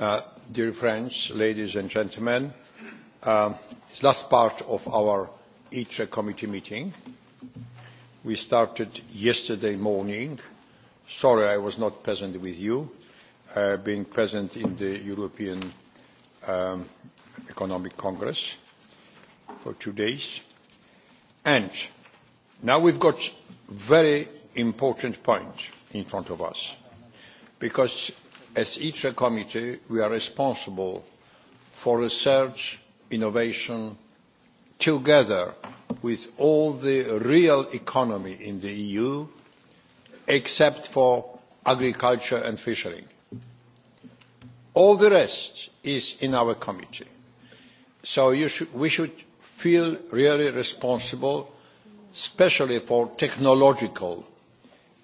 Uh, dear friends, ladies and gentlemen, uh, it's last part of our ITRE committee meeting. We started yesterday morning. Sorry I was not present with you, uh, being present in the European um, Economic Congress for two days. And now we've got very important point in front of us because as each committee, we are responsible for research, innovation, together with all the real economy in the EU, except for agriculture and fishing. All the rest is in our committee. So you should, we should feel really responsible, especially for technological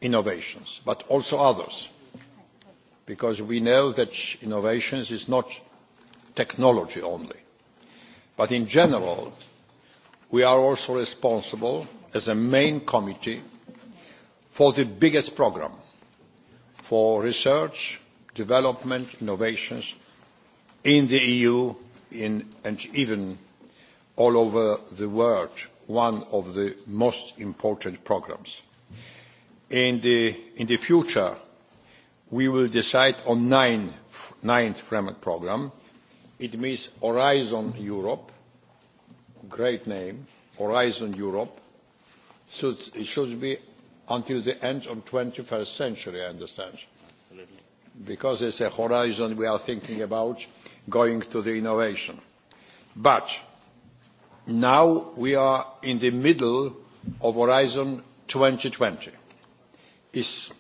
innovations, but also others because we know that innovations is not technology only. But in general, we are also responsible as a main committee for the biggest program for research, development, innovations in the EU in, and even all over the world, one of the most important programs. In the, in the future, we will decide on nine, ninth framework program. It means Horizon Europe, great name, Horizon Europe. So it should be until the end of 21st century, I understand. Absolutely. Because it's a horizon we are thinking about going to the innovation. But now we are in the middle of Horizon 2020. It's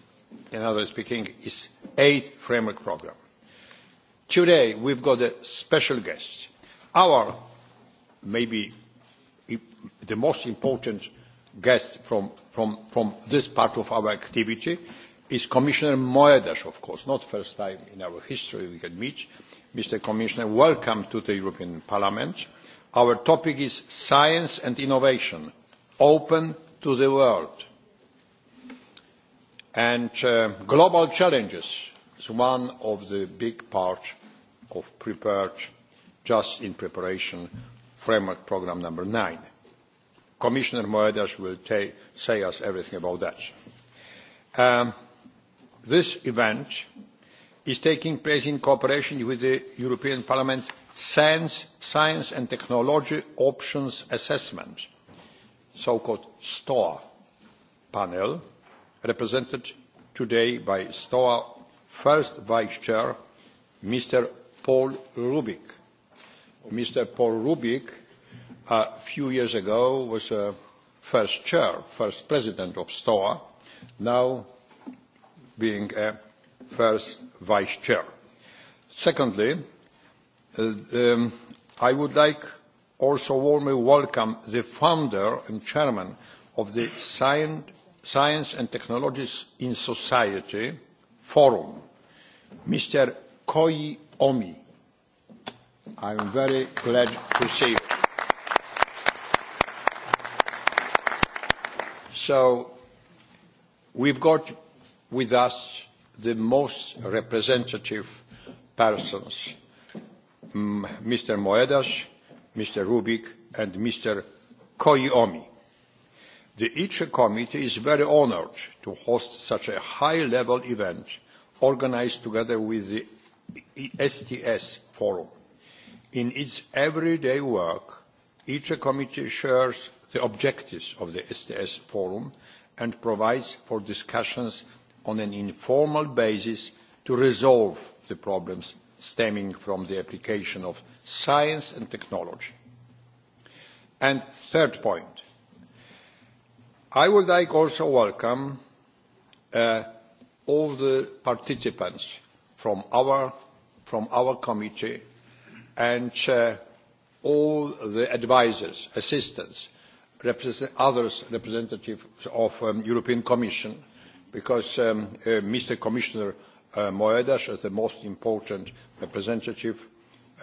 in other speaking, is eight framework program. Today, we've got a special guest. Our, maybe, the most important guest from, from, from this part of our activity is Commissioner Moedas, of course, not first time in our history we can meet. Mr. Commissioner, welcome to the European Parliament. Our topic is science and innovation, open to the world. And uh, global challenges is one of the big parts of prepared, just in preparation, framework program number nine. Commissioner Moedas will say us everything about that. Um, this event is taking place in cooperation with the European Parliament's Science, Science and Technology Options Assessment, so-called STOA panel, represented today by STOA First Vice Chair, Mr. Paul Rubik. Mr. Paul Rubik, a few years ago, was a uh, first chair, first president of STOA, now being a uh, first vice chair. Secondly, uh, um, I would like also warmly welcome the founder and chairman of the Science Science and Technologies in Society Forum, Mr. Koi Omi. I am very glad to see you. So we've got with us the most representative persons, Mr. Moedas, Mr. Rubik, and Mr. Koyomi. The ICE committee is very honored to host such a high-level event organized together with the STS forum. In its everyday work, ICE committee shares the objectives of the STS forum and provides for discussions on an informal basis to resolve the problems stemming from the application of science and technology. And third point, I would like also welcome uh, all the participants from our, from our committee and uh, all the advisers, assistants, represent, others representatives of um, European Commission, because um, uh, Mr. Commissioner uh, Moedas is the most important representative,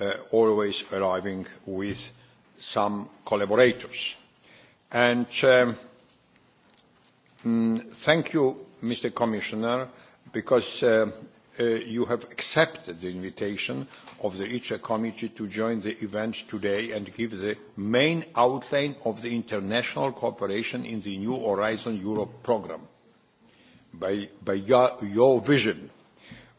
uh, always arriving with some collaborators. And um, Mm, thank you, Mr. Commissioner, because uh, uh, you have accepted the invitation of the ICHA committee to join the event today and give the main outline of the international cooperation in the New Horizon Europe programme. By, by your, your vision,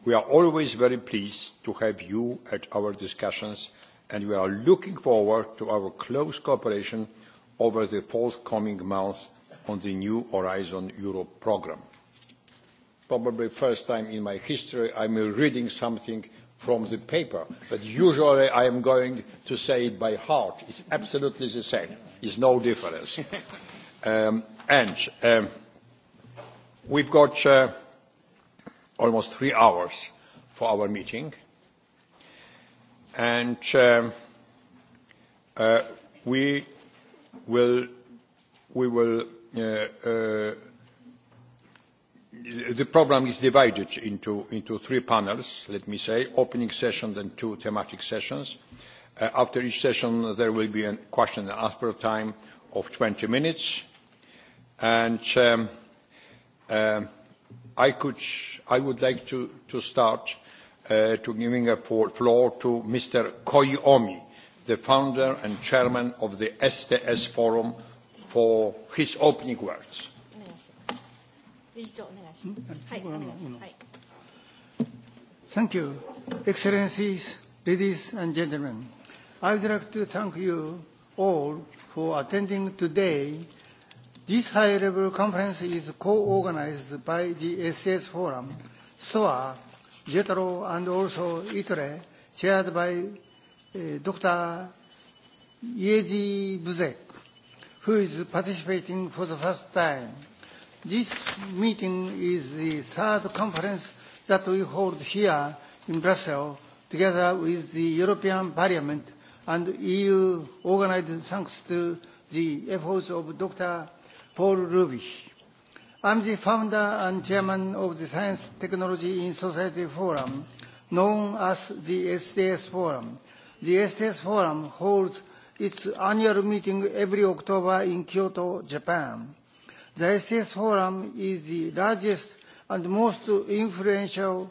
we are always very pleased to have you at our discussions and we are looking forward to our close cooperation over the forthcoming months on the New Horizon Europe programme. Probably the first time in my history I am reading something from the paper, but usually I am going to say it by heart. It's absolutely the same. It's no difference. um, and um, we've got uh, almost three hours for our meeting, and um, uh, we will we will Uh, uh, the program is divided into, into three panels, let me say, opening session and two thematic sessions. Uh, after each session, there will be a question and answer time of 20 minutes. And um, uh, I, could, I would like to, to start uh, to giving a floor to Mr. Koyomi, the founder and chairman of the STS Forum for his opening words. Thank you, Excellencies, ladies and gentlemen. I would like to thank you all for attending today. This high-level conference is co-organized by the SS Forum, SOA, JETRO, and also ITRE, chaired by uh, eh, Dr. Yeji Buzek who is participating for the first time. This meeting is the third conference that we hold here in Brussels together with the European Parliament and EU organized thanks to the efforts of Dr. Paul Rubish. I'm the founder and chairman of the Science Technology in Society Forum, known as the STS Forum. The STS Forum holds its annual meeting every October in Kyoto, Japan. The STS Forum is the largest and most influential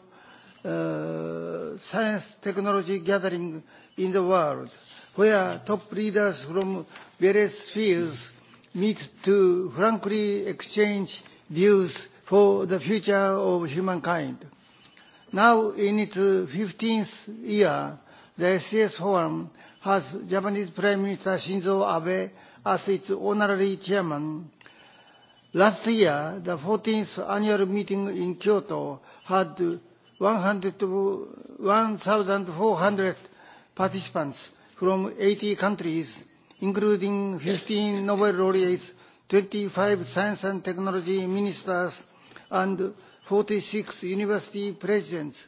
uh, science technology gathering in the world, where top leaders from various fields meet to frankly exchange views for the future of humankind. Now, in its 15th year, the SCS Forum has Japanese Prime Minister Shinzo Abe as its honorary chairman. Last year, the 14th annual meeting in Kyoto had 1,400 participants from 80 countries, including 15 Nobel laureates, 25 science and technology ministers, and 46 university presidents.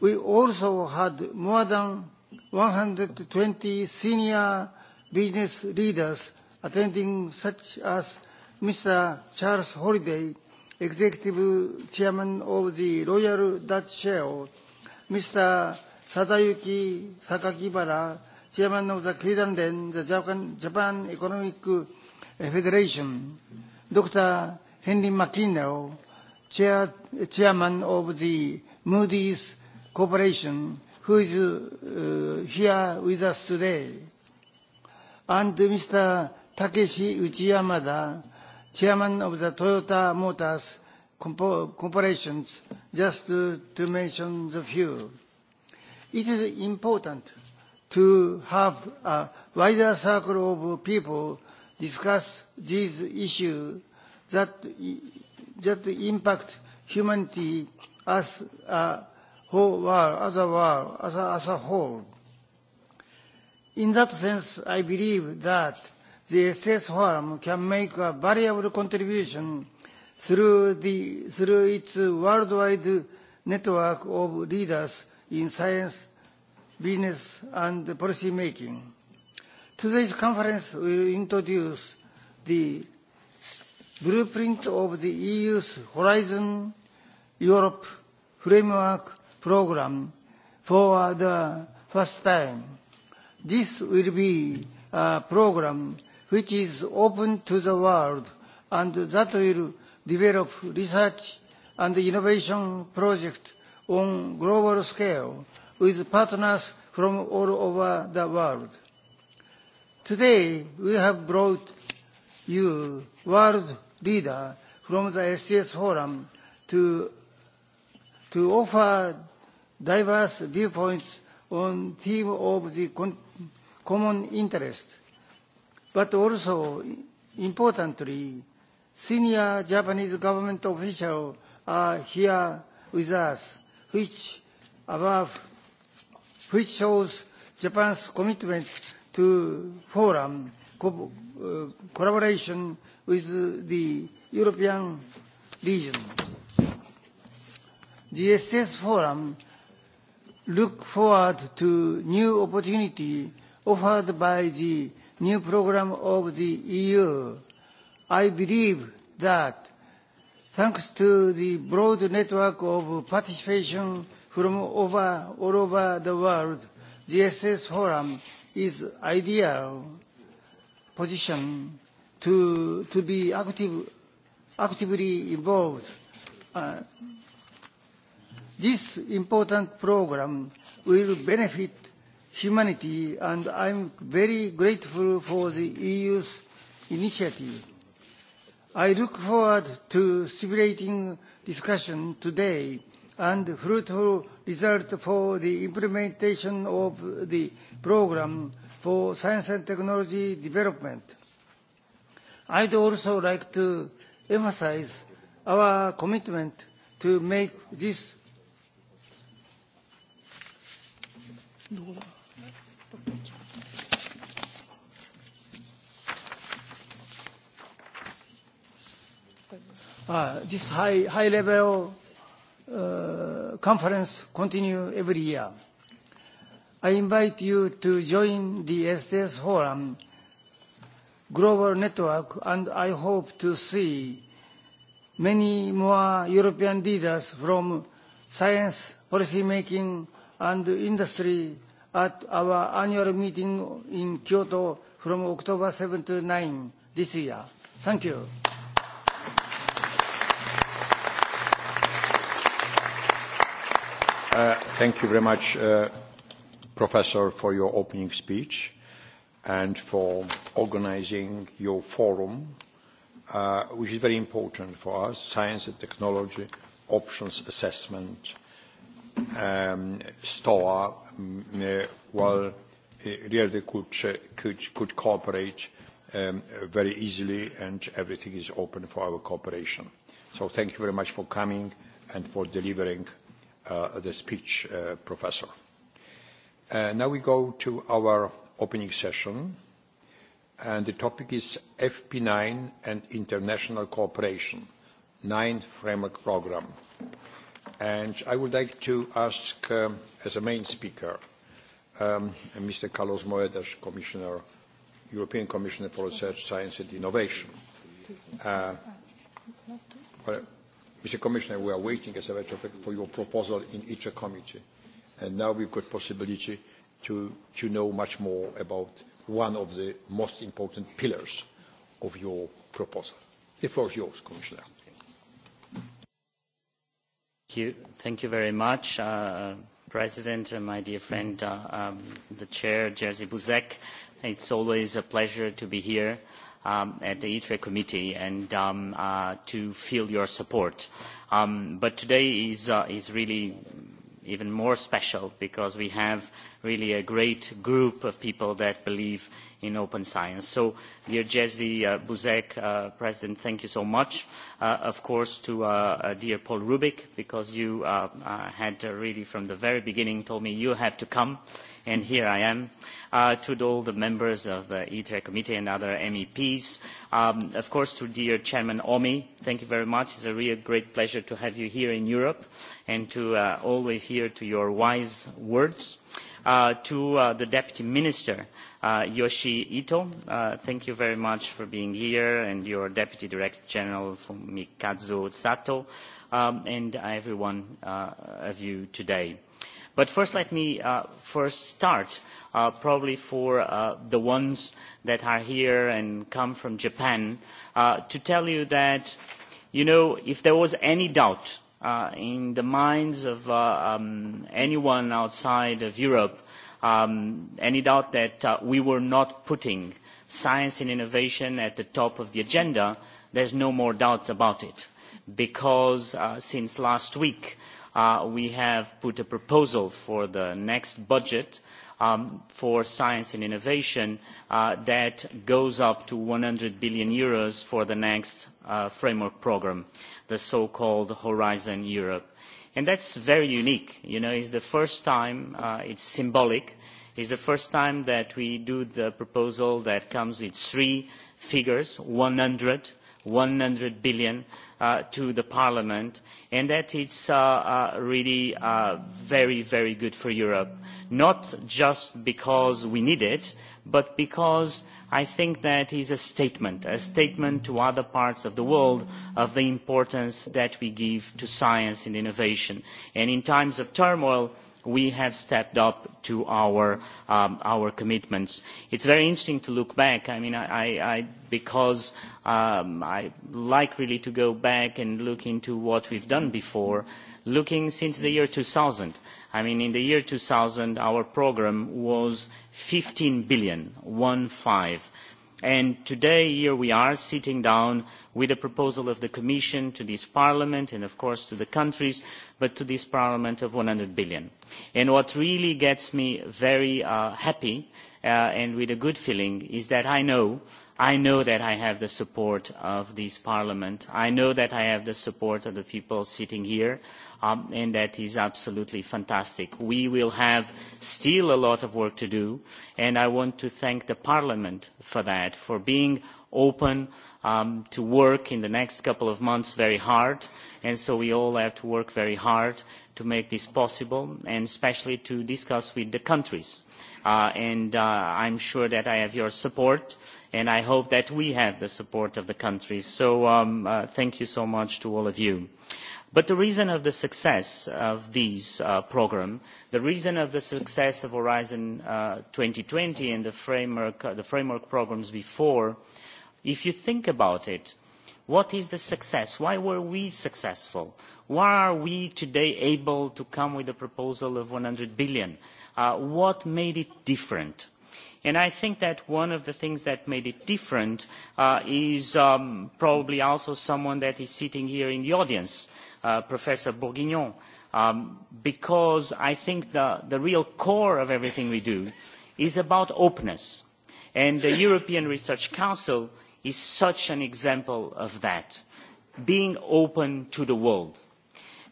We also had more than 120 senior business leaders attending such as Mr. Charles Holiday, Executive Chairman of the Royal Dutch Shell, Mr. Sadayuki Sakakibara, Chairman of the Kiranden, the Japan, Japan Economic Federation, Dr. Henry McKinnell, Chair, Chairman of the Moody's Corporation, who is uh, here with us today, and Mr. Takeshi Uchiyamada, chairman of the Toyota Motors Corporations, just to, to mention the few. It is important to have a wider circle of people discuss these issues that, that impact humanity as a who war, as a, were, as a, as a whole. In that sense, I believe that the SS Forum can make a variable contribution through, the, through its worldwide network of leaders in science, business, and policy making. Today's conference will introduce the blueprint of the EU's Horizon Europe framework program for the first time. This will be a program which is open to the world and that will develop research and innovation project on global scale with partners from all over the world. Today, we have brought you world leader from the STS Forum to to offer diverse viewpoints on theme of the con common interest. But also, importantly, senior Japanese government officials are here with us, which above, which shows Japan's commitment to forum co uh, collaboration with the European region the STS Forum look forward to new opportunity offered by the new program of the EU. I believe that thanks to the broad network of participation from over, all over the world, the SS Forum is ideal position to, to be active, actively involved uh, This important program will benefit humanity and I'm very grateful for the EU's initiative. I look forward to stimulating discussion today and fruitful result for the implementation of the program for science and technology development. I'd also like to emphasize our commitment to make this Uh, this high, high level uh, conference continue every year. I invite you to join the SDS Forum Global Network and I hope to see many more European leaders from science, policy making, and industry at our annual meeting in Kyoto from October 7 to 9 this year. Thank you. Uh, thank you very much, uh, Professor, for your opening speech and for organizing your forum, uh, which is very important for us, science and technology options assessment um, STOA mm, well, eh, really could, could, could cooperate um, very easily and everything is open for our cooperation. So thank you very much for coming and for delivering uh, the speech, uh, Professor. Uh, now we go to our opening session and the topic is FP9 and international cooperation, ninth framework program. And I would like to ask, um, as a main speaker, um, Mr. Carlos Moedas, Commissioner, European Commissioner for Research, Science and Innovation. Uh, well, Mr. Commissioner, we are waiting, as a matter of fact, for your proposal in each committee. And now we've got possibility to, to know much more about one of the most important pillars of your proposal. The floor is yours, Commissioner. Thank you, thank you very much, uh, uh President, and uh, my dear friend, uh, um, the Chair, Jerzy Buzek. It's always a pleasure to be here um, at the ITRE committee and um, uh, to feel your support. Um, but today is, uh, is really even more special because we have really a great group of people that believe in open science. So, dear Jesse uh, Buzek, uh, President, thank you so much. Uh, of course, to uh, uh, dear Paul Rubik, because you uh, uh, had uh, really from the very beginning told me you have to come and here I am. Uh, to all the members of the ITRE e committee and other MEPs. Um, of course, to dear Chairman Omi, thank you very much. It's a real great pleasure to have you here in Europe and to uh, always hear to your wise words. Uh, to uh, the Deputy Minister, uh, Yoshi Ito, uh, thank you very much for being here, and your Deputy Director General, Fumikazu Sato, um, and everyone uh, of you today. But first, let me uh, first start uh, probably for uh, the ones that are here and come from Japan uh, to tell you that, you know, if there was any doubt uh, in the minds of uh, um, anyone outside of Europe, um, any doubt that uh, we were not putting science and innovation at the top of the agenda, there's no more doubts about it. Because uh, since last week, Uh, we have put a proposal for the next budget um, for science and innovation uh, that goes up to 100 billion euros for the next uh, framework program, the so-called Horizon Europe. And that's very unique. You know, it's the first time, uh, it's symbolic, is the first time that we do the proposal that comes with three figures, 100, 100 billion, uh, to the parliament and that it's uh, uh, really uh, very, very good for Europe. Not just because we need it, but because I think that is a statement, a statement to other parts of the world of the importance that we give to science and innovation. And in times of turmoil, we have stepped up to our, um, our commitments. It's very interesting to look back. I mean, I, I, because um, I like really to go back and look into what we've done before, looking since the year 2000. I mean, in the year 2000, our program was 15 billion, one five And today, here we are sitting down with a proposal of the Commission to this Parliament and, of course, to the countries, but to this Parliament of one hundred billion. And what really gets me very uh, happy uh, and with a good feeling is that I know, I know that I have the support of this Parliament. I know that I have the support of the people sitting here um, and that is absolutely fantastic. We will have still a lot of work to do, and I want to thank the Parliament for that, for being open um, to work in the next couple of months very hard, and so we all have to work very hard to make this possible, and especially to discuss with the countries. Uh, and uh, I'm sure that I have your support, and I hope that we have the support of the countries. So um, uh, thank you so much to all of you. But the reason of the success of these uh, the reason of the success of Horizon uh, twenty and the framework, uh, the framework programmes before, if you think about it, what is the success? Why were we successful? Why are we today able to come with a proposal of one hundred billion? Uh, what made it different? And I think that one of the things that made it different uh, is um, probably also someone that is sitting here in the audience Uh, Professor Bourguignon, um, because I think the, the real core of everything we do is about openness. And the European Research Council is such an example of that, being open to the world.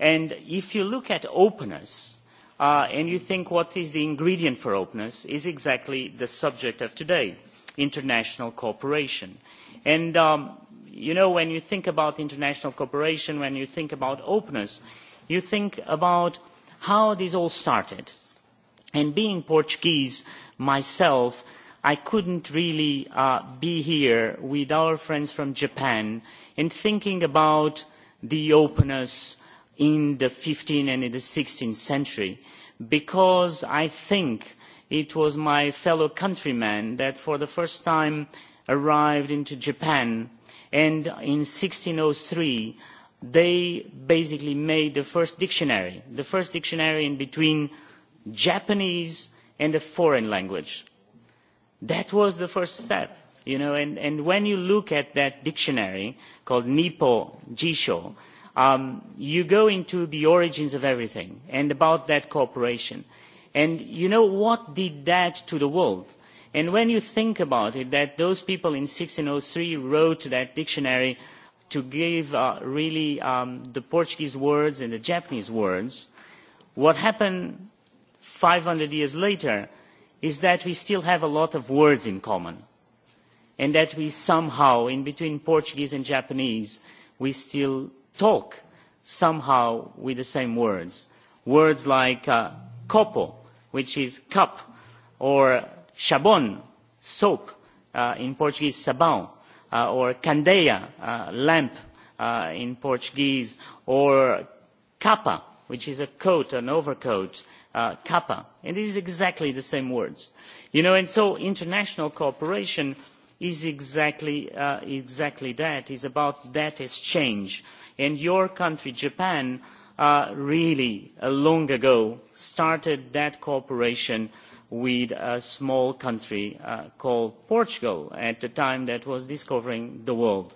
And if you look at openness, uh, and you think what is the ingredient for openness, is exactly the subject of today, international cooperation. And um, you know, when you think about international cooperation, when you think about openness, you think about how this all started. And being Portuguese myself, I couldn't really uh, be here with our friends from Japan and thinking about the openness in the 15th and in the 16th century because I think it was my fellow countrymen that for the first time arrived into Japan and in oh three they basically made the first dictionary, the first dictionary in between Japanese and a foreign language. That was the first step, you know, and, and when you look at that dictionary called Nippo Jisho, um, you go into the origins of everything and about that cooperation. And you know what did that to the world? And when you think about it, that those people in oh three wrote that dictionary to give uh, really um, the Portuguese words and the Japanese words, what happened five hundred years later is that we still have a lot of words in common and that we somehow, in between Portuguese and Japanese, we still talk somehow with the same words. Words like uh, copo, which is cup, or Shabon, soap, uh, in Portuguese sabão, uh, or candeia, uh, lamp, uh, in Portuguese, or capa, which is a coat, an overcoat, uh, kappa. And it is exactly the same words. You know, and so international cooperation is exactly, uh, exactly that, is about that exchange. And your country, Japan, uh, really uh, long ago started that cooperation with a small country uh, called Portugal at the time that was discovering the world.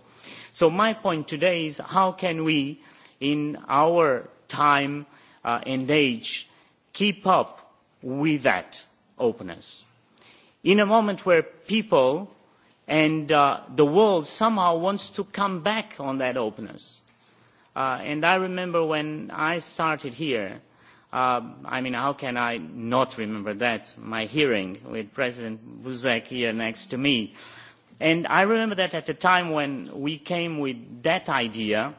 So my point today is how can we, in our time uh, and age, keep up with that openness? In a moment where people and uh, the world somehow wants to come back on that openness. Uh, and I remember when I started here, Uh, I mean, how can I not remember that? My hearing with President Buzek here next to me. And I remember that at the time when we came with that idea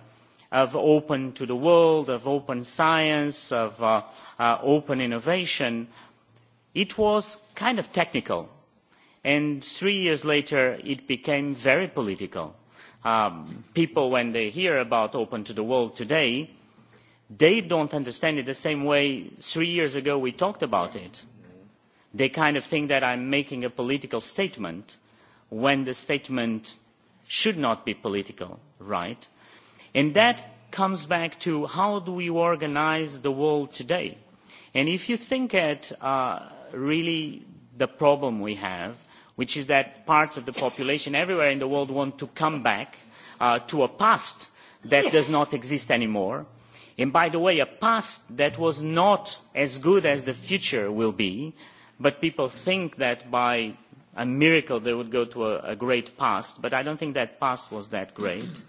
of open to the world, of open science, of uh, uh, open innovation, it was kind of technical. And three years later, it became very political. Um, people, when they hear about open to the world today, they don't understand it the same way three years ago we talked about it. They kind of think that I'm making a political statement when the statement should not be political, right? And that comes back to how do we organize the world today? And if you think at uh, really the problem we have, which is that parts of the population everywhere in the world want to come back uh, to a past that does not exist anymore, And by the way, a past that was not as good as the future will be, but people think that by a miracle they would go to a, a great past, but I don't think that past was that great.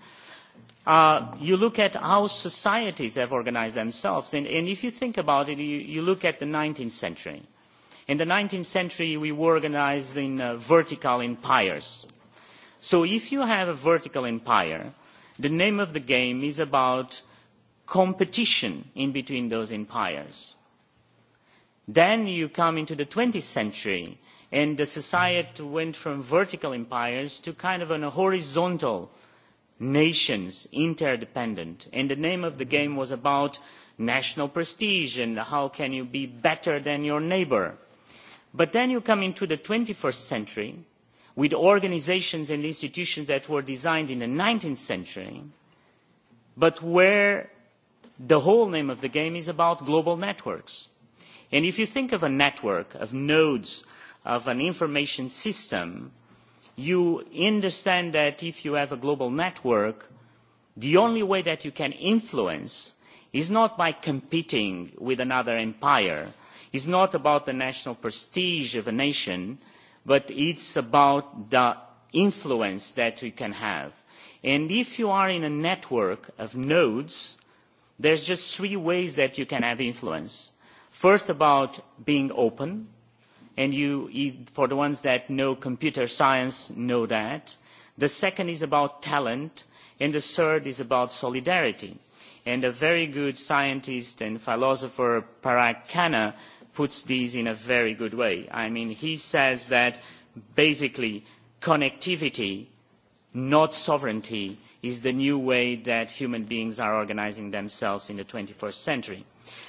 Uh, you look at how societies have organized themselves, and, and if you think about it, you, you look at the 19th century. In the 19th century, we were organized in uh, vertical empires. So if you have a vertical empire, the name of the game is about competition in between those empires. Then you come into the 20th century and the society went from vertical empires to kind of an horizontal nations interdependent and the name of the game was about national prestige and how can you be better than your neighbour. But then you come into the 21st century with organisations and institutions that were designed in the nineteenth century but where the whole name of the game is about global networks. And if you think of a network of nodes of an information system, you understand that if you have a global network, the only way that you can influence is not by competing with another empire, is not about the national prestige of a nation, but it's about the influence that you can have. And if you are in a network of nodes, There are just three ways that you can have influence. First, about being open, and you, for the ones that know computer science, know that. The second is about talent, and the third is about solidarity. And a very good scientist and philosopher, Parag Khanna, puts these in a very good way. I mean, he says that basically connectivity, not sovereignty, is the new way that human beings are organising themselves in the twenty first century.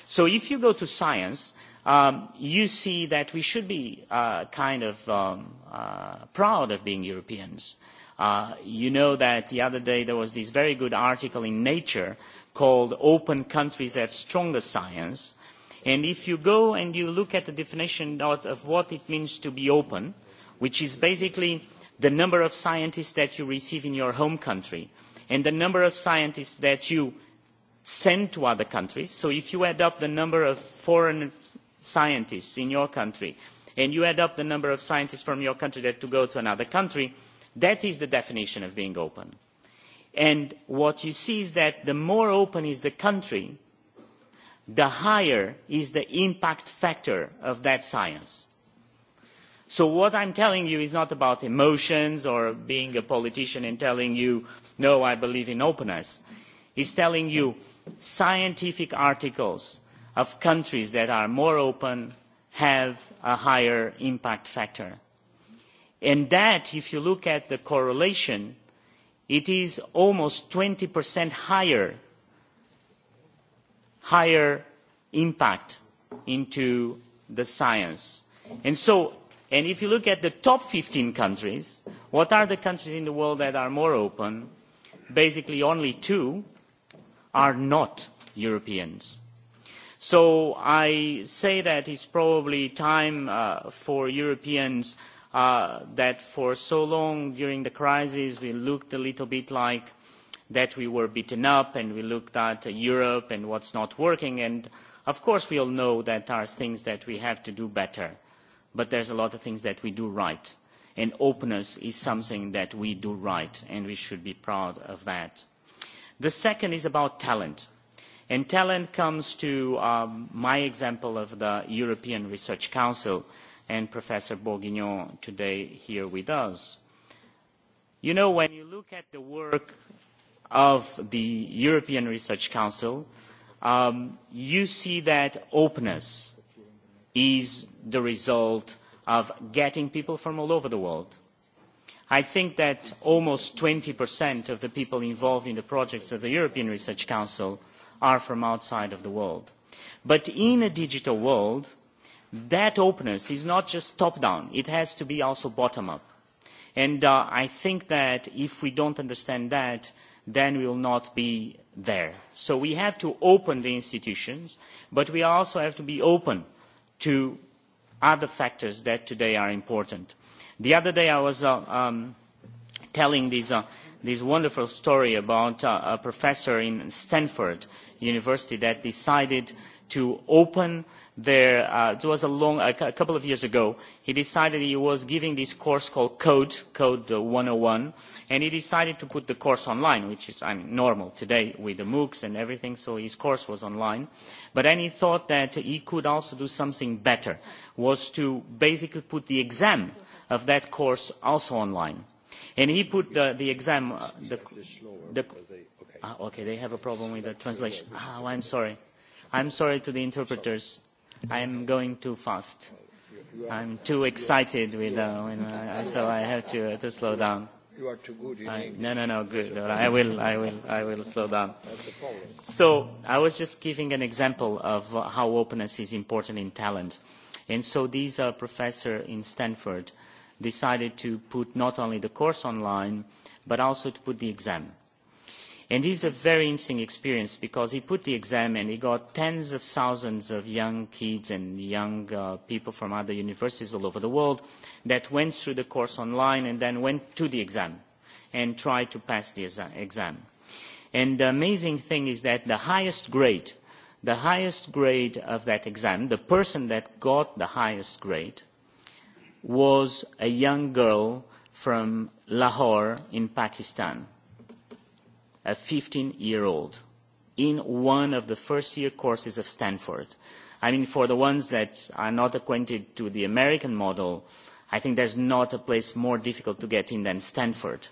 So if you go to science, um, you see that we should be uh, kind of um, uh, proud of being Europeans. Uh, you know that the other day there was this very good article in Nature called Open Countries Have Stronger Science. And if you go and you look at the definition of what it means to be open, which is basically the number of scientists that you receive in your home country and the number of scientists that you send to other countries. So if you add up the number of foreign scientists in your country and you add up the number of scientists from your country that to go to another country, that is the definition of being open. And what you see is that the more open is the country, the higher is the impact factor of that science So what I'm telling you is not about emotions or being a politician and telling you, no, I believe in openness. It's telling you scientific articles of countries that are more open have a higher impact factor. And that, if you look at the correlation, it is almost 20% higher, higher impact into the science. And so And if you look at the top 15 countries, what are the countries in the world that are more open? Basically, only two are not Europeans. So I say that it's probably time uh, for Europeans uh, that for so long during the crisis we looked a little bit like that we were beaten up and we looked at Europe and what's not working. And of course we all know that there are things that we have to do better but there's a lot of things that we do right. And openness is something that we do right, and we should be proud of that. The second is about talent. And talent comes to um, my example of the European Research Council and Professor Bourguignon today here with us. You know, when you look at the work of the European Research Council, um, you see that openness is the result of getting people from all over the world. I think that almost 20% of the people involved in the projects of the European Research Council are from outside of the world. But in a digital world, that openness is not just top-down, it has to be also bottom-up. And uh, I think that if we don't understand that, then we will not be there. So we have to open the institutions, but we also have to be open to other factors that today are important. The other day I was uh, um, telling this, uh, this wonderful story about uh, a professor in Stanford University that decided to open there, uh, it was a long, a, a couple of years ago, he decided he was giving this course called Code, Code 101, and he decided to put the course online, which is, I mean, normal today with the MOOCs and everything, so his course was online. But then he thought that he could also do something better, was to basically put the exam of that course also online. And he put the, the exam, uh, the, the, uh, okay, they have a problem with the translation. oh, I'm sorry. I'm sorry to the interpreters. I am going too fast. I'm too excited with uh, when I, uh, so I have to uh, to slow down. You are too good in I, English. No, no, no, good. No, I will, I will, I will slow down. That's the problem. So I was just giving an example of uh, how openness is important in talent, and so these uh, professor in Stanford decided to put not only the course online, but also to put the exam And this is a very interesting experience because he put the exam and he got tens of thousands of young kids and young uh, people from other universities all over the world that went through the course online and then went to the exam and tried to pass the exam. And the amazing thing is that the highest grade, the highest grade of that exam, the person that got the highest grade was a young girl from Lahore in Pakistan a fifteen year old in one of the first year courses of Stanford. I mean, for the ones that are not acquainted to the American model, I think there's not a place more difficult to get in than Stanford.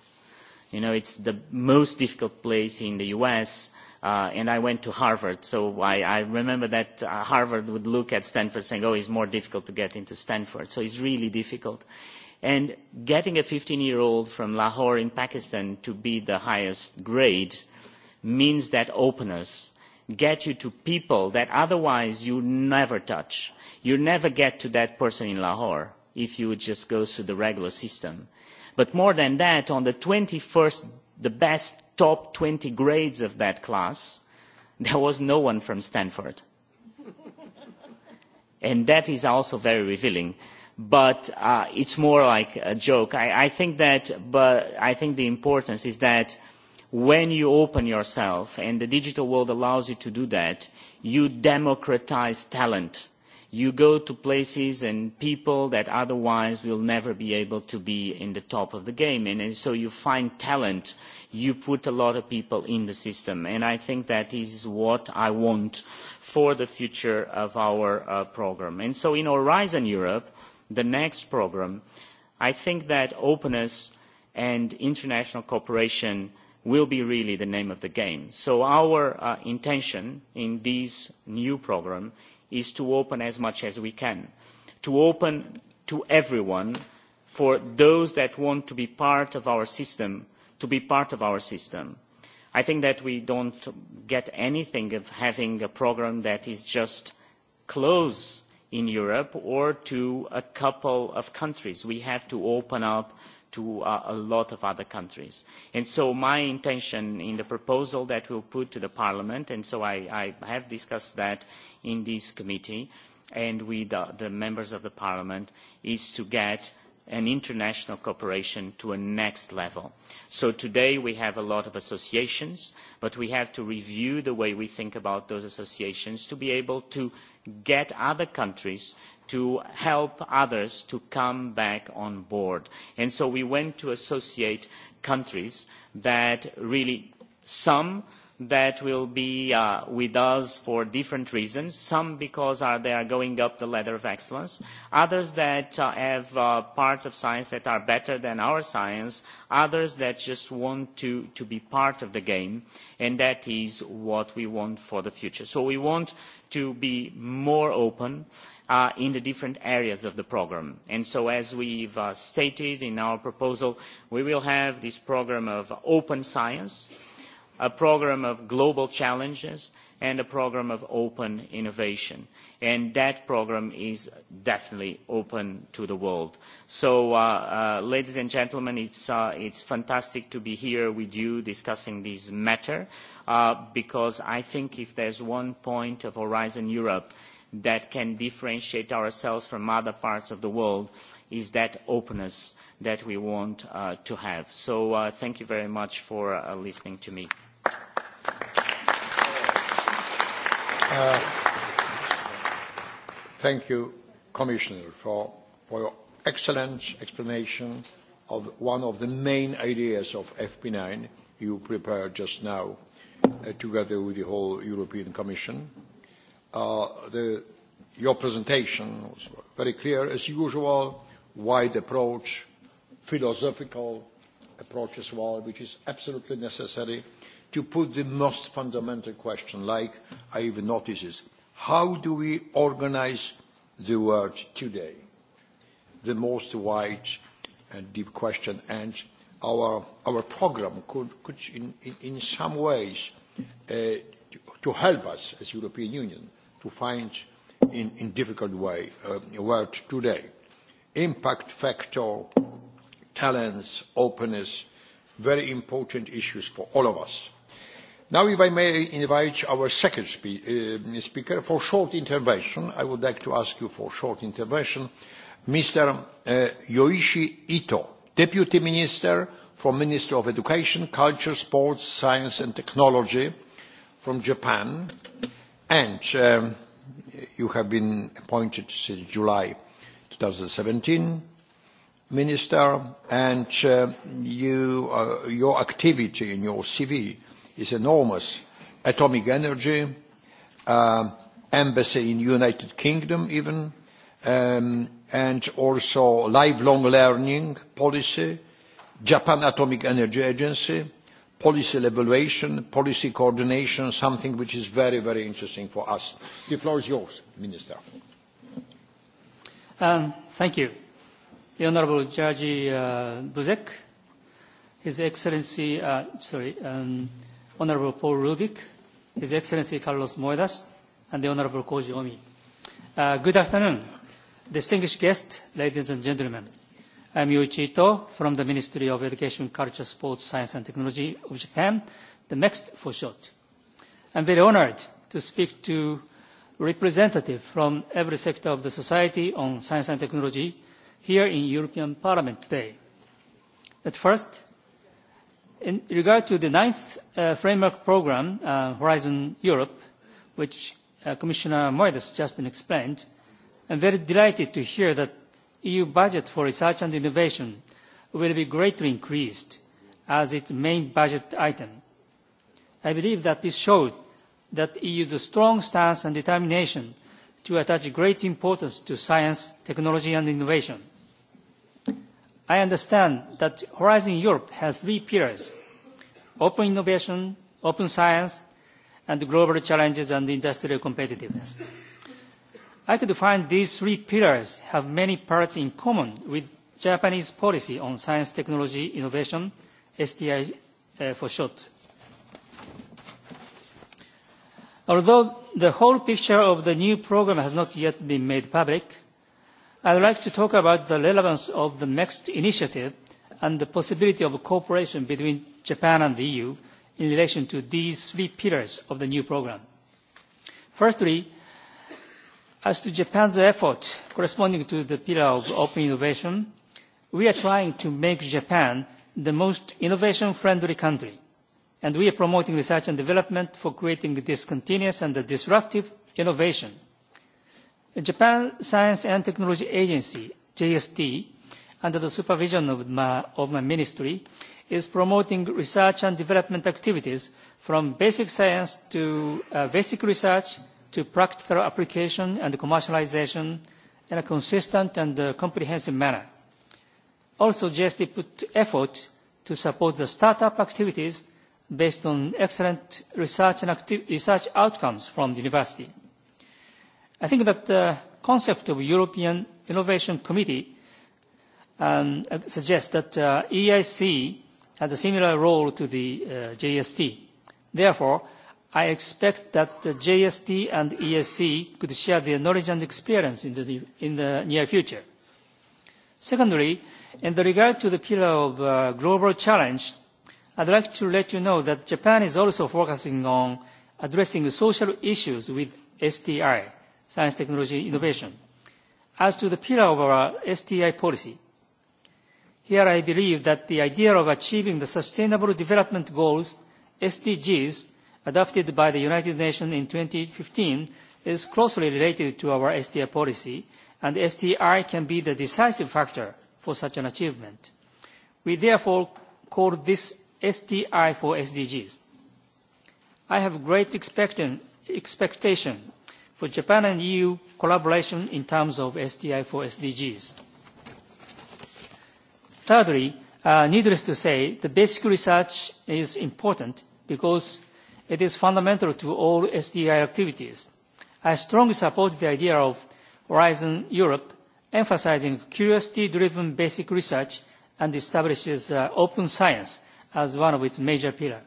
You know, it's the most difficult place in the U.S., uh, and I went to Harvard, so I, I remember that uh, Harvard would look at Stanford saying, oh, it's more difficult to get into Stanford, so it's really difficult. And getting a 15-year-old from Lahore in Pakistan to be the highest grade means that openness gets you to people that otherwise you never touch. You never get to that person in Lahore if you just go through the regular system. But more than that, on the 21st, the best top 20 grades of that class, there was no one from Stanford. and that is also very revealing but uh, it's more like a joke. I, I think that, but I think the importance is that when you open yourself, and the digital world allows you to do that, you democratize talent. You go to places and people that otherwise will never be able to be in the top of the game. And, and so you find talent, you put a lot of people in the system. And I think that is what I want for the future of our uh, program. And so in Horizon Europe, the next programme, I think that openness and international cooperation will be really the name of the game. So our uh, intention in this new programme is to open as much as we can, to open to everyone for those that want to be part of our system, to be part of our system. I think that we don't get anything of having a programme that is just closed in Europe or to a couple of countries. We have to open up to uh, a lot of other countries. And so my intention in the proposal that we'll put to the Parliament, and so I, I have discussed that in this committee and with uh, the members of the Parliament, is to get and international cooperation to a next level. So today we have a lot of associations, but we have to review the way we think about those associations to be able to get other countries to help others to come back on board. And so we went to associate countries that really some that will be uh, with us for different reasons, some because are, uh, they are going up the ladder of excellence, others that uh, have uh, parts of science that are better than our science, others that just want to, to be part of the game, and that is what we want for the future. So we want to be more open uh, in the different areas of the programme. And so as we've uh, stated in our proposal, we will have this programme of open science, a programme of global challenges and a programme of open innovation. And that programme is definitely open to the world. So, uh, uh, ladies and gentlemen, it's, uh, it's fantastic to be here with you discussing this matter, uh, because I think if there's one point of Horizon Europe that can differentiate ourselves from other parts of the world is that openness that we want uh, to have. So uh, thank you very much for uh, listening to me. Uh, thank you, Commissioner, for, for your excellent explanation of one of the main ideas of FP9 you prepared just now uh, together with the whole European Commission. Uh, the, your presentation was very clear, as usual, wide approach, philosophical, approach as well, which is absolutely necessary to put the most fundamental question, like I even noticed this, how do we organize the world today? The most wide and deep question, and our, our program could, could in, in, in some ways, uh, to, to help us as European Union to find in, in difficult way uh, world today. Impact factor, talents, openness, very important issues for all of us. Now, if I may invite our second spe uh, speaker for short intervention, I would like to ask you for short intervention, Mr. Uh, Yoishi Ito, Deputy Minister from Minister of Education, Culture, Sports, Science and Technology from Japan, and um, you have been appointed since July 2017 Minister, and uh, you, uh, your activity in your CV is enormous. Atomic energy, uh, embassy in United Kingdom even, um, and also lifelong learning policy, Japan Atomic Energy Agency, policy evaluation, policy coordination, something which is very, very interesting for us. The floor is yours, Minister. Um, thank you the Honorable Judge uh, Buzek, His Excellency, uh, sorry, um, Honorable Paul Rubik, His Excellency Carlos Moedas, and the Honorable Koji Omi. Uh, good afternoon, distinguished guests, ladies and gentlemen. I'm Yoichi Ito from the Ministry of Education, Culture, Sports, Science and Technology of Japan, the next for short. I'm very honored to speak to representatives from every sector of the society on science and technology here in European Parliament today. At first, in regard to the ninth uh, framework program, uh, Horizon Europe, which uh, Commissioner Moedas just explained, I'm very delighted to hear that EU budget for research and innovation will be greatly increased as its main budget item. I believe that this showed that the EU's strong stance and determination to attach great importance to science, technology and innovation. I understand that Horizon Europe has three pillars, open innovation, open science, and global challenges and industrial competitiveness. I could find these three pillars have many parts in common with Japanese policy on science, technology, innovation, STI uh, for short. Although the whole picture of the new program has not yet been made public, I would like to talk about the relevance of the next initiative and the possibility of cooperation between Japan and the EU in relation to these three pillars of the new program. Firstly, as to Japan's effort corresponding to the pillar of open innovation, we are trying to make Japan the most innovation-friendly country and we are promoting research and development for creating this continuous and disruptive innovation. The Japan Science and Technology Agency, JST, under the supervision of my, of my ministry, is promoting research and development activities from basic science to uh, basic research to practical application and commercialization in a consistent and uh, comprehensive manner. Also, JST put effort to support the startup activities based on excellent research, and active, research outcomes from the university. I think that the concept of European Innovation Committee um, uh, suggests that uh, EIC has a similar role to the uh, JST. Therefore, I expect that the JST and ESC could share their knowledge and experience in the, in the near future. Secondly, in the regard to the pillar of uh, global challenge I'd like to let you know that Japan is also focusing on addressing the social issues with STI, Science, Technology, Innovation. As to the pillar of our STI policy, here I believe that the idea of achieving the Sustainable Development Goals, SDGs, adopted by the United Nations in 2015 is closely related to our STI policy, and STI can be the decisive factor for such an achievement. We therefore call this SDI for SDGs. I have great expectation for Japan and EU collaboration in terms of SDI for SDGs. Thirdly, uh, needless to say, the basic research is important because it is fundamental to all SDI activities. I strongly support the idea of Horizon Europe emphasizing curiosity-driven basic research and establishes uh, open science as one of its major pillars.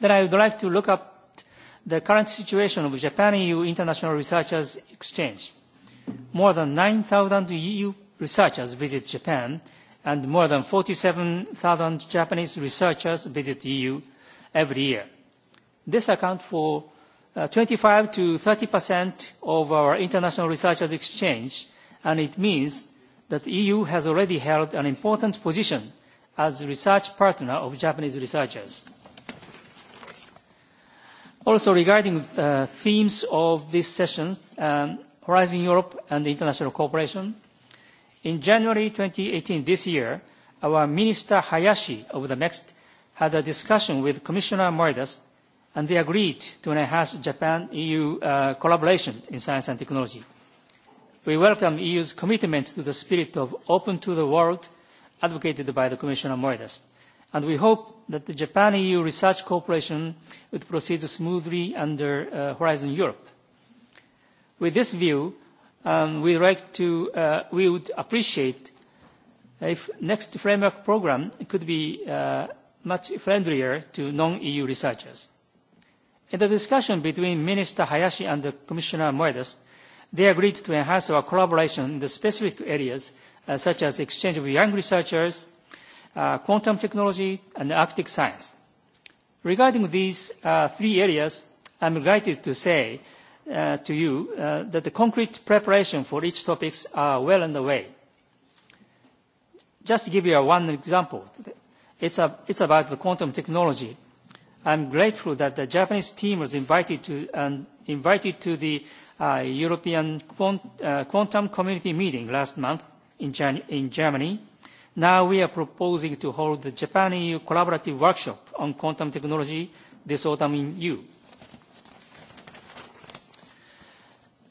Then I would like to look up the current situation of Japan-EU International Researchers Exchange. More than 9,000 EU researchers visit Japan, and more than 47,000 Japanese researchers visit the EU every year. This accounts for uh, 25 to 30 percent of our international researchers exchange, and it means that the EU has already held an important position as research partner of Japanese researchers. Also regarding the uh, themes of this session, um, Horizon Europe and international cooperation, in January 2018 this year, our Minister Hayashi of the MEXT had a discussion with Commissioner Moridas and they agreed to enhance Japan-EU uh, collaboration in science and technology. We welcome the EU's commitment to the spirit of open to the world advocated by the Commissioner Moidas And we hope that the Japan-EU research cooperation would proceed smoothly under uh, Horizon Europe. With this view, um, we, like to, uh, we would appreciate if next framework program could be uh, much friendlier to non-EU researchers. In the discussion between Minister Hayashi and the Commissioner Moedas, they agreed to enhance our collaboration in the specific areas uh, such as exchange with young researchers, uh, quantum technology, and Arctic science. Regarding these uh, three areas, I'm delighted to say uh, to you uh, that the concrete preparation for each topic are well underway. Just to give you one example, it's, a, it's about the quantum technology. I'm grateful that the Japanese team was invited to, um, invited to the uh, European quant, uh, Quantum Community meeting last month in, in Germany. Now we are proposing to hold the Japan-EU collaborative workshop on quantum technology this autumn in EU.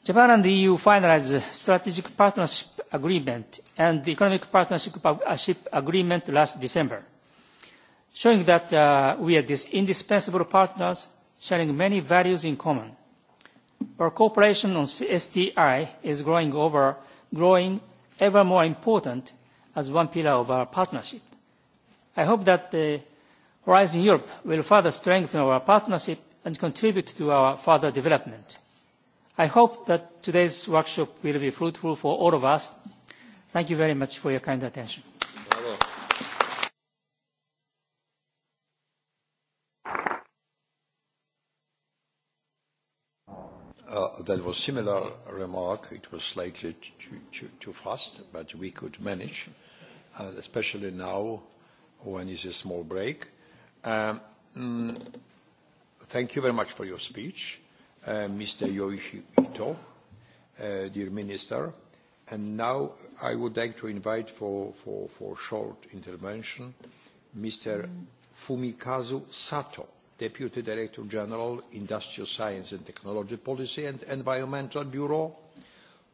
Japan and the EU finalized the strategic partnership agreement and the economic partnership agreement last December, showing that uh, we are these indispensable partners sharing many values in common. Our cooperation on STI is growing over growing ever more important as one pillar of our partnership. I hope that the Horizon Europe will further strengthen our partnership and contribute to our further development. I hope that today's workshop will be fruitful for all of us. Thank you very much for your kind attention. uh, that was similar remark. It was slightly too, too, too fast, but we could manage, uh, especially now when it's a small break. Um, mm, thank you very much for your speech, uh, Mr. Yoichi Ito, uh, dear Minister. And now I would like to invite for, for, for short intervention Mr. Mm. Fumikazu Sato Deputy Director General, Industrial Science and Technology Policy and Environmental Bureau,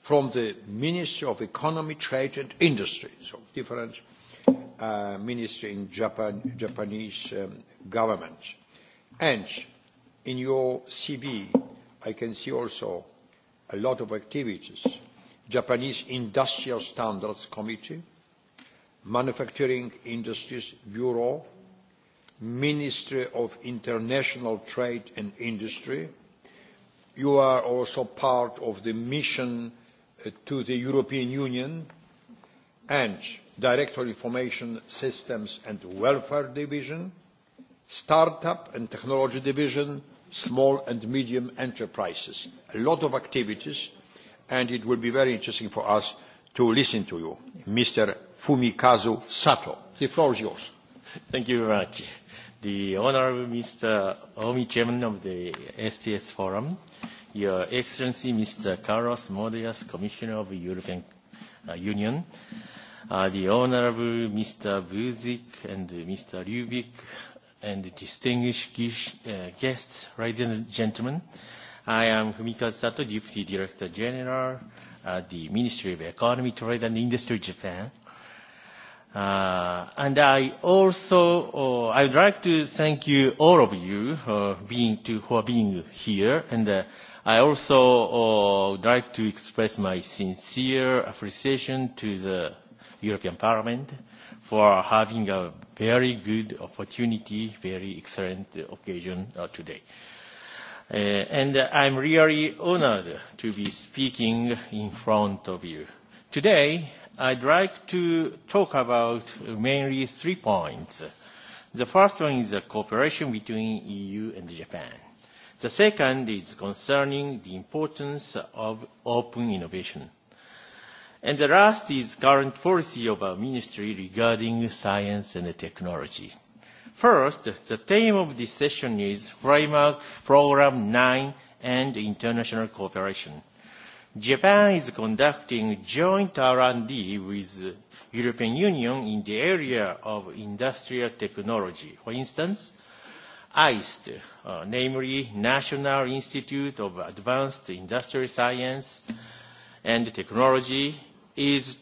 from the Ministry of Economy, Trade and Industry, so different uh, ministry in Japan, Japanese um, government. And in your CV, I can see also a lot of activities. Japanese Industrial Standards Committee, Manufacturing Industries Bureau, Ministry of International Trade and Industry. You are also part of the mission uh, to the European Union and Director Information Systems and Welfare Division, Startup and Technology Division, Small and Medium Enterprises. A lot of activities and it will be very interesting for us to listen to you. Mr. Fumikazu Sato, the floor is yours. Thank you very much. The Honorable Mr. Omi, Chairman of the STS Forum, Your Excellency Mr. Carlos Modias, Commissioner of the European uh, Union, uh, the Honorable Mr. Buzik and Mr. Rubik, and the distinguished uh, guests, ladies and gentlemen, I am Fumika Sato, Deputy Director General at uh, the Ministry of Economy, Trade and Industry, Japan. Uh, and I also, uh, I would like to thank you, all of you, uh, being to, for being here. And uh, I also uh, would like to express my sincere appreciation to the European Parliament for having a very good opportunity, very excellent occasion uh, today. Uh, and uh, I'm really honored to be speaking in front of you. Today, I'd like to talk about mainly three points. The first one is the cooperation between EU and Japan. The second is concerning the importance of open innovation. And the last is current policy of our ministry regarding science and technology. First, the theme of this session is Framework Program 9 and International Cooperation. Japan is conducting joint R&D with European Union in the area of industrial technology. For instance, AIST, uh, namely National Institute of Advanced Industrial Science and Technology, is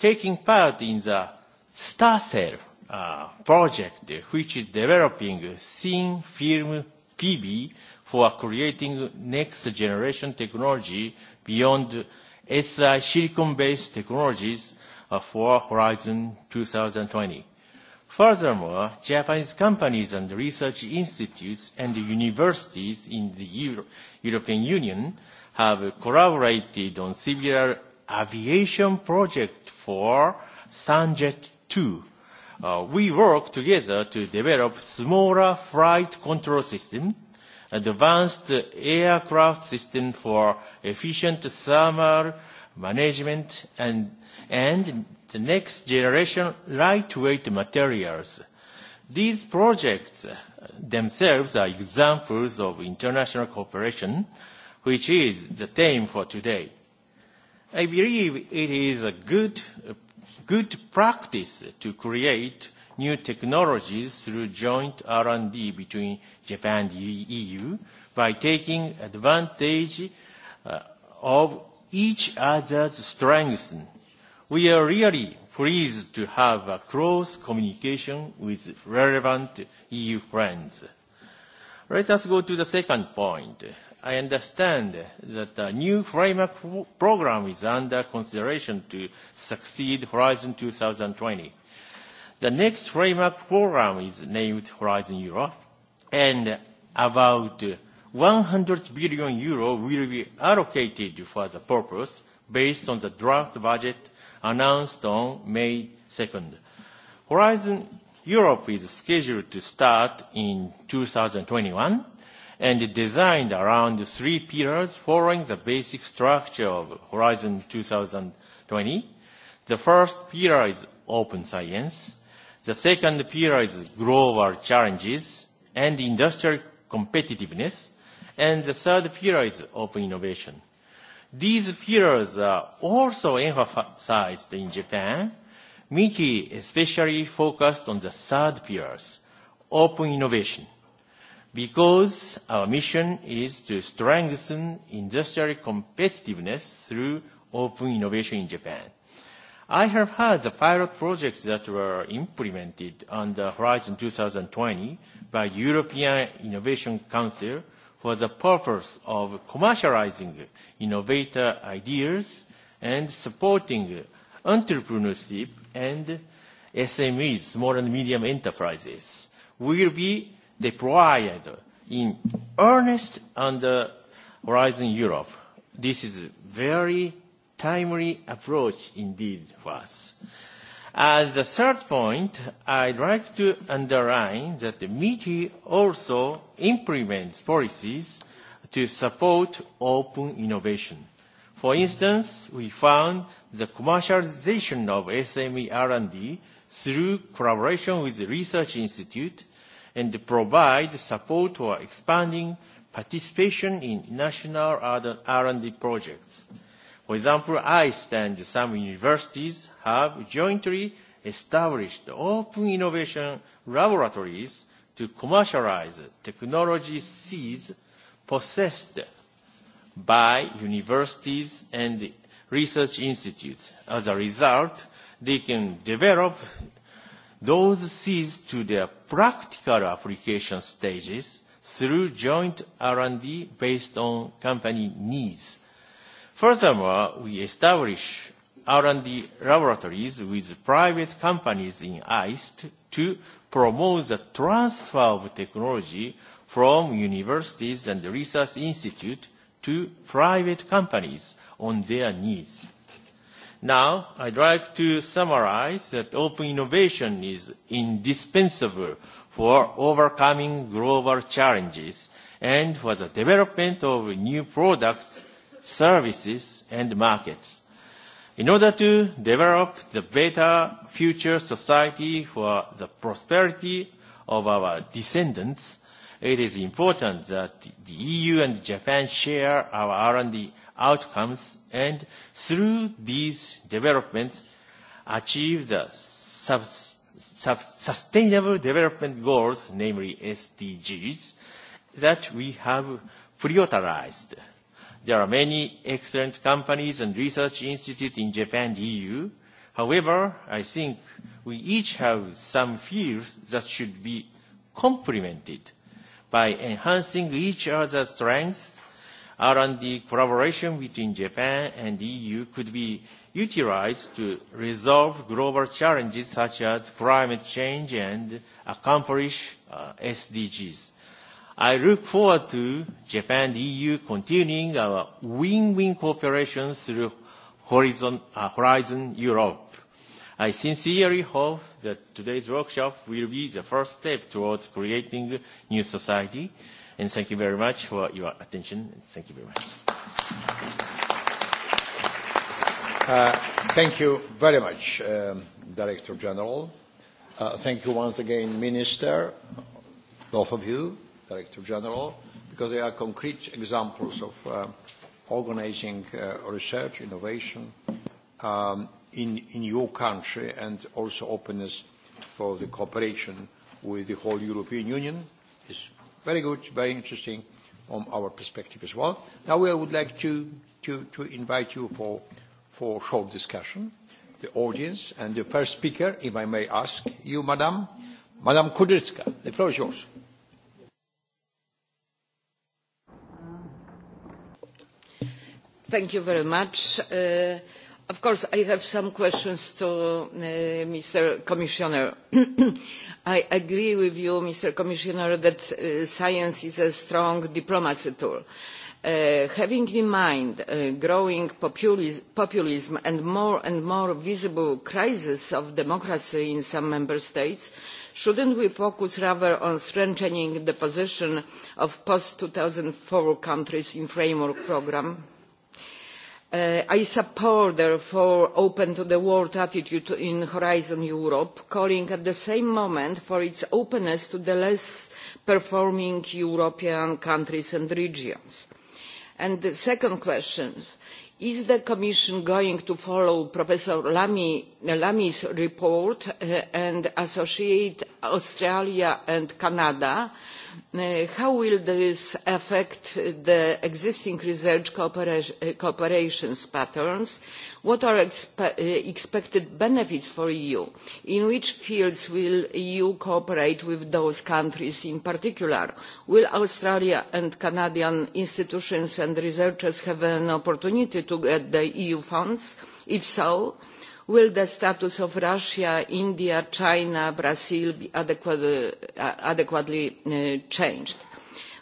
taking part in the StarCell uh, project, which is developing thin film PB for creating next generation technology beyond SI silicon-based technologies uh, for Horizon 2020. Furthermore, Japanese companies and research institutes and universities in the Euro European Union have collaborated on civil aviation project for Sanjet 2. Uh, we work together to develop smaller flight control systems advanced aircraft system for efficient thermal management and, and the next generation lightweight materials. These projects themselves are examples of international cooperation, which is the theme for today. I believe it is a good, good practice to create new technologies through joint R&D between Japan and the EU by taking advantage uh, of each other's strengths. We are really pleased to have a close communication with relevant EU friends. Let us go to the second point. I understand that a new framework program is under consideration to succeed Horizon 2020. The next framework program is named Horizon Europe, and about 100 billion euro will be allocated for the purpose based on the draft budget announced on May 2nd. Horizon Europe is scheduled to start in 2021 and designed around three pillars following the basic structure of Horizon 2020. The first pillar is open science. The second pillar is global challenges and industrial competitiveness. And the third pillar is open innovation. These pillars are also emphasized in Japan. Miki especially focused on the third pillars, open innovation, because our mission is to strengthen industrial competitiveness through open innovation in Japan. I have heard the pilot projects that were implemented on the Horizon 2020 by European Innovation Council for the purpose of commercializing innovator ideas and supporting entrepreneurship and SMEs, small and medium enterprises, will be deployed in earnest under Horizon Europe. This is very timely approach indeed was. As the third point, I'd like to underline that the MITI also implements policies to support open innovation. For instance, we found the commercialization of SME R&D through collaboration with the research institute and provide support for expanding participation in national R&D projects. For example, ICE and some universities have jointly established open innovation laboratories to commercialize technology seeds possessed by universities and research institutes. As a result, they can develop those seeds to their practical application stages through joint R&D based on company needs Furthermore, we establish R&D laboratories with private companies in ICE to promote the transfer of technology from universities and research institutes to private companies on their needs. Now, I'd like to summarize that open innovation is indispensable for overcoming global challenges and for the development of new products services, and markets. In order to develop the better future society for the prosperity of our descendants, it is important that the EU and Japan share our R&D outcomes and through these developments achieve the sub sub sustainable development goals, namely SDGs, that we have prioritized There are many excellent companies and research institutes in Japan and EU. However, I think we each have some fields that should be complemented by enhancing each other's strengths. R&D collaboration between Japan and the EU could be utilized to resolve global challenges such as climate change and accomplish uh, SDGs. I look forward to Japan and e EU continuing our win-win cooperation through Horizon, uh, Horizon Europe. I sincerely hope that today's workshop will be the first step towards creating a new society. And thank you very much for your attention. Thank you very much. Uh, thank you very much, um, Director General. Uh, thank you once again, Minister, both of you. Director General, because they are concrete examples of uh, organizing uh, research, innovation um, in, in your country and also openness for the cooperation with the whole European Union It's very good, very interesting from our perspective as well. Now I would like to, to, to invite you for, for short discussion, the audience and the first speaker, if I may ask you, Madam, Madam Kudrytska, the floor is yours. Thank you very much. Uh, of course, I have some questions to uh, Mr. Commissioner. I agree with you, Mr. Commissioner, that uh, science is a strong diplomacy tool. Uh, having in mind uh, growing populis populism and more and more visible crisis of democracy in some member states, shouldn't we focus rather on strengthening the position of post-2004 countries in framework program? Uh, I support, therefore, open to the world attitude in Horizon Europe, calling at the same moment for its openness to the less performing European countries and regions. And the second question Is the Commission going to follow Professor Lamy's report uh, and associate Australia and Canada? Uh, how will this affect the existing research uh, cooperation, patterns? What are expected benefits for EU? In which fields will EU cooperate with those countries in particular? Will Australia and Canadian institutions and researchers have an opportunity to get the EU funds? If so, will the status of Russia, India, China, Brazil be adequate, uh, adequately uh, changed?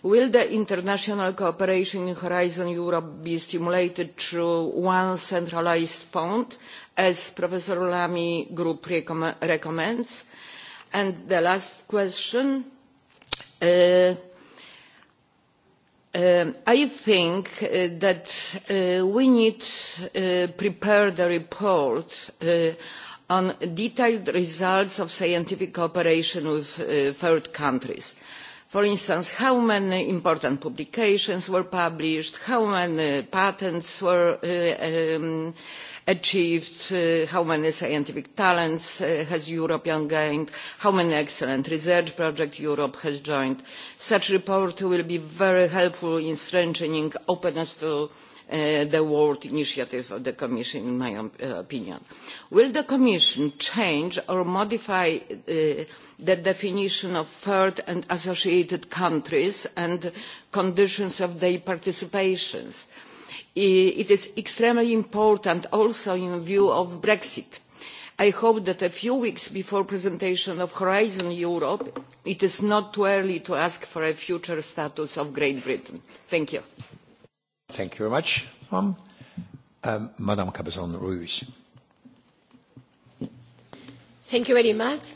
Will the international cooperation in Horizon Europe be stimulated through one centralised fund, as Professor Lamy Group recommends? And the last question, uh, Uh, I think uh, that uh, we need to uh, prepare the report uh, on detailed results of scientific cooperation with uh, third countries. For instance, how many important publications were published, how many patents were uh, um, achieved, uh, how many scientific talents uh, has Europe gained, how many excellent research projects Europe has joined. Such report will be very helpful in strengthening openness to Uh, the world initiative of the Commission, in my uh, opinion. Will the Commission change or modify uh, the definition of third and associated countries and conditions of their participations? it is extremely important also in view of Brexit. I hope that a few weeks before the presentation of Horizon Europe, it is not too early to ask for a future status of Great Britain. Thank you. Thank you very much. Um, um, Madame Cabezon Ruiz. Thank you very much.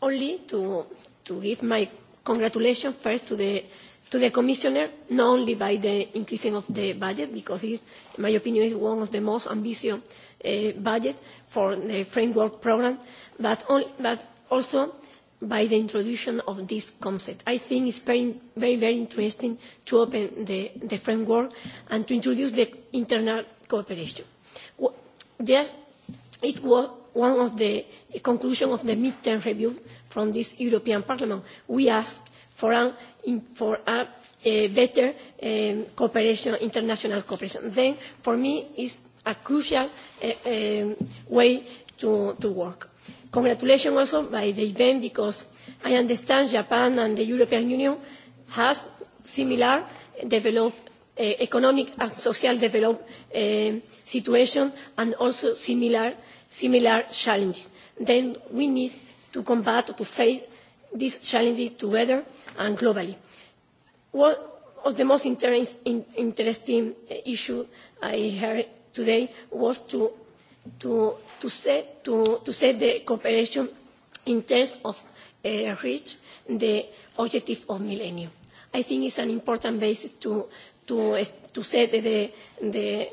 Only to, to give my congratulations first to the to the Commissioner, not only by the increasing of the budget, because it is, in my opinion, is one of the most ambitious uh, budget for the framework program, but, only, but also by the introduction of this concept. I think it's very, very, very interesting to open the, the framework and to introduce the internal cooperation. There's, it was one of the conclusions of the midterm review from this European Parliament. We asked for an in, for a, a better um, cooperation, international cooperation. Then, for me, it's a crucial uh, um, way to, to work. Congratulations also by the event because I understand Japan and the European Union has similar developed uh, economic and social development uh, um, situation and also similar, similar challenges. Then we need to combat, to face these challenges together and globally. One of the most interest, in, interesting issues I heard today was to, to, to, set, to, to set the cooperation in terms of uh, reach the objective of millennium. I think it's an important basis to, to, to set the, the,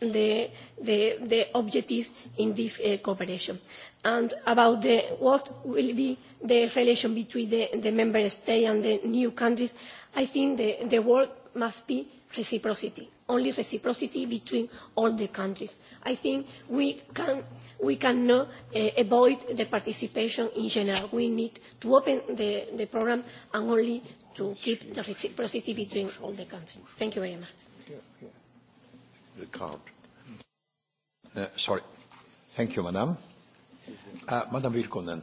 the, the, the objectives in this uh, cooperation. And about the, what will be the relation between the, the member state and the new countries, I think the, the work must be reciprocity, only reciprocity between all the countries. I think we, can, we cannot uh, avoid the participation in general. We need to open the, the program and only to keep the reciprocity between all the countries. Thank you very much. Yeah, yeah. Uh, sorry. Thank you, Madam. Uh, Madam Virkonen.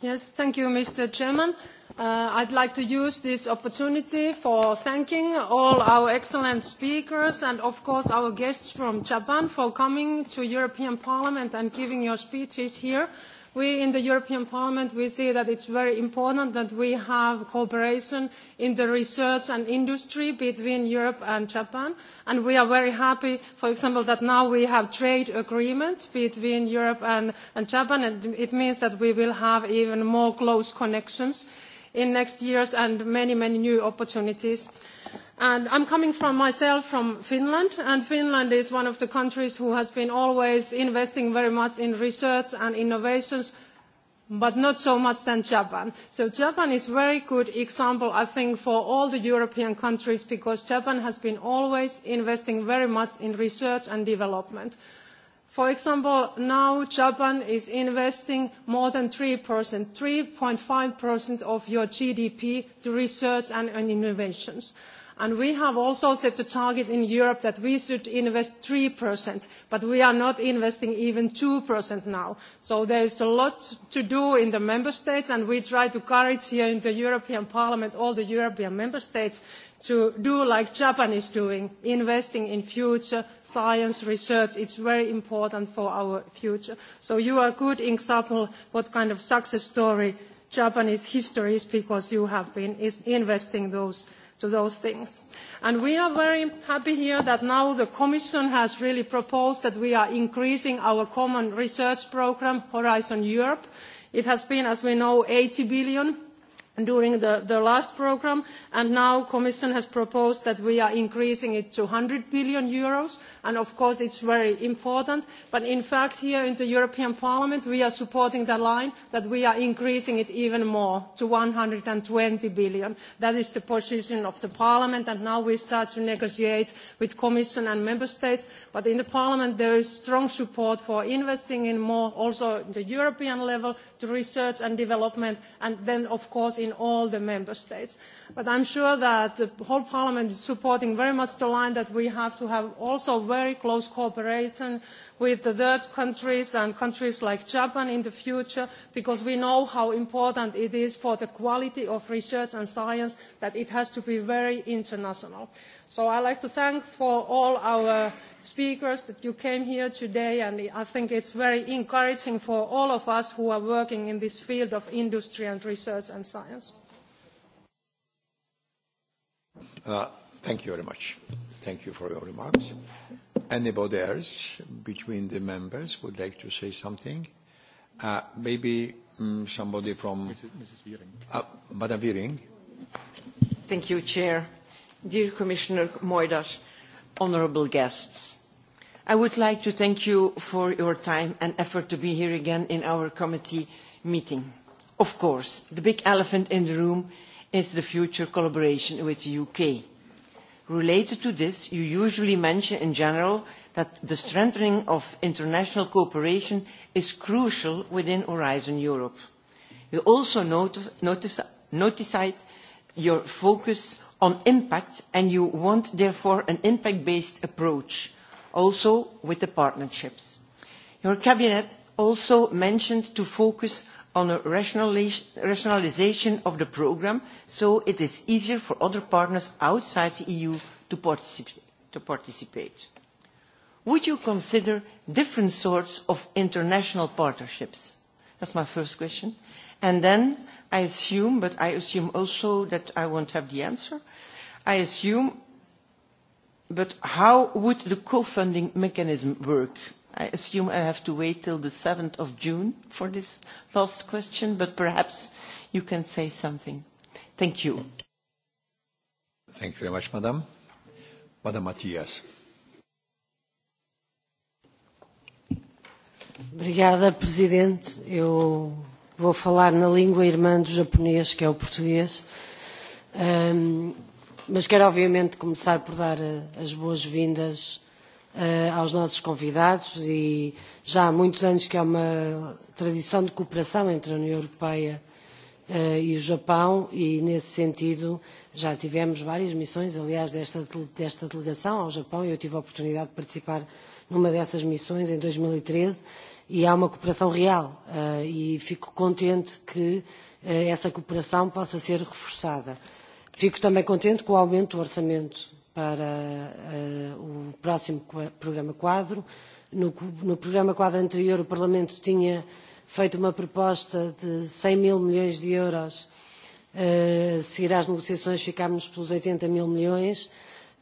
Yes, thank you, Mr. Chairman. Uh, I'd like to use this opportunity for thanking all our excellent speakers and, of course, our guests from Japan for coming to European Parliament and giving your speeches here. We in the European Parliament, we see that it's very important that we have cooperation in the research and industry between Europe and Japan. And we are very happy, for example, that now we have trade agreements between Europe and, and Japan, and it means that we will have even more close connections in next years and many, many new opportunities. And I'm coming from myself from Finland, and Finland is one of the countries who has been always investing very much in research and innovations, but not so much than Japan. So Japan is a very good example, I think, for all the European countries because Japan has been always investing very much in research and development. For example, now Japan is investing more than 3%, 3.5% of your GDP to research and, innovations. And we have also set a target in Europe that we should invest 3%, but we are not investing even 2% now. So there is a lot to do in the member states, and we try to encourage here in the European Parliament, all the European member states, to do like Japan is doing, investing in future science research. It's very important for our future. So you are a good example what kind of success story Japanese history is because you have been is investing those to those things. And we are very happy here that now the Commission has really proposed that we are increasing our common research program, Horizon Europe. It has been, as we know, 80 billion during the, last program, and now Commission has proposed that we are increasing it to 100 billion euros, and of course it's very important, but in fact here in the European Parliament we are supporting the line that we are increasing it even more to 120 billion. That is the position of the Parliament, and now we start to negotiate with Commission and Member States, but in the Parliament there is strong support for investing in more, also at the European level, to research and development, and then of course in all the member states. But I'm sure that the whole parliament is supporting very much the line that we have to have also very close cooperation with the third countries and countries like Japan in the future because we know how important it is for the quality of research and science that it has to be very international. So I'd like to thank for all our speakers that you came here today and I think it's very encouraging for all of us who are working in this field of industry and research and science. Uh Thank you very much. Thank you for your remarks. Anybody else between the members would like to say something? Uh, maybe um, somebody from... Mrs. Mrs. Viering. Uh, Madam Viering. Thank you, Chair. Dear Commissioner Moidas, honorable guests, I would like to thank you for your time and effort to be here again in our committee meeting. Of course, the big elephant in the room is the future collaboration with the UK Related to this, you usually mention in general that the strengthening of international cooperation is crucial within Horizon Europe. You also notified your focus on impact and you want therefore an impact-based approach, also with the partnerships. Your cabinet also mentioned to focus on a rationalisation of the programme so it is easier for other partners outside the EU to, participate. Would you consider different sorts of international partnerships? That's my first question. And then I assume, but I assume also that I won't have the answer, I assume, but how would the co-funding mechanism work? I assume I have to wait till the 7th of June for this last question, but perhaps you can say something. Thank you. Thank you very much, Madam. Madam Matthias. Obrigada, Presidente. Eu vou falar na língua irmã do japonês, que é o português. Um, mas quero, obviamente, começar por dar eh, as boas-vindas uh, aos nossos convidados e já há muitos anos que há uma tradição de cooperação entre a União Europeia uh, e o Japão e nesse sentido já tivemos várias missões, aliás, desta, desta delegação ao Japão e eu tive a oportunidade de participar numa dessas missões em 2013 e, e há uma cooperação real uh, e fico contente que uh, essa cooperação possa ser reforçada. Fico também contente com o aumento do orçamento para uh, o próximo programa quadro. No, no programa quadro anterior, o Parlamento tinha feito uma proposta de 100 mil milhões de euros. Uh, ir às negociações, ficámos pelos 80 mil milhões.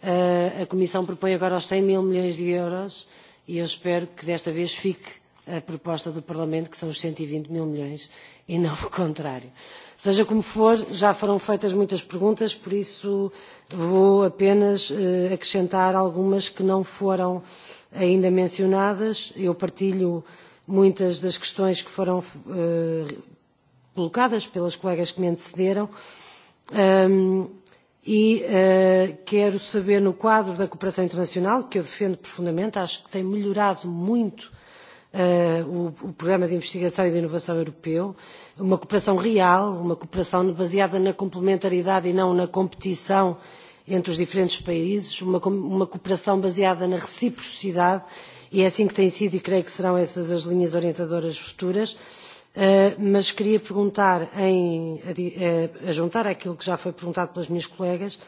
Uh, a Comissão propõe agora os 100 mil milhões de euros e eu espero que desta vez fique a proposta do Parlamento, que são os 120 e mil milhões, e não o contrário. Seja como for, já foram feitas muitas perguntas, por isso vou apenas uh, acrescentar algumas que não foram ainda mencionadas. Eu partilho muitas das questões que foram uh, colocadas pelas colegas que me antecederam. Um, e uh, quero saber no quadro da cooperação internacional, que eu defendo profundamente, acho que tem melhorado muito uh, Eh, o, Programa de Investigação e de Inovação Europeu, uma cooperação real, uma cooperação baseada na complementaridade e não na competição entre os diferentes países, uma, uma cooperação baseada na reciprocidade, e é assim que tem sido e creio que serão essas as linhas orientadoras futuras. Uh, mas queria perguntar, em, a, eh, a juntar àquilo que já foi perguntado pelas minhas colegas,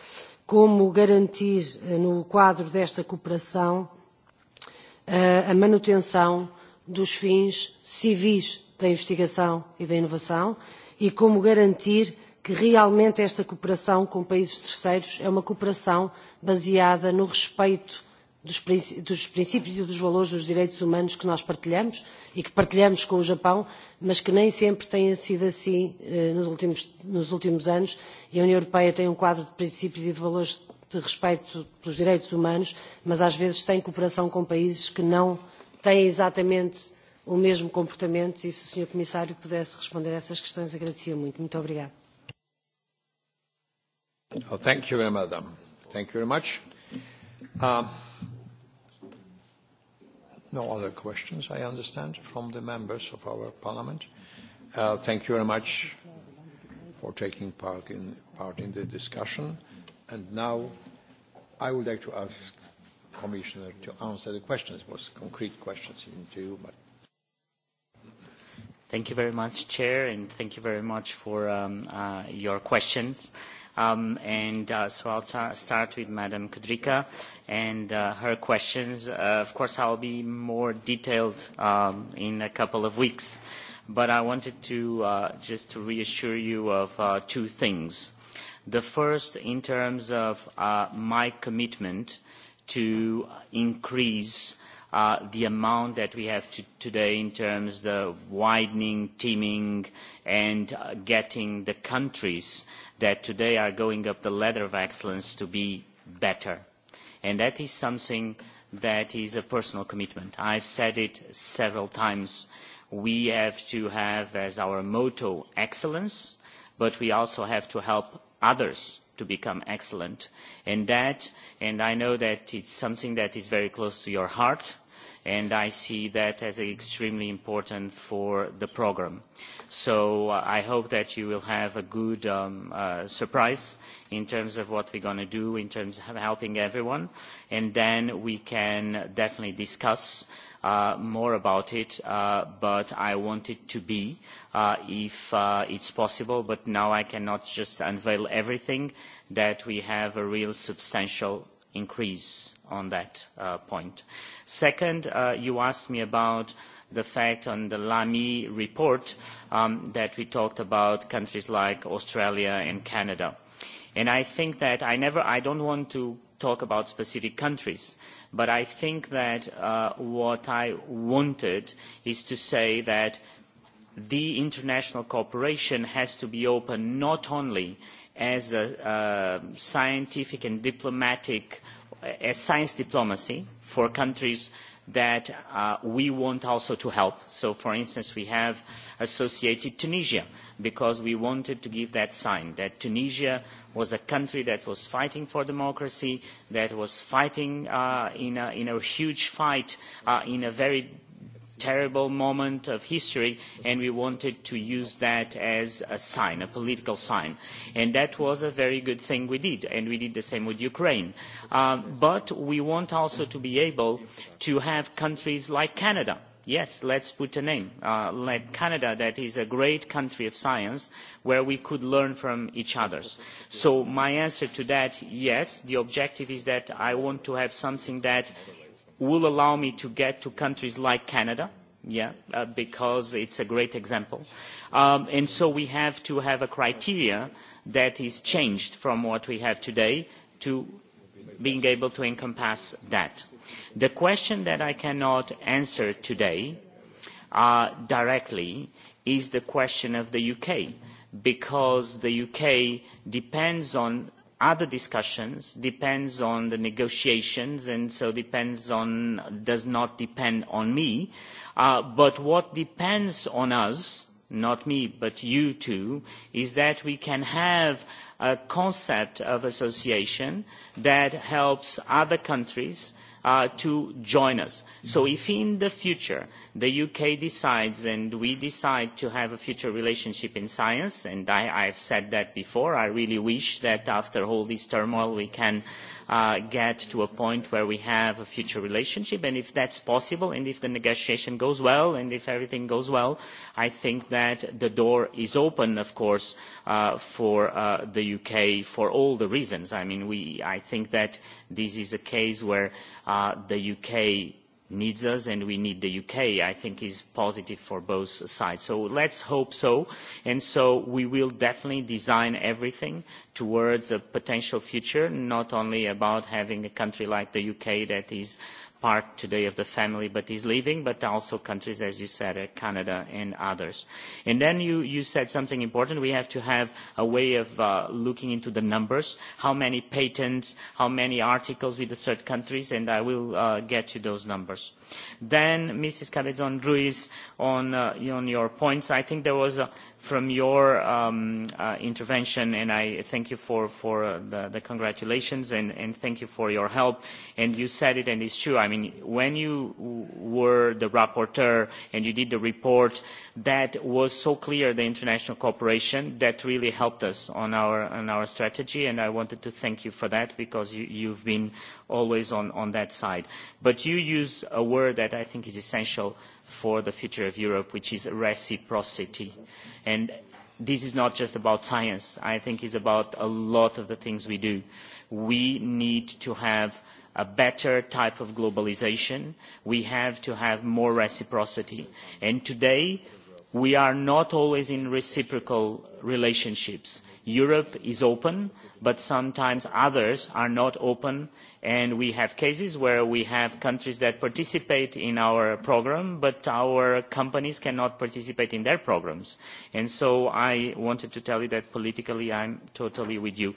como garantir, no quadro desta cooperação, uh, a manutenção dos fins civis da investigação e da inovação e como garantir que realmente esta cooperação com países terceiros é uma cooperação baseada no respeito dos, dos princípios e dos valores dos direitos humanos que nós partilhamos e que partilhamos com o Japão, mas que nem sempre têm sido assim eh, nos, últimos, nos últimos anos. E a União Europeia tem um quadro de princípios e de valores de respeito pelos direitos humanos, mas às vezes tem cooperação com países que não têm exatamente o mesmo comportamento e se o Sr. Comissário pudesse responder a essas questões, agradecia muito. Muito obrigada. Well, thank you, madam. Thank you very much. Um, no other questions, I understand, from the members of our parliament. Uh, thank you very much for taking part in, part in the discussion. And now I would like to ask Commissioner to answer the questions. most was concrete questions even to you. But... Thank you very much, Chair, and thank you very much for um, uh, your questions. Um, and uh, so I'll start with Madam Kudrika and uh, her questions. Uh, of course, I'll be more detailed um, in a couple of weeks, but I wanted to uh, just to reassure you of uh, two things. The first, in terms of uh, my commitment uh, to increase uh, the amount that we have to today in terms of widening, teaming, and uh, getting the countries that today are going up the ladder of excellence to be better. And that is something that is a personal commitment. I've said it several times. We have to have as our motto excellence, but we also have to help others to become excellent. And that, and I know that it's something that is very close to your heart, and I see that as extremely important for the program. So uh, I hope that you will have a good um, uh, surprise in terms of what we're going to do, in terms of helping everyone, and then we can definitely discuss uh, more about it, uh, but I want it to be, uh, if uh, it's possible, but now I cannot just unveil everything, that we have a real substantial increase on that uh, point. Second, uh, you asked me about the fact on the LAMI report um, that we talked about countries like Australia and Canada. And I think that I never, I don't want to talk about specific countries, But I think that uh, what I wanted is to say that the international cooperation has to be open not only as a uh, scientific and diplomatic, uh, as science diplomacy for countries that uh, we want also to help. So, for instance, we have associated Tunisia because we wanted to give that sign that Tunisia was a country that was fighting for democracy, that was fighting uh, in, a, in a huge fight uh, in a very terrible moment of history and we wanted to use that as a sign, a political sign. And that was a very good thing we did and we did the same with Ukraine. Uh, but we want also to be able to have countries like Canada yes, let's put a name. Uh, like Canada, that is a great country of science, where we could learn from each other. So my answer to that, yes, the objective is that I want to have something that will allow me to get to countries like Canada, yeah, uh, because it's a great example. Um, and so we have to have a criteria that is changed from what we have today to being able to encompass that. The question that I cannot answer today uh, directly is the question of the UK, because the UK depends on other discussions depends on the negotiations and so depends on does not depend on me uh, but what depends on us not me but you two is that we can have a concept of association that helps other countries uh, to join us so if in the future the UK decides and we decide to have a future relationship in science, and I, I have said that before. I really wish that after all this turmoil we can uh, get to a point where we have a future relationship, and if that's possible, and if the negotiation goes well, and if everything goes well, I think that the door is open, of course, uh, for uh, the UK for all the reasons. I mean, we, I think that this is a case where uh, the UK needs us and we need the UK, I think is positive for both sides. So let's hope so. And so we will definitely design everything towards a potential future, not only about having a country like the UK that is part today of the family but is leaving, but also countries, as you said, uh, Canada and others. And then you, you said something important. We have to have a way of uh, looking into the numbers, how many patents, how many articles with the third countries, and I will uh, get to those numbers. Then, Mrs. Cabezon-Ruiz, on, uh, on your points, I think there was a from your um, uh, intervention, and I thank you for, for uh, the, the congratulations and, and thank you for your help. And you said it, and it's true. I mean, when you were the rapporteur and you did the report, that was so clear, the international cooperation, that really helped us on our, on our strategy, and I wanted to thank you for that because you, you've been always on, on that side. But you use a word that I think is essential for the future of Europe, which is reciprocity. And this is not just about science. I think it's about a lot of the things we do. We need to have a better type of globalization. We have to have more reciprocity. And today, we are not always in reciprocal relationships. Europe is open, but sometimes others are not open, and we have cases where we have countries that participate in our programme, but our companies cannot participate in their programmes. And so I wanted to tell you that politically I am totally with you.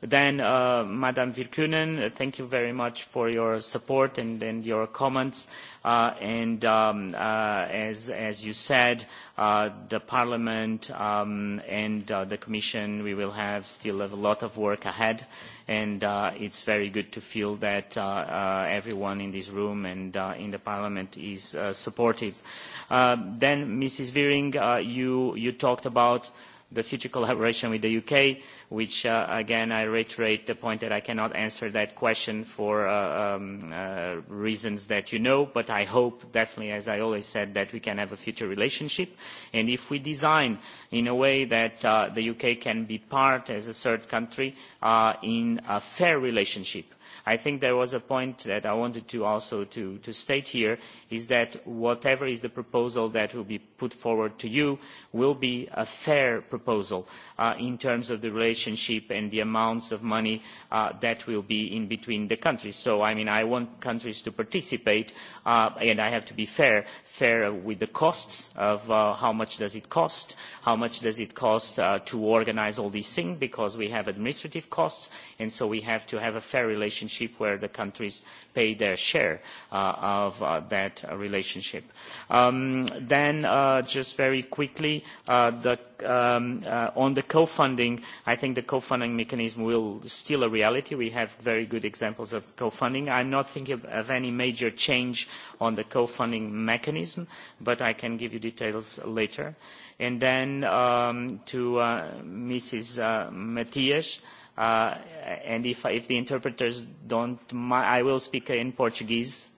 Then, uh, Madam Virkunen, thank you very much for your support and, and your comments uh, and um, uh, as, as you said, uh, the Parliament um, and uh, the Commission, we will have still have a lot of work ahead, and uh, it's very good to feel that uh, uh, everyone in this room and uh, in the Parliament is uh, supportive. Uh, then, Mrs. Veering, uh, you, you talked about the future collaboration with the UK, which, uh, again, I reiterate the point that I cannot answer that question for uh, um, uh, reasons that you know, but I hope, definitely, as I always said, that we can have a future relationship. And if we design in a way that uh, the UK can be part as a third country uh, in a fair relationship, I think there was a point that I wanted to also to, to state here is that whatever is the proposal that will be put forward to you will be a fair proposal uh, in terms of the relationship and the amounts of money uh, that will be in between the countries. So, I mean, I want countries to participate, uh, and I have to be fair, fair with the costs of uh, how much does it cost, how much does it cost uh, to organize all these things, because we have administrative costs, and so we have to have a fair relationship where the countries pay their share uh, of uh, that relationship. Um, then, uh, just very quickly, uh, the um, uh, on the co-funding, I think the co-funding mechanism will still a reality. We have very good examples of co-funding. I'm not thinking of, of any major change on the co-funding mechanism, but I can give you details later. And then um, to uh, Mrs. Uh, Matias, uh, and if, if the interpreters don't, mind I will speak in Portuguese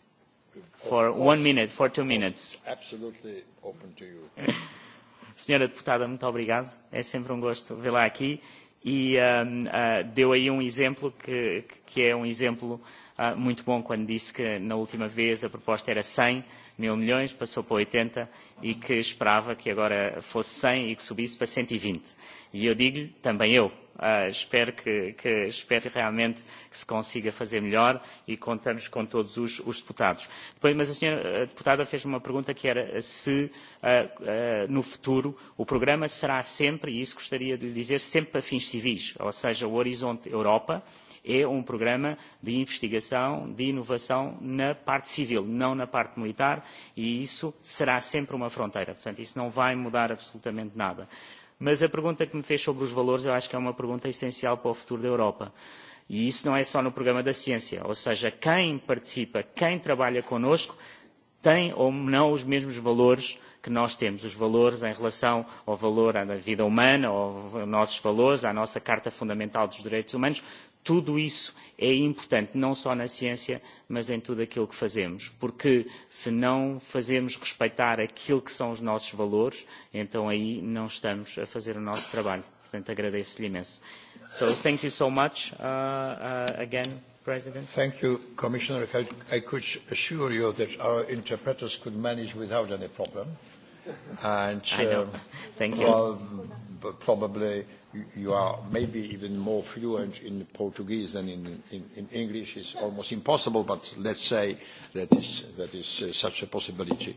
for course, one minute, for two minutes. Absolutely open to you. Senhora deputada, muito obrigado. É sempre um gosto vê-la aqui. E uh, uh, deu aí um exemplo que, que é um exemplo uh, muito bom quando disse que na última vez a proposta era 100 mil milhões, passou para 80 e que esperava que agora fosse 100 e que subisse para 120. E, e eu digo-lhe, também eu, Uh, espero que, que espero realmente que se consiga fazer melhor e contamos com todos os, os deputados. Depois, mas a senhora a deputada fez uma pergunta que era se uh, uh, no futuro o programa será sempre, e isso gostaria de lhe dizer, sempre para fins civis, ou seja, o Horizonte Europa é um programa de investigação, de inovação na parte civil, não na parte militar, e isso será sempre uma fronteira. Portanto, isso não vai mudar absolutamente nada. Uh, Mas a pergunta que me fez sobre os valores eu acho que é uma pergunta essencial para o futuro da Europa. E isso não é só no programa da ciência, ou seja, quem participa, quem trabalha connosco, tem ou não os mesmos valores que nós temos, os valores em relação ao valor à vida humana, aos nossos valores, à nossa Carta Fundamental dos Direitos Humanos, tudo isso é importante, não só na ciência, mas em tudo aquilo que fazemos, porque se não fazemos respeitar aquilo que são os nossos valores, então aí não estamos a fazer o nosso trabalho. Portanto, agradeço-lhe imenso. So, thank you so much uh, uh, again, President. Thank you, Commissioner. I, I could assure you that our interpreters could manage without any problem. And, uh, I know. Um, thank you. Well, probably you are maybe even more fluent in Portuguese than in, in, in English is almost impossible, but let's say that is, that is uh, such a possibility.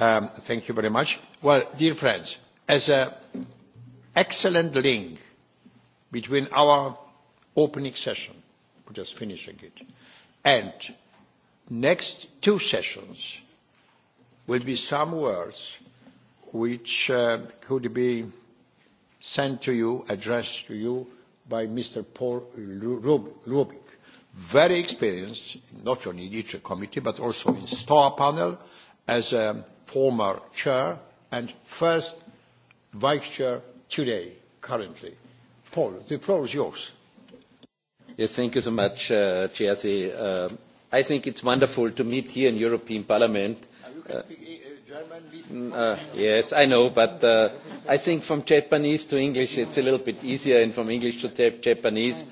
Um, thank you very much. Well, dear friends, as an excellent link between our opening session, which just finishing it, and next two sessions will be some words which uh, could be sent to you, addressed to you by Mr. Paul Rubik, very experienced, not only in each committee, but also in STAR panel as a former chair and first vice chair today, currently. Paul, the floor is yours. Yes, thank you so much, uh, Chiasi. Uh, I think it's wonderful to meet here in European Parliament. Uh, you can uh, speak Mm, uh, yes, I know, but uh, I think from Japanese to English it's a little bit easier, and from English to Japanese.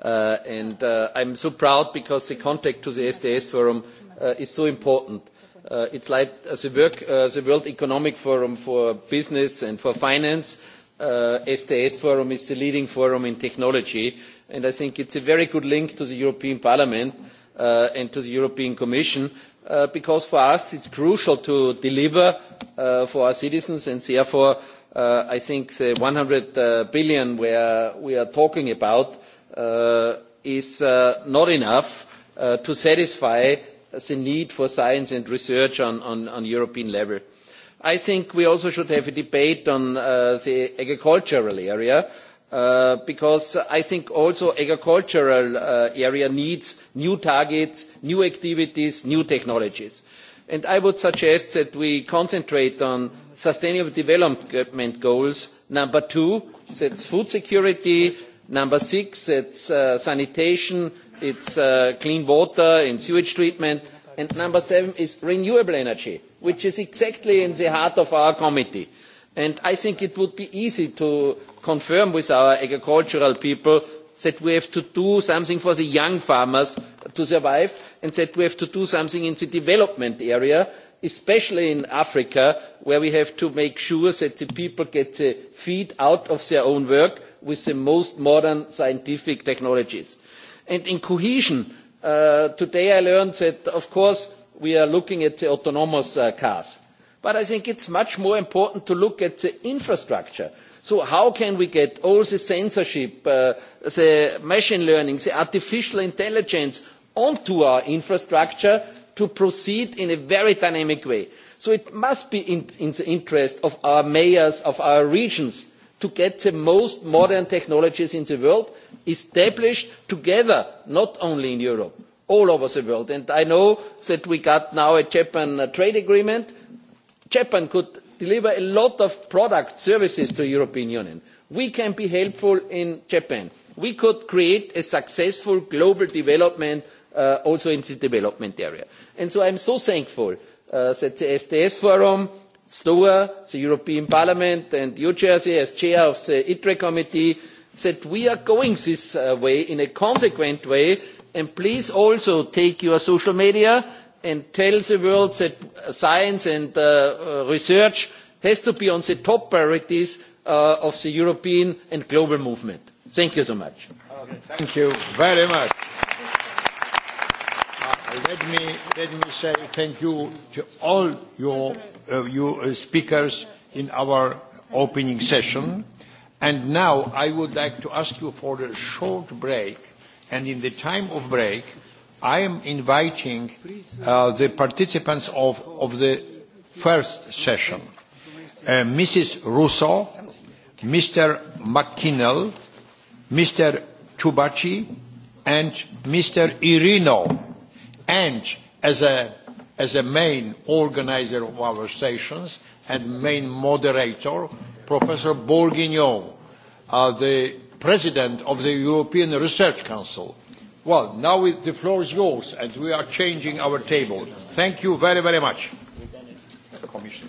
Uh, and uh, I'm so proud because the contact to the SDS Forum uh, is so important. Uh, it's like uh, the, work, uh, the World Economic Forum for business and for finance. Uh, SDS Forum is the leading forum in technology, and I think it's a very good link to the European Parliament uh, and to the European Commission uh, because for us it's crucial to deliver uh, for our citizens and therefore uh, I think the 100 uh, billion we are, we are talking about uh, is uh, not enough uh, to satisfy the need for science and research on, on, on European level. I think we also should have a debate on uh, the agricultural area Uh, because I think also agricultural uh, area needs new targets, new activities, new technologies. And I would suggest that we concentrate on sustainable development goals. Number two, that's food security. Number six, that's uh, sanitation, it's uh, clean water and sewage treatment. And number seven is renewable energy, which is exactly in the heart of our committee. Uh, And I think it would be easy to confirm with our agricultural people that we have to do something for the young farmers to survive and that we have to do something in the development area, especially in Africa, where we have to make sure that the people get the feed out of their own work with the most modern scientific technologies. And in cohesion, uh, today I learned that, of course, we are looking at the autonomous uh, cars. But I think it's much more important to look at the infrastructure. So how can we get all the censorship, uh, the machine learning, the artificial intelligence onto our infrastructure to proceed in a very dynamic way? So it must be in, in the interest of our mayors, of our regions, to get the most modern technologies in the world established together, not only in Europe, all over the world. And I know that we got now a Japan trade agreement, Japan could deliver a lot of and services to the European Union. We can be helpful in Japan. We could create a successful global development uh, also in the development area. And so I'm so thankful uh, that the STS Forum, STOA, the European Parliament, and you, Jersey, as chair of the ITRE committee, that we are going this uh, way in a consequent way. And please also take your social media and tell the world that science and uh, uh, research has to be on the top priorities uh, of the European and global movement. Thank you so much. Okay, thank you very much. Uh, let, me, let me say thank you to all your uh, you, uh, speakers in our opening session. And now I would like to ask you for a short break. And in the time of break, I am inviting uh, the participants of, of the first session, uh, Mrs. Russo, Mr. McKinnell, Mr. Chubachi, and Mr. Irino. And as a, as a main organizer of our sessions and main moderator, Professor Bourguignon, uh, the president of the European Research Council Well, now it, the floor is yours, and we are changing our table. Thank you very, very much. Commissioner.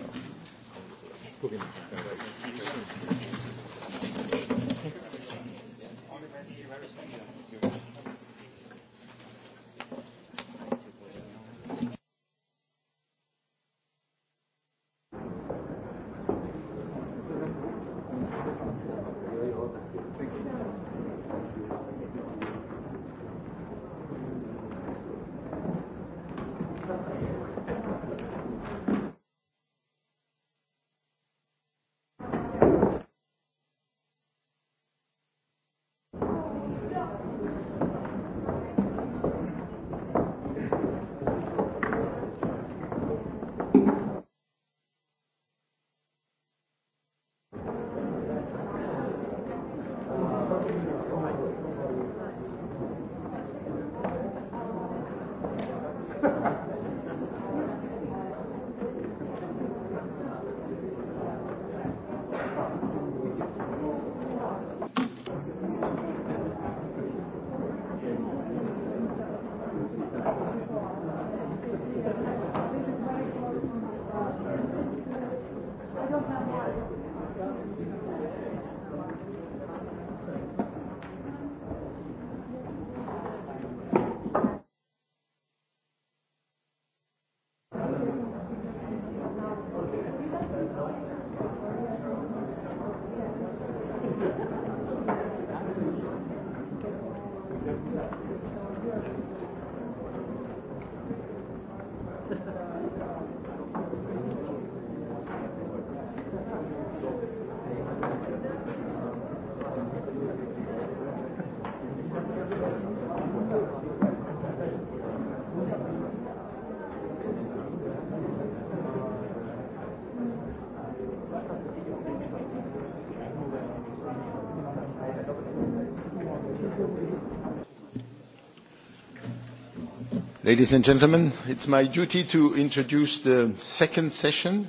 Ladies and gentlemen, it's my duty to introduce the second session.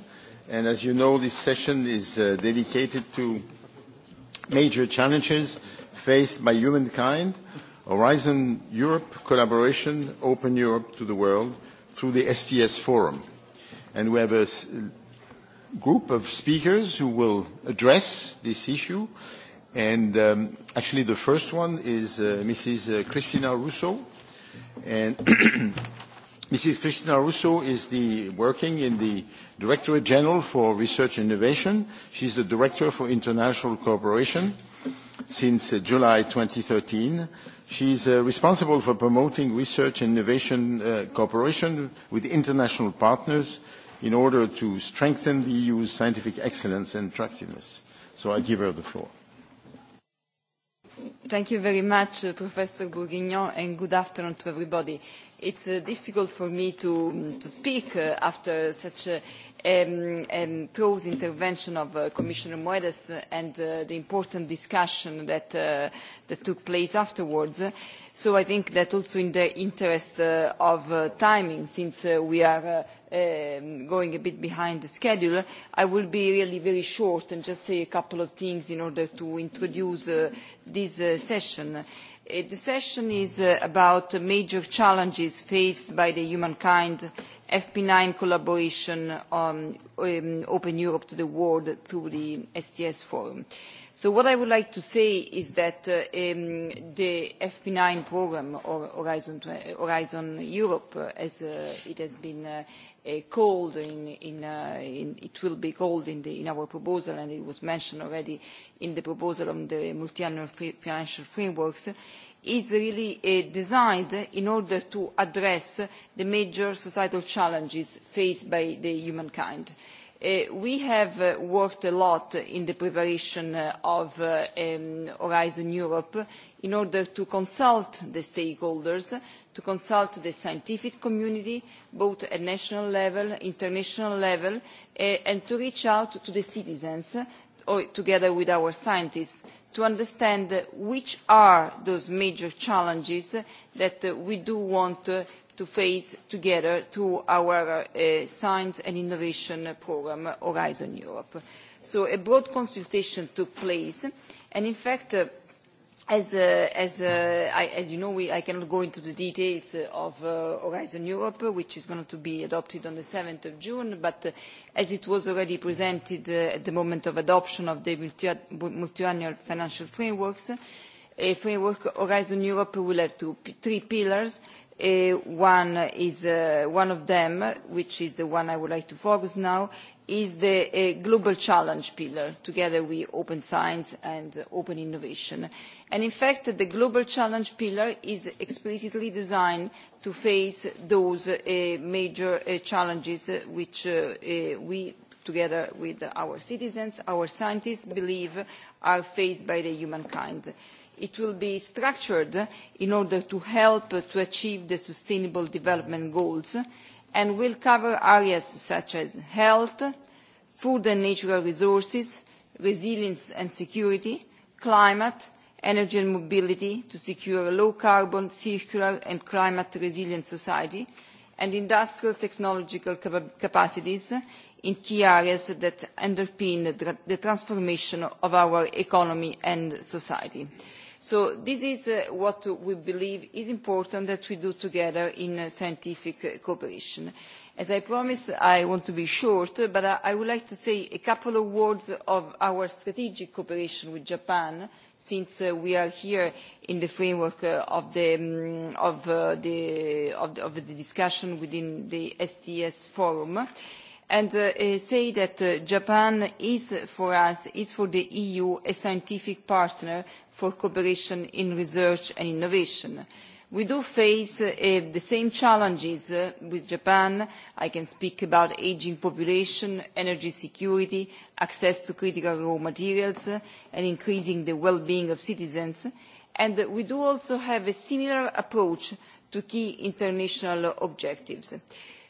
And as you know, this session is uh, dedicated to major challenges faced by humankind, Horizon Europe collaboration, Open Europe to the world, through the STS Forum. And we have a group of speakers who will address this issue. And um, actually the first one is uh, Mrs. Uh, Christina Rousseau And Mrs. Cristina Russo is the, working in the Directorate General for Research and Innovation. She's the Director for International Cooperation since uh, July 2013. She's uh, responsible for promoting research and innovation uh, cooperation with international partners in order to strengthen the EU's scientific excellence and attractiveness. So I give her the floor. Thank you very much, uh, Professor Bourguignon, and good afternoon to everybody. It's uh, difficult for me to, to speak uh, after such a, um, um, through the intervention of uh, Commissioner Moedas and uh, the important discussion that, uh, that took place afterwards. So I think that also in the interest uh, of uh, timing, since uh, we are uh, um, going a bit behind the schedule, I will be really very short and just say a couple of things in order to introduce uh, this uh, session. Uh, the session is uh, about major challenges faced by the humankind uh, FP9 collaboration on um, um, Open Europe to the World through the STS Forum. So what I would like to say is that uh, um, the FP9 program, or Horizon, Horizon Europe, uh, as uh, it has been uh, uh, called, in, in, uh, in, it will be called in, the, in our proposal, and it was mentioned already in the proposal on the multi-annual financial frameworks, is really uh, designed in order to address the major societal challenges faced by humankind. Uh, we have uh, worked a lot in the preparation of um, Horizon Europe in order to consult the stakeholders, to consult the scientific community, both at national level, and international level, and to reach out to the citizens together with our scientists to understand which are those major challenges that we do want to face together through our uh, science and innovation programme Horizon Europe. So a broad consultation took place and in fact uh, As, uh, as, uh, I, as you know, we, I cannot go into the details uh, of uh, Horizon Europe, which is going to be adopted on the 7th of June, but uh, as it was already presented uh, at the moment of adoption of the multiannual financial frameworks, uh, a framework Horizon Europe will have two, three pillars. Uh, one is uh, one of them, which is the one I would like to focus now, is the uh, global challenge pillar together with open science and uh, open innovation. And in fact, the global challenge pillar is explicitly designed to face those uh, major uh, challenges uh, which uh, we together with our citizens, our scientists believe are faced by humankind. It will be structured in order to help to achieve the sustainable development goals and will cover areas such as health, food and natural resources, resilience and security, climate, energy and mobility to secure a low carbon, circular and climate resilient society, and industrial technological capacities in key areas that underpin the transformation of our economy and society. Mm -hmm. So this is uh, what we believe is important that we do together in uh, scientific uh, cooperation. As I promised, I want to be short, uh, but I, I would like to say a couple of words of our strategic cooperation with Japan, since uh, we are here in the framework uh, of, the, um, of, uh, the, of, the, of the discussion within the STS forum. Uh, and uh, eh, say that uh, Japan is for us, is for the EU, a scientific partner for cooperation in research and innovation. We do face uh, eh, the same challenges uh, with Japan. I can speak about ageing population, energy security, access to critical raw materials, uh, and increasing the well-being of citizens. And uh, we do also have a similar approach to key international objectives.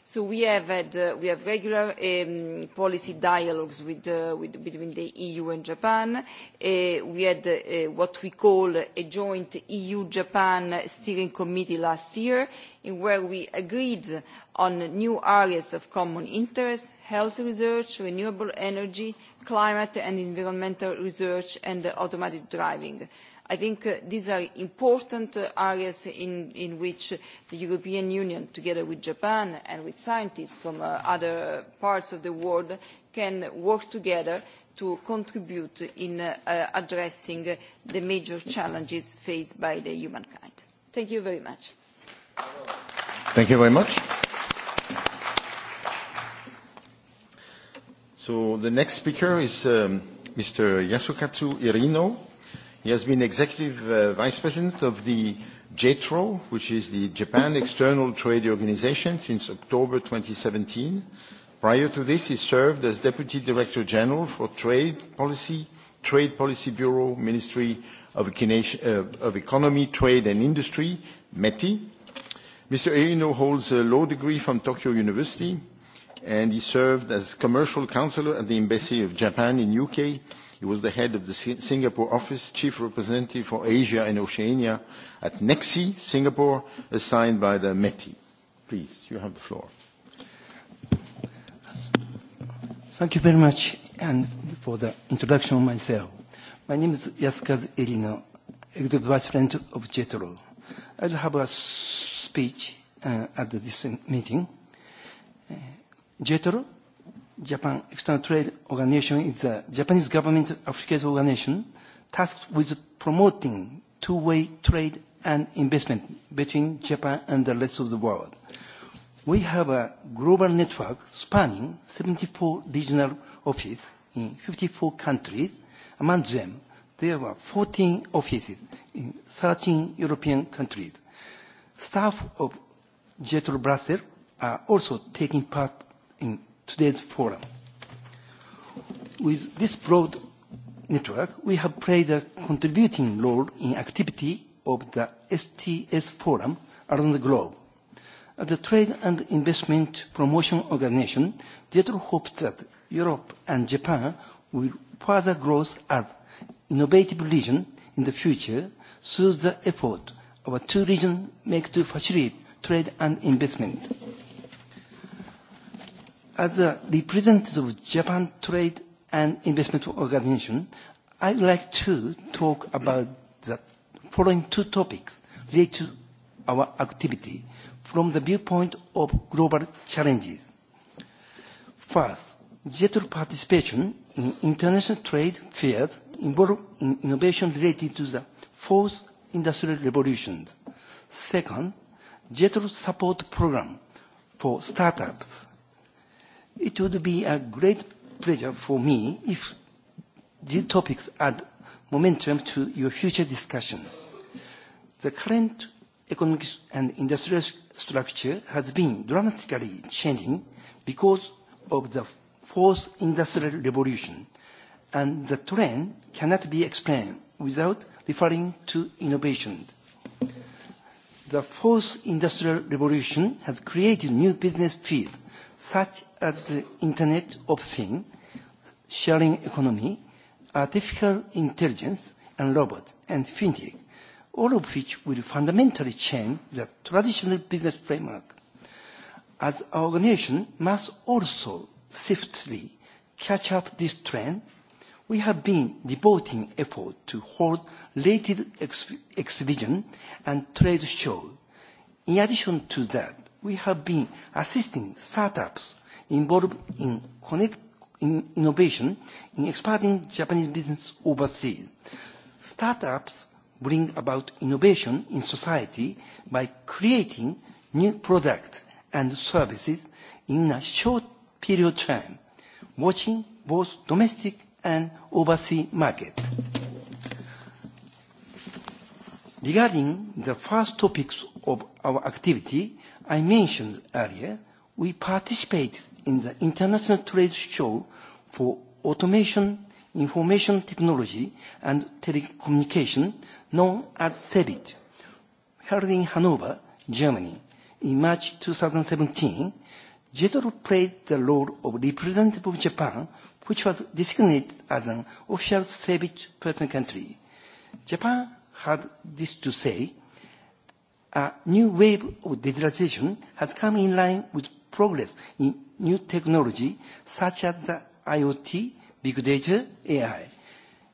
So we have, had, uh, we have regular um, policy dialogues with, uh, with, between the EU and Japan. Uh, we had uh, what we call a joint EU-Japan steering committee last year, in where we agreed on new areas of common interest, health research, renewable energy, climate and environmental research, and automatic driving. I think uh, these are important uh, areas in, in which the European Union, together with Japan and with scientists from uh, other parts of the world, can work together to contribute in uh, uh addressing the major challenges faced by the humankind. Thank you very much. Thank you very much. So the next speaker is um, Mr. Yasukatsu Irino He has been Executive uh, Vice President of the JETRO, which is the Japan External Trade Organization, since October 2017. Prior to this, he served as Deputy Director General for Trade Policy, Trade Policy Bureau, Ministry of, uh, Economy, Trade and Industry, METI. Mr. Eino holds a law degree from Tokyo University, and he served as Commercial Counselor at the Embassy of Japan in UK He was the head of the Singapore office, chief representative for Asia and Oceania at NEXI, Singapore, assigned by the METI. Please, you have the floor. Thank you very much and for the introduction of myself. My name is Yaskaz Irino, Executive Vice President of JETRO. I will have a speech uh, at this meeting. Uh, JETRO Japan External Trade Organization is the Japanese government Africa's organization tasked with promoting two-way trade and investment between Japan and the rest of the world. We have a global network spanning 74 regional offices in 54 countries. Among them, there were 14 offices in 13 European countries. Staff of JETRO Brussels are also taking part in today's forum. With this broad network, we have played a contributing role in activity of the STS Forum around the globe. As a trade and investment promotion organization, JETRO hopes that Europe and Japan will further grow as innovative region in the future through the effort our two regions make to facilitate trade and investment as a representative of Japan Trade and Investment Organization, I'd like to talk about the following two topics related to our activity from the viewpoint of global challenges. First, digital e participation in international trade fairs involved in innovation related to the fourth industrial revolution. Second, digital e support program for startups It would be a great pleasure for me if these topics add momentum to your future discussion. The current economic and industrial structure has been dramatically changing because of the fourth industrial revolution, and the trend cannot be explained without referring to innovation. The fourth industrial revolution has created new business fields such as the Internet of Things, sharing economy, artificial intelligence, and robot, and fintech, all of which will fundamentally change the traditional business framework. As our organization must also swiftly catch up this trend, we have been devoting effort to hold related ex exhibition and trade shows In addition to that, we have been assisting startups involved in connect in innovation in expanding Japanese business overseas. Startups bring about innovation in society by creating new products and services in a short period of time, watching both domestic and overseas markets. Regarding the first topics of our activity I mentioned earlier, we participated in the International Trade Show for Automation, Information Technology and Telecommunication, known as CEBIT, held in Hanover, Germany. In March 2017, JETRO played the role of representative of Japan, which was designated as an official CEBIT person country. Japan had this to say, a new wave of digitalization has come in line with progress in new technology such as the IoT, big data, AI.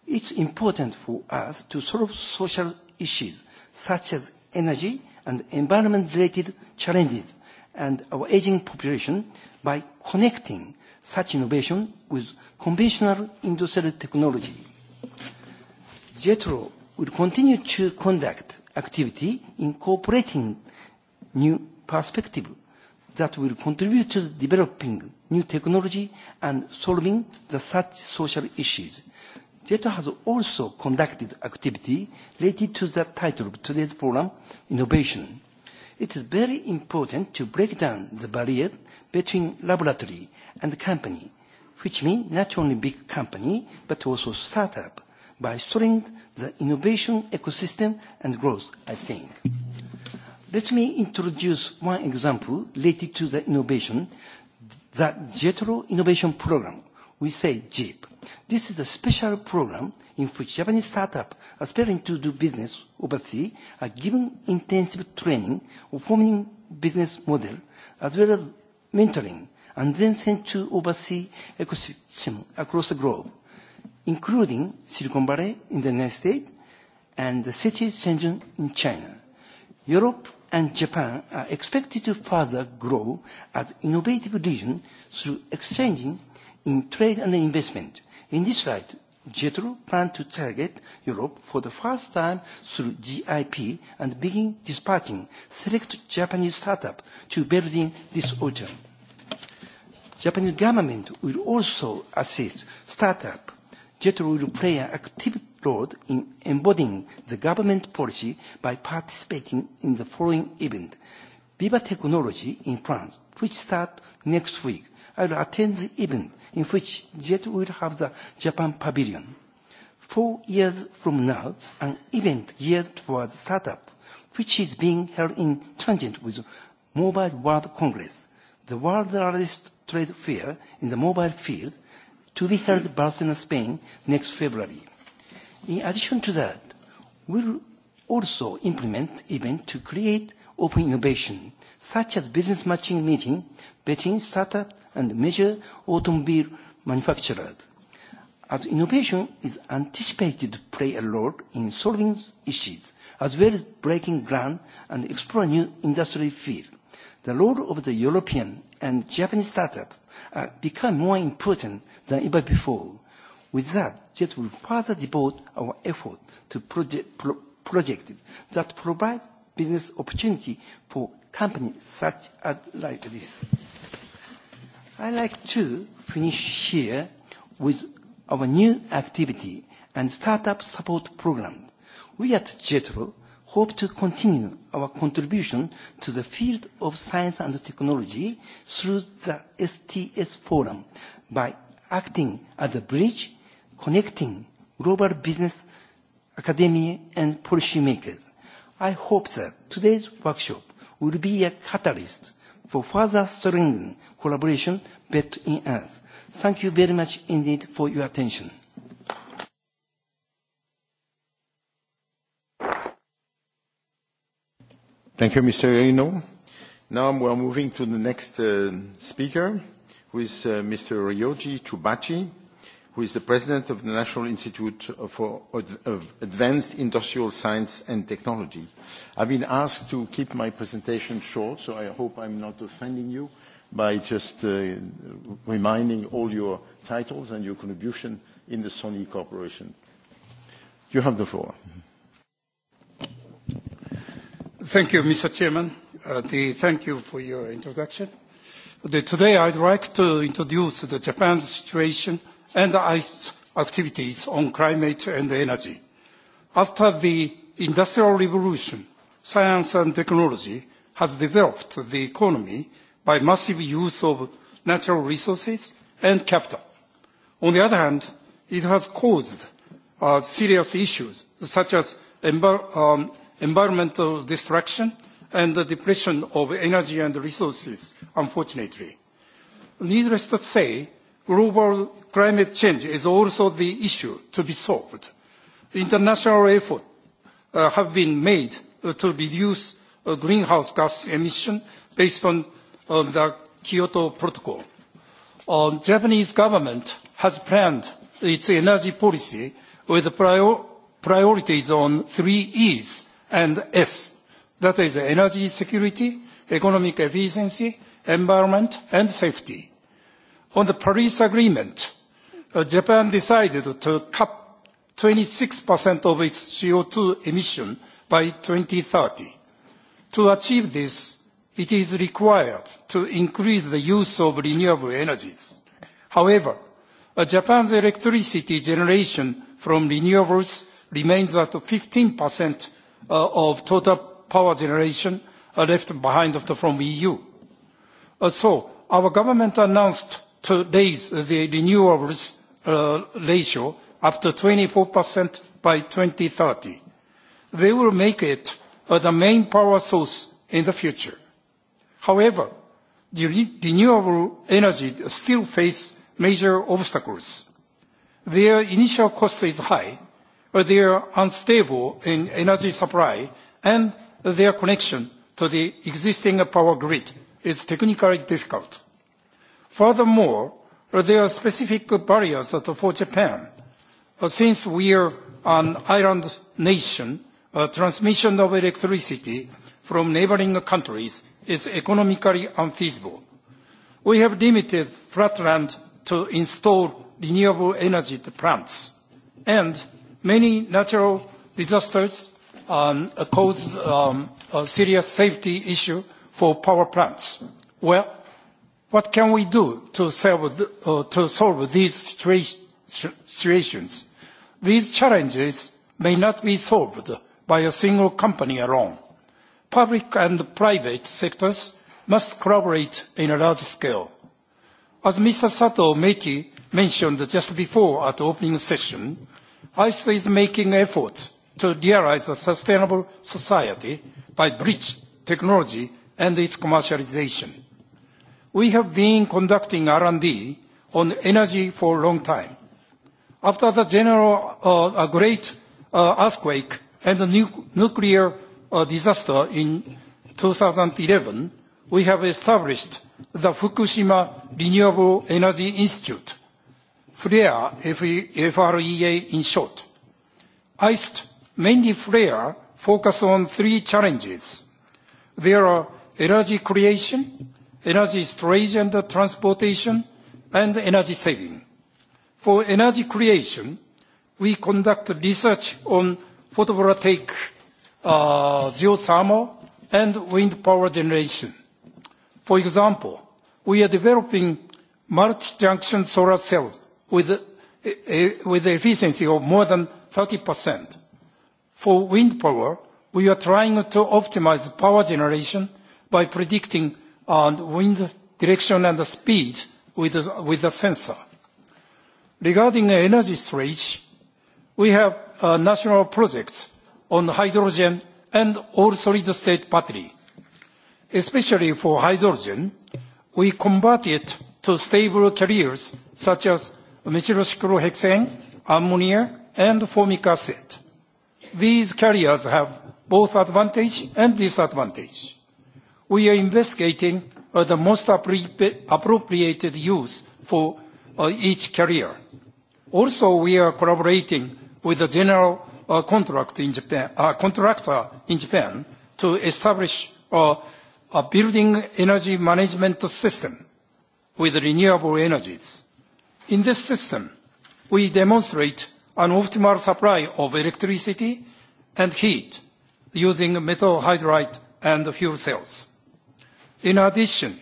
It's important for us to solve social issues such as energy and environment-related challenges and our aging population by connecting such innovation with conventional industrial technology. JETRO will continue to conduct activity incorporating new perspective that will contribute to developing new technology and solving the such social issues. JETO has also conducted activity related to the title of today's program, Innovation. It is very important to break down the barrier between laboratory and company, which means not only big company, but also startup by strengthening the innovation ecosystem and growth, I think. Let me introduce one example related to the innovation, the JETRO Innovation Program. We say JEEP. This is a special program in which Japanese startups aspiring to do business overseas are given intensive training of forming business model as well as mentoring and then sent to overseas ecosystem across the globe including Silicon Valley in the United States and the city Shenzhen in China. Europe and Japan are expected to further grow as innovative regions through exchanging in trade and investment. In this light, JETRO plans to target Europe for the first time through GIP and begin dispatching select Japanese startups to Berlin this autumn. Japanese government will also assist startup JET will play an active role in embodying the government policy by participating in the following event, Viva Technology in France, which starts next week. I will attend the event in which JET will have the Japan pavilion. Four years from now, an event geared towards startup, which is being held in tangent with Mobile World Congress, the world's largest trade fair in the mobile field, to be held in Barcelona, Spain next February. In addition to that, we'll also implement events to create open innovation, such as business matching meeting, between startup and major automobile manufacturers. As innovation is anticipated to play a role in solving issues, as well as breaking ground and explore new industry fields the role of the European and Japanese startups uh, become more important than ever before. With that, JET will further devote our effort to project, pro projects that provide business opportunity for companies such as like this. I'd like to finish here with our new activity and startup support program. We at JETRO hope to continue our contribution to the field of science and technology through the STS Forum by acting as a bridge connecting global business, academia, and policymakers. I hope that today's workshop will be a catalyst for further strengthening collaboration between us. Thank you very much indeed for your attention. Thank you, Mr. Reno. Now we are moving to the next uh, speaker, who is uh, Mr. Ryoji Chubachi, who is the president of the National Institute for of Advanced Industrial Science and Technology. I've been asked to keep my presentation short, so I hope I'm not offending you by just uh, reminding all your titles and your contribution in the Sony Corporation. You have the floor. Mm -hmm. Thank you, Mr. Chairman. Uh, the, thank you for your introduction. The, today, I'd like to introduce the Japan's situation and its activities on climate and energy. After the Industrial Revolution, science and technology has developed the economy by massive use of natural resources and capital. On the other hand, it has caused uh, serious issues such as um, environmental destruction, and the depletion of energy and resources, unfortunately. Needless to say, global climate change is also the issue to be solved. International efforts uh, have been made uh, to reduce uh, greenhouse gas emission based on uh, the Kyoto Protocol. uh, Japanese government has planned its energy policy with prior priorities on three E's, and S. That is energy security, economic efficiency, environment, and safety. On the Paris Agreement, uh, Japan decided to cut 26% of its CO2 emission by 2030. To achieve this, it is required to increase the use of renewable energies. However, uh, Japan's electricity generation from renewables remains at 15% uh, of total power generation uh, left behind from the EU. Uh, so our government announced today's uh, the renewables ratio up to 24% by 2030. They will make it the main power source in the future. However, the re renewable energy still face major obstacles. Their initial cost is high, Uh, their unstable energy supply and their connection to the existing power grid is technically difficult. Furthermore, uh, there are specific barriers for Japan. Uh, since we are an island nation, transmission of electricity from neighbouring countries is economically unfeasible. We have limited flatland to install renewable energy plants, and Many natural disasters um, cause um, a serious safety issue for power plants. Well, what can we do to, solve uh, to solve these situa situations? These challenges may not be solved by a single company alone. Public and private sectors must collaborate in a large scale. As Mr. Sato Meki mentioned just before at the opening session, ICE is making efforts to realize a sustainable society by bridge technology and its commercialization. We have been conducting R&D on energy for a long time. After the general uh, a great uh, earthquake and the nu nuclear uh, disaster in 2011, we have established the Fukushima Renewable Energy Institute flera FREA e in short. ICET mainly flare focus on three challenges. There are energy creation, energy storage and transportation, and energy saving. For energy creation, we conduct research on photovoltaic, uh, geothermal, and wind power generation. For example, we are developing multi-junction solar cells with, uh, uh, with the efficiency of more than 30%. For wind power, we are trying to optimize power generation by predicting uh, wind direction and speed with the, uh, with the sensor. Regarding energy storage, we have uh, national projects on hydrogen and all solid-state battery. Especially for hydrogen, we convert it to stable carriers such as methylcyclohexane, ammonia, and formic acid. These carriers have both advantage and disadvantage. We are investigating uh, the most appropriate use for uh, each carrier. Also, we are collaborating with the general uh, contract in Japan, uh, contractor in Japan to establish uh, a building energy management system with renewable energies. In this system, we demonstrate an optimal supply of electricity and heat using metal hydride and fuel cells. In addition,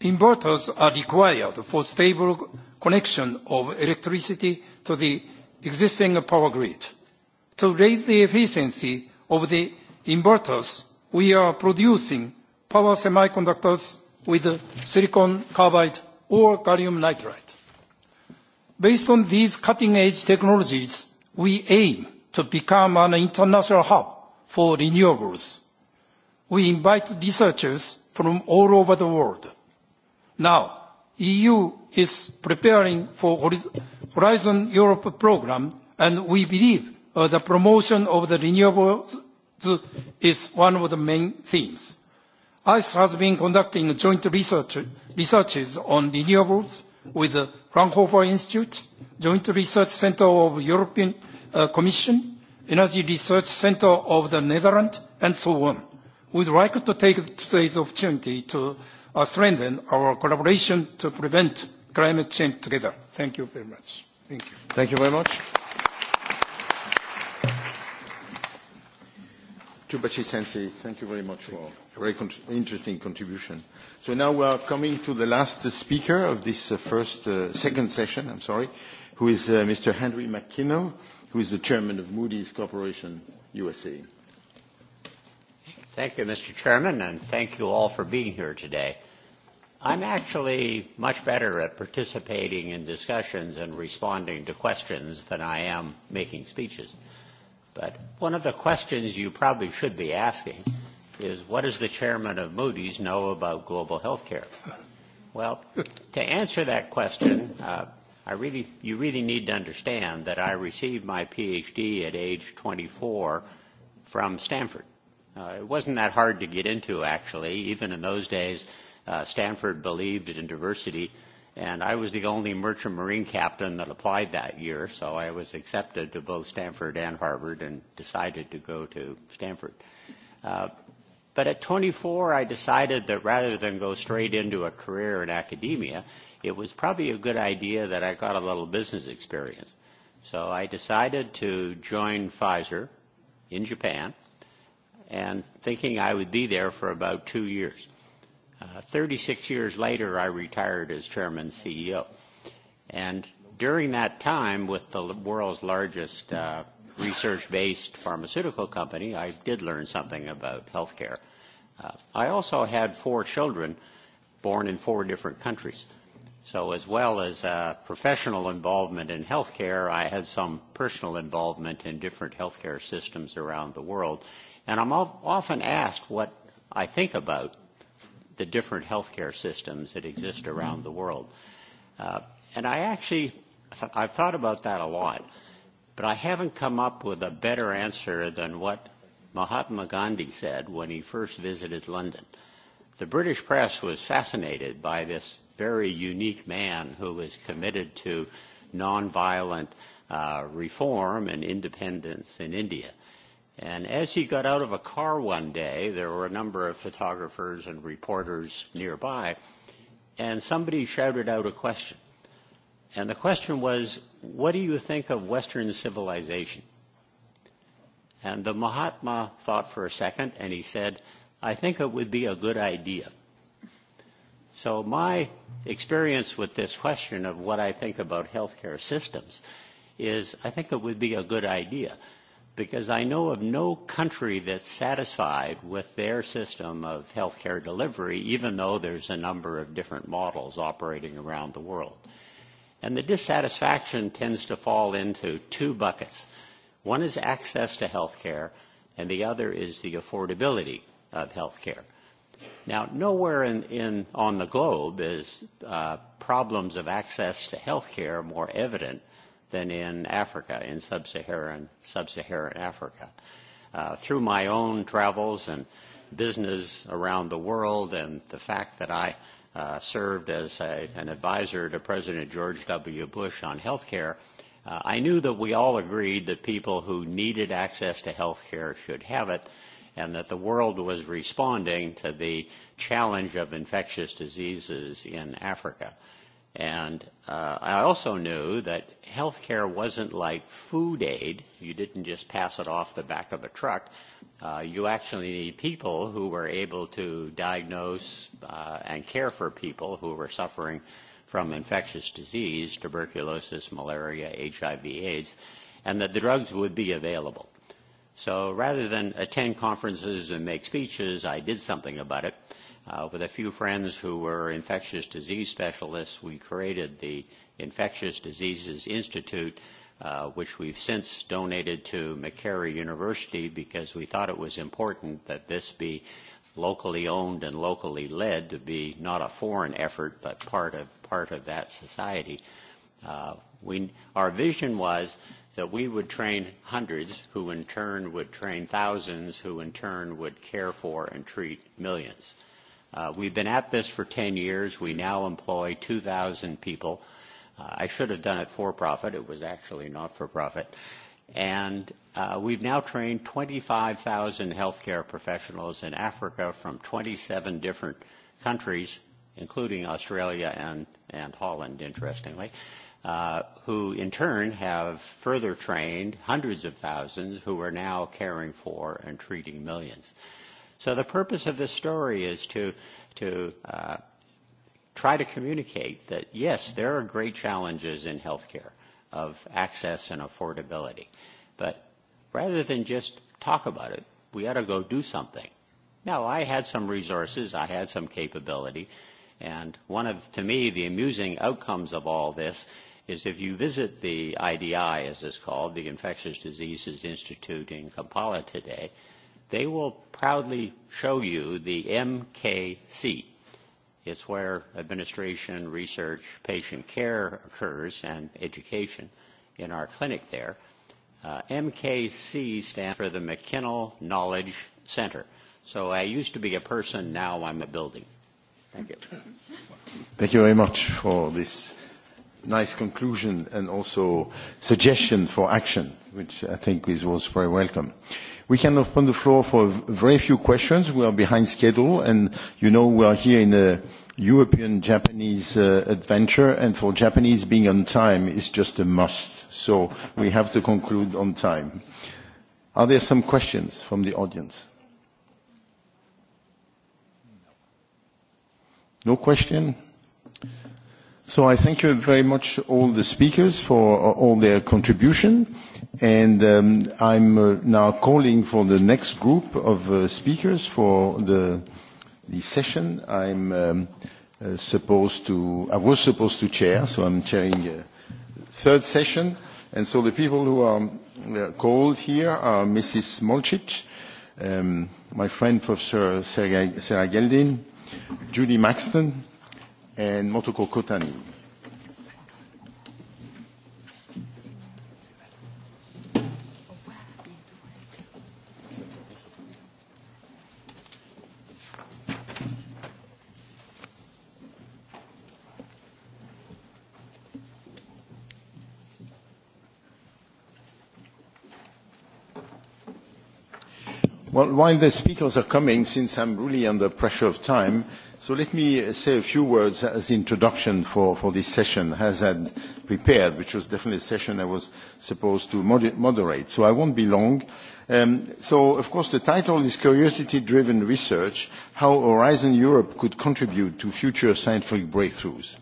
inverters are required for stable connection of electricity to the existing power grid. To raise the efficiency of the inverters, we are producing power semiconductors with silicon carbide or gallium nitride. Based on these cutting-edge technologies, we aim to become an international hub for renewables. We invite researchers from all over the world. Now, EU is preparing for Horizon Europe program, and we believe uh, the promotion of the renewables is one of the main themes. ICE has been conducting joint research, researches on renewables with the Fraunhofer Institute, Joint Research Center of European uh, Commission, Energy Research Center of the Netherlands, and so on. We'd like to take today's opportunity to uh, strengthen our collaboration to prevent climate change together. Thank you very much. Thank you. Thank you very much. thank you very much for a very con interesting contribution. So now we are coming to the last speaker of this uh, first, uh, second session, I'm sorry, who is uh, Mr. Henry McKinnell, who is the chairman of Moody's Corporation USA. Thank you, Mr. Chairman, and thank you all for being here today. I'm actually much better at participating in discussions and responding to questions than I am making speeches. But one of the questions you probably should be asking is what does the chairman of Moody's know about global health care? Well, to answer that question, uh, I really, you really need to understand that I received my PhD at age 24 from Stanford. Uh, it wasn't that hard to get into, actually. Even in those days, uh, Stanford believed in diversity, and I was the only merchant marine captain that applied that year, so I was accepted to both Stanford and Harvard and decided to go to Stanford. Uh, But at 24, I decided that rather than go straight into a career in academia, it was probably a good idea that I got a little business experience. So I decided to join Pfizer in Japan and thinking I would be there for about two years. Uh, 36 years later, I retired as chairman and CEO. And during that time, with the world's largest uh, research-based pharmaceutical company, I did learn something about healthcare. Uh, I also had four children born in four different countries. So as well as uh, professional involvement in healthcare, I had some personal involvement in different healthcare systems around the world. And I'm often asked what I think about the different healthcare systems that exist around the world. Uh, and I actually, I've thought about that a lot. Uh, But I haven't come up with a better answer than what Mahatma Gandhi said when he first visited London. The British press was fascinated by this very unique man who was committed to nonviolent uh, reform and independence in India. And as he got out of a car one day, there were a number of photographers and reporters nearby, and somebody shouted out a question. And the question was, what do you think of Western civilization? And the Mahatma thought for a second and he said, I think it would be a good idea. So my experience with this question of what I think about healthcare systems is I think it would be a good idea because I know of no country that's satisfied with their system of healthcare delivery, even though there's a number of different models operating around the world. And the dissatisfaction tends to fall into two buckets. One is access to health care, and the other is the affordability of health care. Now, nowhere in, in, on the globe is uh, problems of access to health care more evident than in Africa, in sub-Saharan, sub-Saharan Africa. Uh, through my own travels and business around the world and the fact that I uh, served as a, an advisor to President George W. Bush on health care, uh, I knew that we all agreed that people who needed access to health care should have it and that the world was responding to the challenge of infectious diseases in Africa. And uh, I also knew that health care wasn't like food aid. You didn't just pass it off the back of a truck. Uh, you actually need people who were able to diagnose uh, and care for people who were suffering from infectious disease, tuberculosis, malaria, HIV, AIDS, and that the drugs would be available. So rather than attend conferences and make speeches, I did something about it. Uh, Uh, with a few friends who were infectious disease specialists, we created the Infectious Diseases Institute, uh, which we've since donated to McCary University because we thought it was important that this be locally owned and locally led to be not a foreign effort, but part of, part of that society. Uh, we, our vision was that we would train hundreds, who in turn would train thousands, who in turn would care for and treat millions. Uh, Uh, we've been at this for 10 years. We now employ 2,000 people. Uh, I should have done it for profit. It was actually not for profit. And uh, we've now trained 25,000 healthcare professionals in Africa from 27 different countries, including Australia and, and Holland, interestingly, uh, who in turn have further trained hundreds of thousands who are now caring for and treating millions. Uh, So the purpose of this story is to, to uh, try to communicate that, yes, there are great challenges in healthcare of access and affordability. But rather than just talk about it, we ought to go do something. Now, I had some resources, I had some capability, and one of, to me, the amusing outcomes of all this is if you visit the IDI, as it's called, the Infectious Diseases Institute in Kampala today, they will proudly show you the MKC. It's where administration, research, patient care occurs and education in our clinic there. Uh, MKC stands for the McKinnell Knowledge Center. So I used to be a person, now I'm a building. Thank you. Thank you very much for this nice conclusion and also suggestion for action, which I think is, was very welcome. We can open the floor for very few questions. We are behind schedule, and you know we are here in a European-Japanese uh, adventure, and for Japanese being on time is just a must. So we have to conclude on time. Are there some questions from the audience? No question? So I thank you very much all the speakers for uh, all their contribution and um, I'm uh, now calling for the next group of uh, speakers for the, the session I'm um, uh, supposed to, I was supposed to chair, so I'm chairing the uh, third session and so the people who are uh, called here are Mrs. Molchic, um, my friend Professor Sergei Geldin, Judy Maxton, and Motoko Kotani. Well, while the speakers are coming, since I'm really under pressure of time, So let me say a few words as introduction for, for this session, as had prepared, which was definitely a session I was supposed to moderate. So I won't be long. Um, so, of course, the title is Curiosity-Driven Research, How Horizon Europe Could Contribute to Future Scientific Breakthroughs.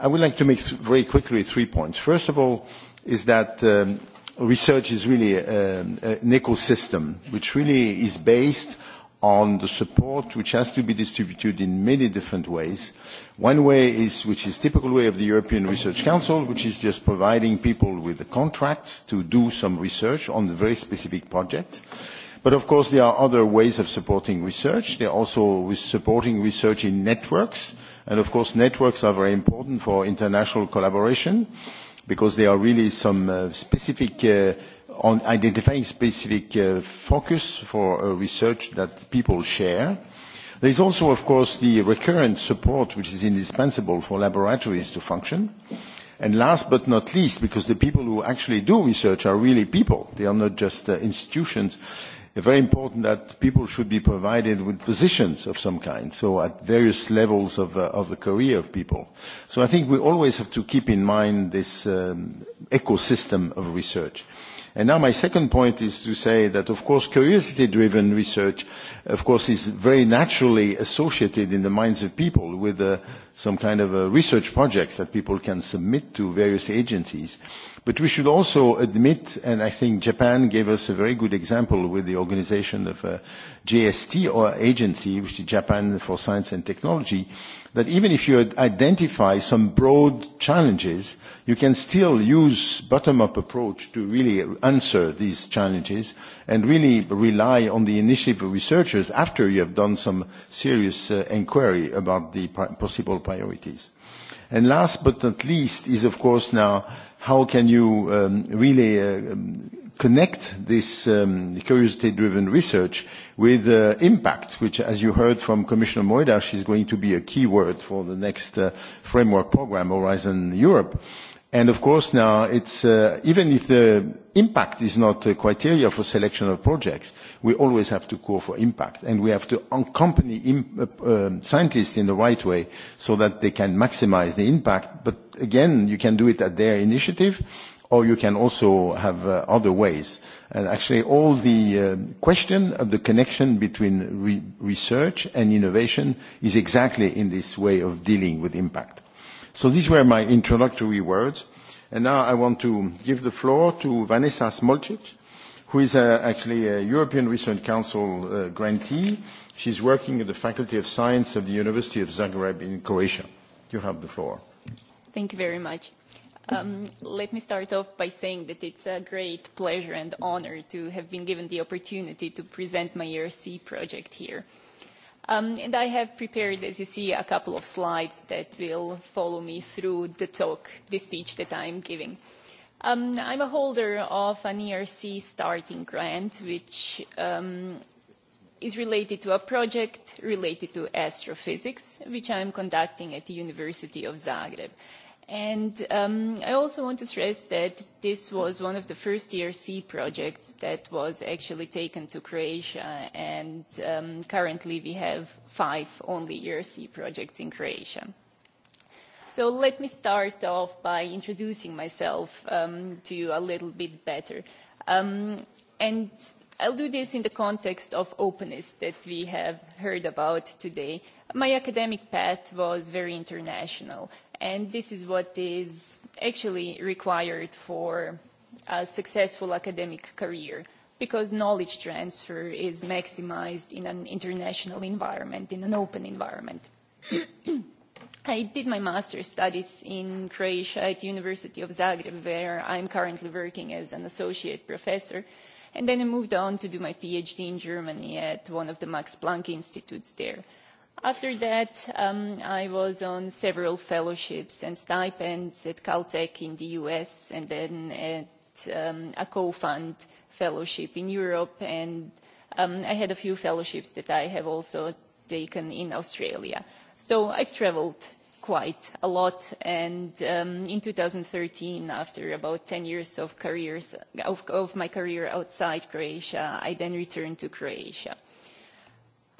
I would like to make th very quickly three points. First of all, is that um, research is really um, an ecosystem, which really is based on the support which has to be distributed in many different ways. One way is, which is typical way of the European Research Council, which is just providing people with the contracts to do some research on the very specific project. But of course there are other ways of supporting research. There are also supporting research in networks. And of course networks are very important for international collaboration because there are really some uh, specific uh, on identifying specific uh, focus for uh, research that people share. There is also, of course, the recurrent support which is indispensable for laboratories to function. And last but not least, because the people who actually do research are really people, they are not just uh, institutions, it's very important that people should be provided with positions of some kind, so at various levels of, uh, of the career of people. So I think we always have to keep in mind this um, ecosystem of research. And now my second point is to say that, of course, curiosity-driven research, of course, is very naturally associated in the minds of people with the some kind of a research projects that people can submit to various agencies. But we should also admit, and I think Japan gave us a very good example with the organization of a JST or agency, which is Japan for Science and Technology, that even if you identify some broad challenges, you can still use bottom-up approach to really answer these challenges and really rely on the initiative of researchers after you have done some serious uh, inquiry about the possible priorities. And last but not least is, of course, now how can you um, really uh, um, connect this um, curiosity-driven research with uh, impact, which, as you heard from Commissioner Moidash, is going to be a key word for the next uh, framework program, Horizon Europe And of course now it's, uh, even if the impact is not a criteria for selection of projects, we always have to call for impact and we have to accompany uh, um, scientists in the right way so that they can maximize the impact. But again, you can do it at their initiative or you can also have uh, other ways. And actually all the uh, question of the connection between re research and innovation is exactly in this way of dealing with impact. So these were my introductory words. And now I want to give the floor to Vanessa Smolcic, who is a, uh, actually a European Research Council uh, grantee. She's working at the Faculty of Science of the University of Zagreb in Croatia. You have the floor. Thank you very much. Um, let me start off by saying that it's a great pleasure and honor to have been given the opportunity to present my ERC project here. Um, and I have prepared, as you see, a couple of slides that will follow me through the talk, the speech that I am giving. i um, I'm a holder of an ERC starting grant, which um, is related to a project related to astrophysics, which I'm conducting at the University of Zagreb. And um, I also want to stress that this was one of the first ERC projects that was actually taken to Croatia, and um, currently we have five only ERC projects in Croatia. So let me start off by introducing myself um, to you a little bit better. Um, and I'll do this in the context of openness that we have heard about today. My academic path was very international, and this is what is actually required for a successful academic career because knowledge transfer is maximized in an international environment, in an open environment. I did my master's studies in Croatia at the University of Zagreb, where I'm currently working as an associate professor. And then I moved on to do my PhD in Germany at one of the Max Planck Institutes there. After that, um, I was on several fellowships and stipends at Caltech in the US and then at um, a co-fund fellowship in Europe. And um, I had a few fellowships that I have also taken in Australia. So I've traveled quite a lot and um, in 2013 after about 10 years of careers of, of my career outside Croatia I then returned to Croatia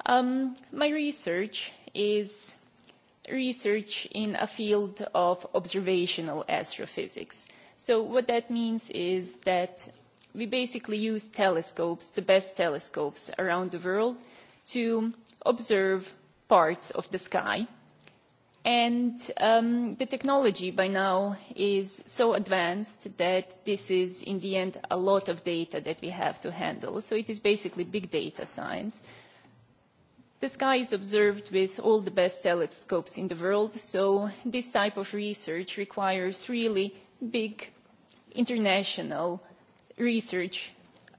um, my research is research in a field of observational astrophysics so what that means is that we basically use telescopes the best telescopes around the world to observe parts of the sky And um, the technology by now is so advanced that this is, in the end, a lot of data that we have to handle. So it is basically big data science. The sky is observed with all the best telescopes in the world, so this type of research requires really big international research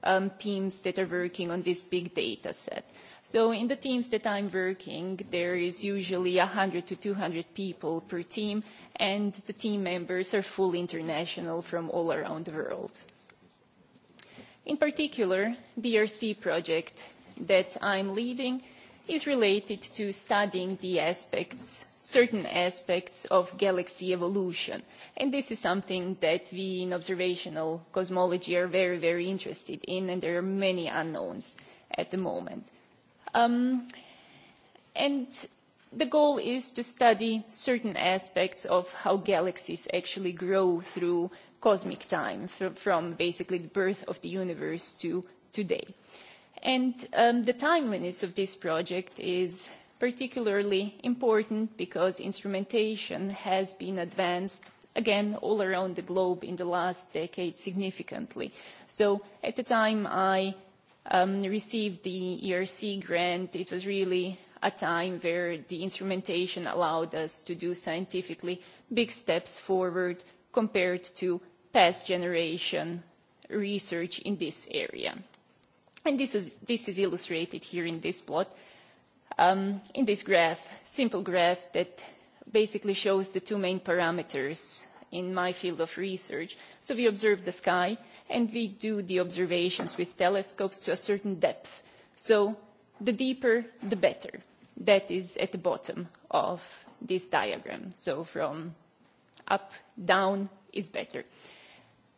um, teams that are working on this big data set. So in the teams that I'm working, there is usually 100 to 200 people per team, and the team members are full international from all around the world. In particular, BRC project that I'm leading is related to studying the aspects certain aspects of galaxy evolution. And this is something that we in observational cosmology are very, very interested in, and there are many unknowns at the moment. Um, and the goal is to study certain aspects of how galaxies actually grow through cosmic time, from basically the birth of the universe to today. And um, the timeliness of this project is particularly important because instrumentation has been advanced again all around the globe in the last decade significantly. So at the time I um, received the ERC grant, it was really a time where the instrumentation allowed us to do scientifically big steps forward compared to past generation research in this area. And this is, this is illustrated here in this plot um, in this graph, simple graph that basically shows the two main parameters in my field of research. So we observe the sky and we do the observations with telescopes to a certain depth. So the deeper, the better. That is at the bottom of this diagram. So from up, down is better.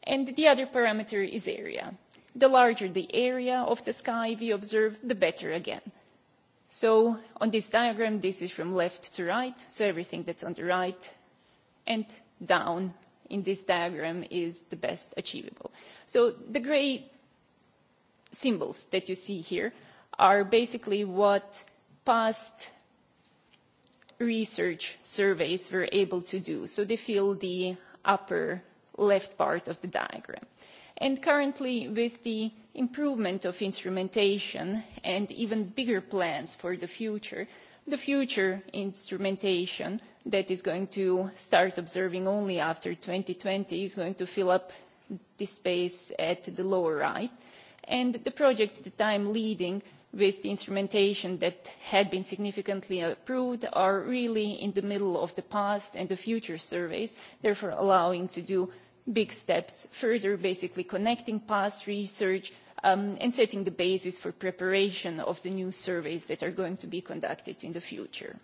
And the other parameter is area. The larger the area of the sky we observe, the better again. So on this diagram, this is from left to right, so everything that's on the right and down in this diagram is the best achievable. So the gray symbols that you see here are basically what past research surveys were able to do. So they fill the upper left part of the diagram. And currently with the improvement of instrumentation and even bigger plans for the future, the future instrumentation that is going to start observing only after 2020 is going to fill up the space at the lower right. And the projects that I'm leading with instrumentation that had been significantly approved are really in the middle of the past and the future surveys, therefore allowing to do big steps further, basically connecting past research um, and setting the basis for preparation of the new surveys that are going to be conducted in the future.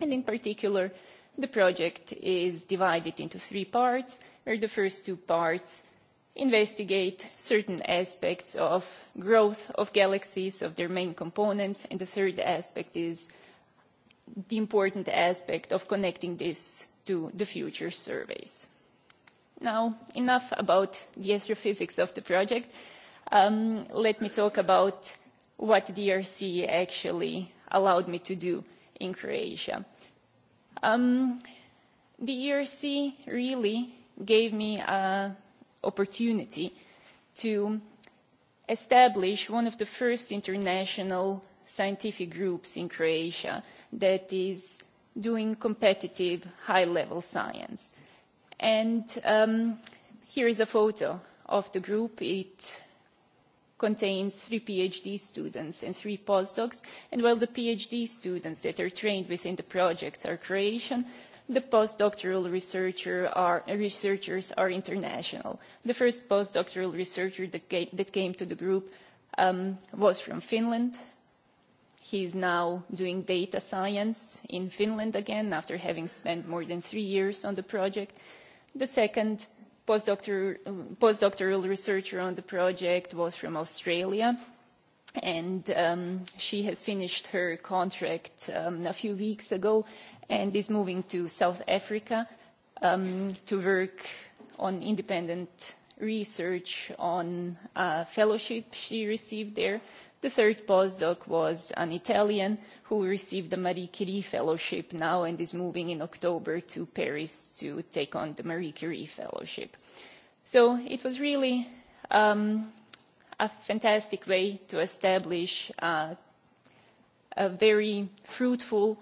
And in particular, the project is divided into three parts, where the first two parts investigate certain aspects of growth of galaxies, of their main components, and the third aspect is the important aspect of connecting this to the future surveys. Now, enough about the astrophysics of the project. Um, let me talk about what the DRC actually allowed me to do in Croatia. Um, the ERC really gave me an opportunity to establish one of the first international scientific groups in Croatia that is doing competitive high-level science. And um, here is a photo of the group. It contains three PhD students and three postdocs. And while the PhD students that are trained within the projects are Croatian, the postdoctoral researcher are, researchers are international. The first postdoctoral researcher that came, that came to the group um, was from Finland. He is now doing data science in Finland again after having spent more than three years on the project. The second postdoctoral, postdoctoral researcher on the project was from Australia and um, she has finished her contract um, a few weeks ago and is moving to South Africa um, to work on independent research on a uh, fellowship she received there The third postdoc was an Italian who received the Marie Curie Fellowship now and is moving in October to Paris to take on the Marie Curie Fellowship. So it was really um, a fantastic way to establish uh, a very fruitful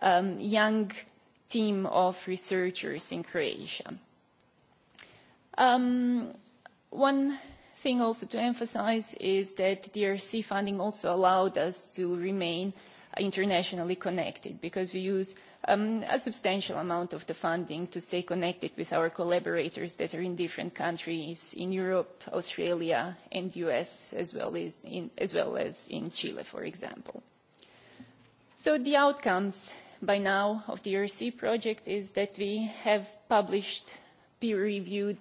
um, young team of researchers in Croatia. Um, one thing also to emphasize is that DRC funding also allowed us to remain internationally connected because we use um, a substantial amount of the funding to stay connected with our collaborators that are in different countries in Europe, Australia and US as well as in, as well as in Chile, for example. So the outcomes by now of the ERC project is that we have published peer-reviewed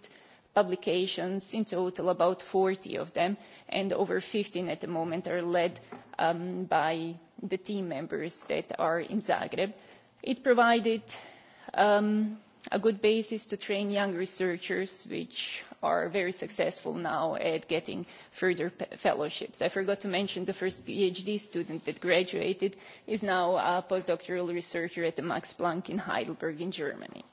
publications, in total about 40 of them, and over 15 at the moment are led um, by the team members that are in Zagreb. It provided um, a good basis to train young researchers, which are very successful now at getting further fellowships. I forgot to mention the first PhD student that graduated is now a postdoctoral researcher at the Max Planck in Heidelberg in Germany.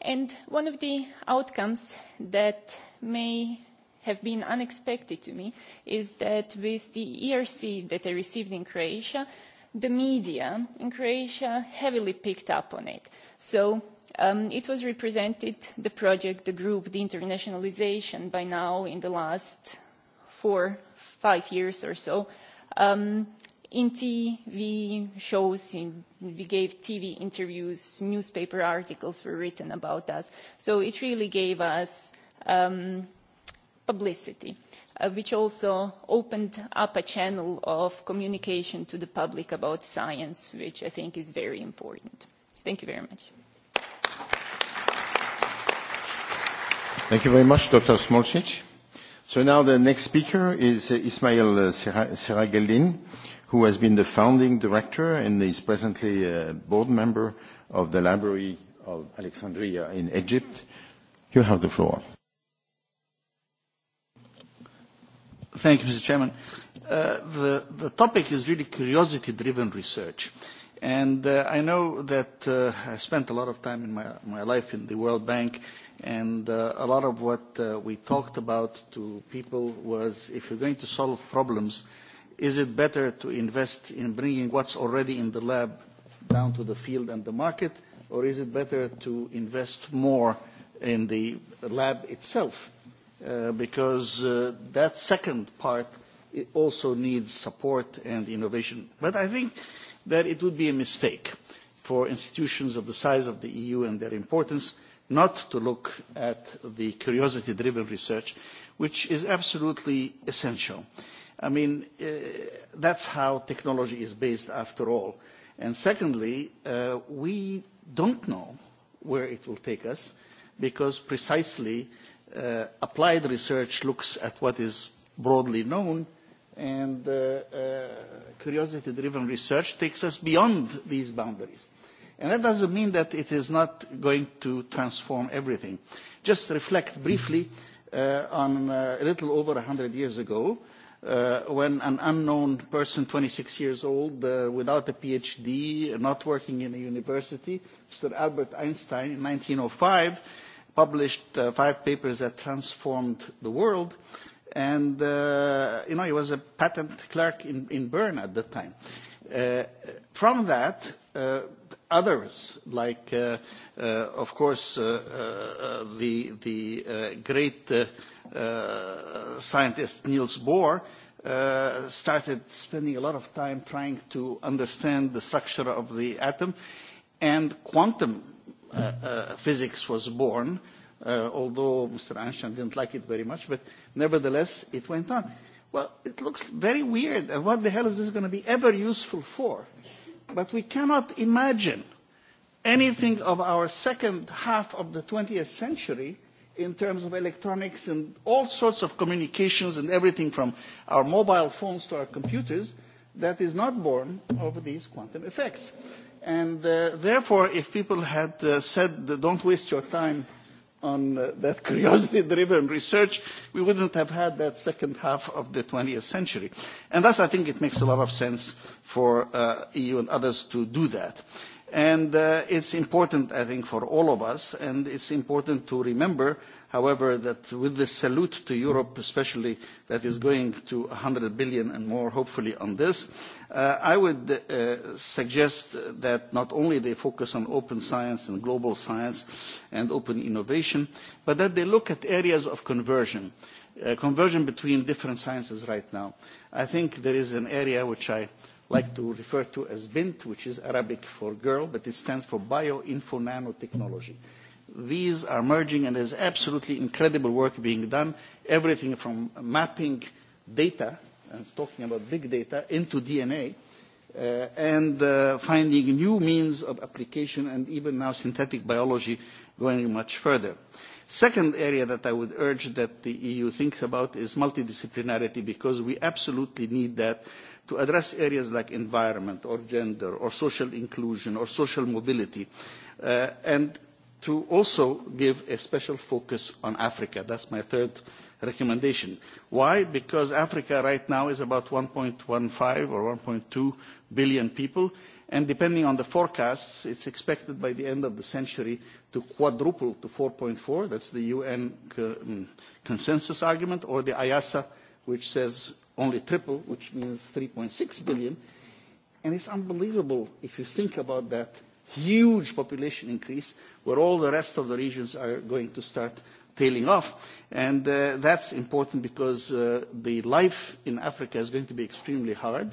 And one of the outcomes that may have been unexpected to me is that with the ERC that I received in Croatia, the media in Croatia heavily picked up on it. So um, it was represented, the project, the group, the internationalization by now in the last four, five years or so, um, in TV shows, in, we gave TV interviews, newspaper articles were written about us. So it really gave us um, publicity, uh, which also opened up a channel of communication to the public about science, which I think is very important. Thank you very much. Thank you very much, Dr. Smolcic. So now the next speaker is uh, Ismail Seragelin. Uh, Sera who has been the founding director and is presently a board member of the Library of Alexandria in Egypt. You have the floor. Thank you, Mr. Chairman. Uh, the, the topic is really curiosity-driven research. And uh, I know that uh, I spent a lot of time in my, my life in the World Bank, and uh, a lot of what uh, we talked about to people was if you're going to solve problems, Is it better to invest in bringing what's already in the lab down to the field and the market, or is it better to invest more in the lab itself? Uh, because uh, that second part it also needs support and innovation. But I think that it would be a mistake for institutions of the size of the EU and their importance not to look at the curiosity-driven research, which is absolutely essential. Uh, I mean, uh, that's how technology is based after all. And secondly, uh, we don't know where it will take us because precisely uh, applied research looks at what is broadly known and uh, uh, curiosity-driven research takes us beyond these boundaries. And that doesn't mean that it is not going to transform everything. Just reflect briefly uh, on uh, a little over 100 years ago, uh, uh, when an unknown person, 26 years old, uh, without a PhD, not working in a university, Mr. Albert Einstein, in 1905, published uh, five papers that transformed the world. And, uh, you know, he was a patent clerk in, in Bern at the time. Uh, from that, uh, others, like, uh, uh, of course, uh, uh, the, the uh, great uh, uh, scientist Niels Bohr, uh, started spending a lot of time trying to understand the structure of the atom, and quantum uh, uh, physics was born, uh, although Mr. Einstein didn't like it very much, but nevertheless, it went on. Well, it looks very weird, and what the hell is this going to be ever useful for? But we cannot imagine anything of our second half of the 20th century in terms of electronics and all sorts of communications and everything from our mobile phones to our computers that is not born of these quantum effects. And uh, therefore, if people had uh, said, don't waste your time on uh, that curiosity-driven research, we wouldn't have had that second half of the 20th century. And thus, I think it makes a lot of sense for uh, EU and others to do that. And uh, it's important, I think, for all of us, and it's important to remember, however, that with the salute to Europe, especially that is going to 100 billion and more, hopefully, on this, uh, I would uh, suggest that not only they focus on open science and global science and open innovation, but that they look at areas of conversion, uh, conversion between different sciences right now. I think there is an area which I like to refer to as BINT, which is Arabic for girl, but it stands for Bioinfo Nanotechnology. These are merging, and there's absolutely incredible work being done, everything from mapping data, and it's talking about big data, into DNA, uh, and uh, finding new means of application, and even now synthetic biology going much further. Second area that I would urge that the EU thinks about is multidisciplinarity, because we absolutely need that to address areas like environment or gender or social inclusion or social mobility uh, and to also give a special focus on Africa. That's my third recommendation. Why? Because Africa right now is about 1.15 or 1.2 billion people, and depending on the forecasts, it's expected by the end of the century to quadruple to 4.4. That's the UN um, consensus argument, or the IASA, which says only triple, which means 3.6 billion. And it's unbelievable if you think about that huge population increase where all the rest of the regions are going to start tailing off. And uh, that's important because uh, the life in Africa is going to be extremely hard.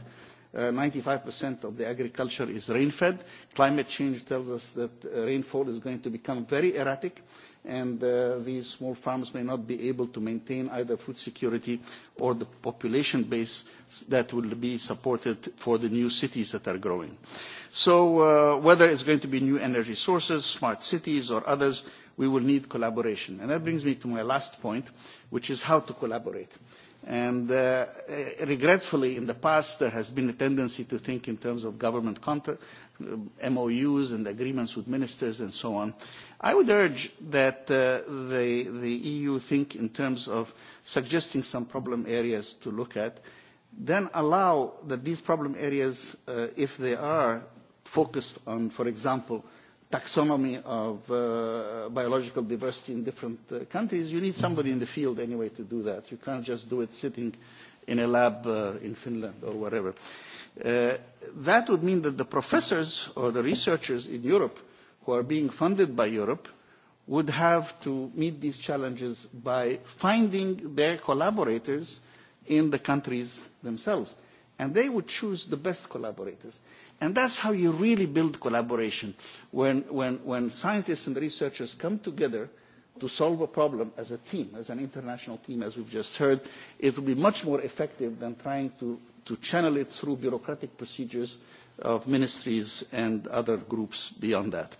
Uh, 95% of the agriculture is rain-fed. Climate change tells us that uh, rainfall is going to become very erratic and uh, these small farms may not be able to maintain either food security or the population base that will be supported for the new cities that are growing. So uh, whether it's going to be new energy sources, smart cities or others, we will need collaboration. And that brings me to my last point, which is how to collaborate. And uh, eh, regretfully, in the past, there has been a tendency to think in terms of government, contra Uh, MOUs and agreements with ministers and so on. I would urge that uh, the, the EU think in terms of suggesting some problem areas to look at, then allow that these problem areas, uh, if they are focused on, for example, taxonomy of uh, biological diversity in different uh, countries, you need somebody in the field anyway to do that. You can't just do it sitting in a lab uh, in Finland or whatever. Uh, that would mean that the professors or the researchers in Europe who are being funded by Europe would have to meet these challenges by finding their collaborators in the countries themselves. And they would choose the best collaborators. And that's how you really build collaboration, when, when, when scientists and researchers come together – to solve a problem as a team, as an international team, as we've just heard, it will be much more effective than trying to, to channel it through bureaucratic procedures of ministries and other groups beyond that.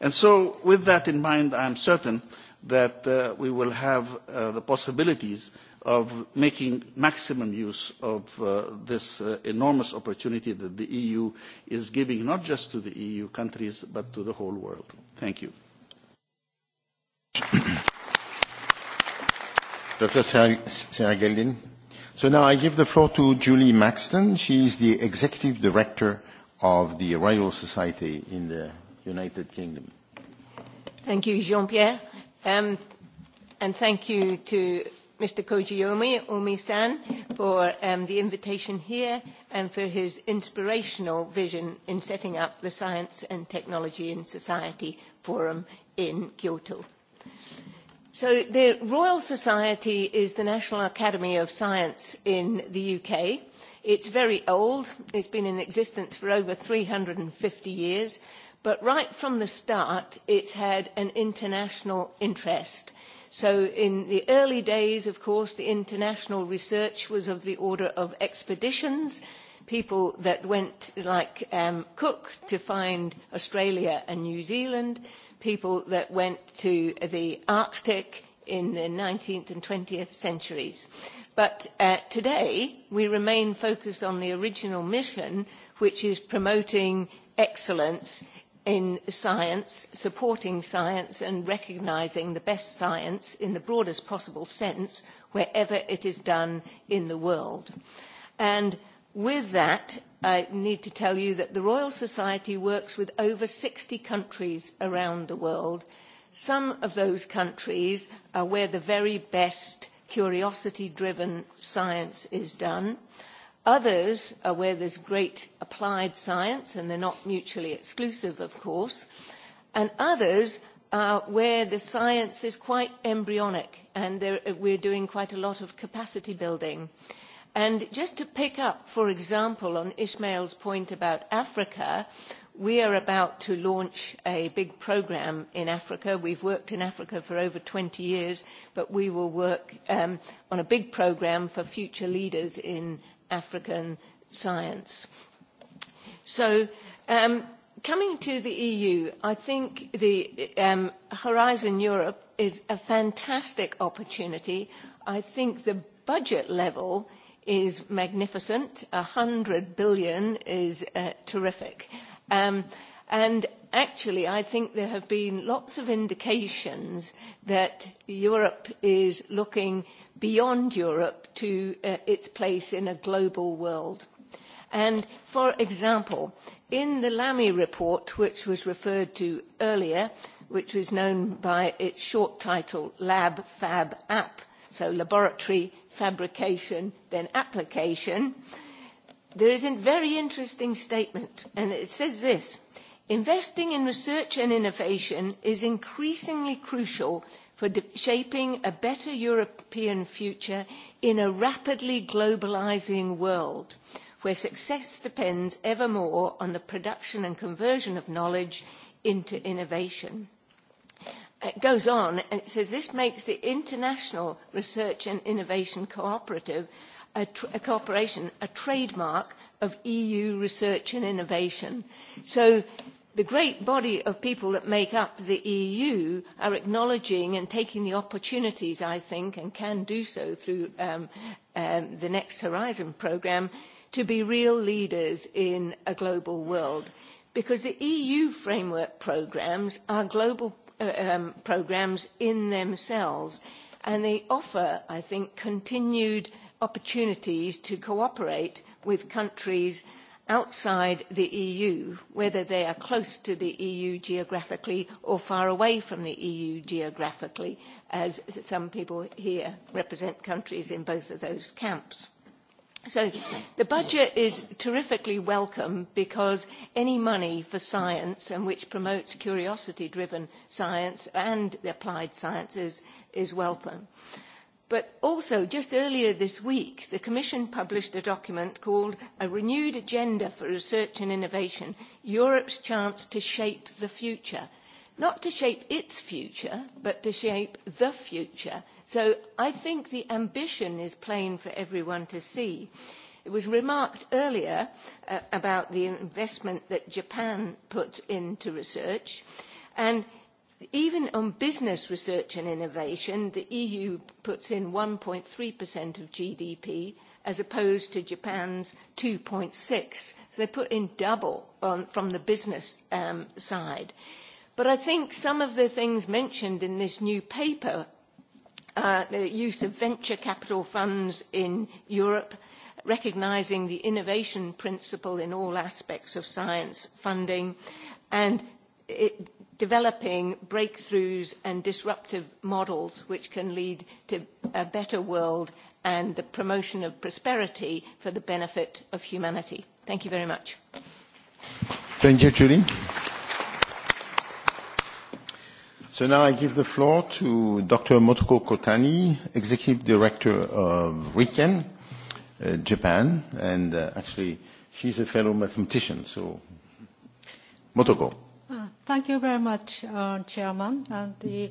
And so with that in mind, I'm certain that uh, we will have uh, the possibilities of making maximum use of uh, this uh, enormous opportunity that the EU is giving not just to the EU countries but to the whole world. Thank you. Dr. Seragelin. So now I give the floor to Julie Maxton. She is the Executive Director of the Royal Society in the United Kingdom. Thank you, Jean-Pierre. Um, and thank you to Mr. Kojiomi, Omi-san, for um, the invitation here and for his inspirational vision in setting up the Science and Technology in Society Forum in Kyoto. So the Royal Society is the National Academy of Science in the UK. It's very old. It's been in existence for over 350 years. But right from the start, it's had an international interest. So in the early days, of course, the international research was of the order of expeditions, people that went like um, Cook to find Australia and New Zealand – people that went to the Arctic in the 19th and 20th centuries. But uh, today, we remain focused on the original mission, which is promoting excellence in science, supporting science and recognising the best science in the broadest possible sense wherever it is done in the world. And with that, I need to tell you that the Royal Society works with over 60 countries around the world. Some of those countries are where the very best curiosity-driven science is done. Others are where there's great applied science, and they're not mutually exclusive, of course. And others are where the science is quite embryonic, and there, we're doing quite a lot of capacity building. And just to pick up, for example, on Ismail's point about Africa, we are about to launch a big program in Africa. We've worked in Africa for over 20 years, but we will work um, on a big program for future leaders in African science. So um, coming to the EU, I think the um, Horizon Europe is a fantastic opportunity. I think the budget level – is magnificent. A hundred billion is uh, terrific. Um, and actually, I think there have been lots of indications that Europe is looking beyond Europe to uh, its place in a global world. And for example, in the Lamy report, which was referred to earlier, which was known by its short title Lab Fab App, so laboratory fabrication than application, there is a very interesting statement, and it says this. Investing in research and innovation is increasingly crucial for shaping a better European future in a rapidly globalising world where success depends ever more on the production and conversion of knowledge into innovation it goes on and it says this makes the International Research and Innovation Cooperative a, tr a cooperation a trademark of EU research and innovation. So the great body of people that make up the EU are acknowledging and taking the opportunities, I think, and can do so through um, um, the Next Horizon programme, to be real leaders in a global world. Because the EU framework programmes are global Uh, um, programs in themselves. And they offer, I think, continued opportunities to cooperate with countries outside the EU, whether they are close to the EU geographically or far away from the EU geographically, as some people here represent countries in both of those camps. So the budget is terrifically welcome because any money for science and which promotes curiosity-driven science and the applied sciences is welcome. But also, just earlier this week, the Commission published a document called A Renewed Agenda for Research and Innovation, Europe's Chance to Shape the Future. Not to shape its future, but to shape the future So I think the ambition is plain for everyone to see. It was remarked earlier uh, about the investment that Japan put into research, and even on business research and innovation, the EU puts in 1.3% of GDP as opposed to Japan's 2.6. So they put in double on, from the business um, side. But I think some of the things mentioned in this new paper uh, the use of venture capital funds in Europe, recognising the innovation principle in all aspects of science funding, and it, developing breakthroughs and disruptive models which can lead to a better world and the promotion of prosperity for the benefit of humanity. Thank you very much. Thank you, Julie. So now I give the floor to Dr. Motoko Kotani, Executive Director of RIKEN, uh, Japan, and uh, actually she's a fellow mathematician, so Motoko. Uh, thank you very much, uh, Chairman, and the,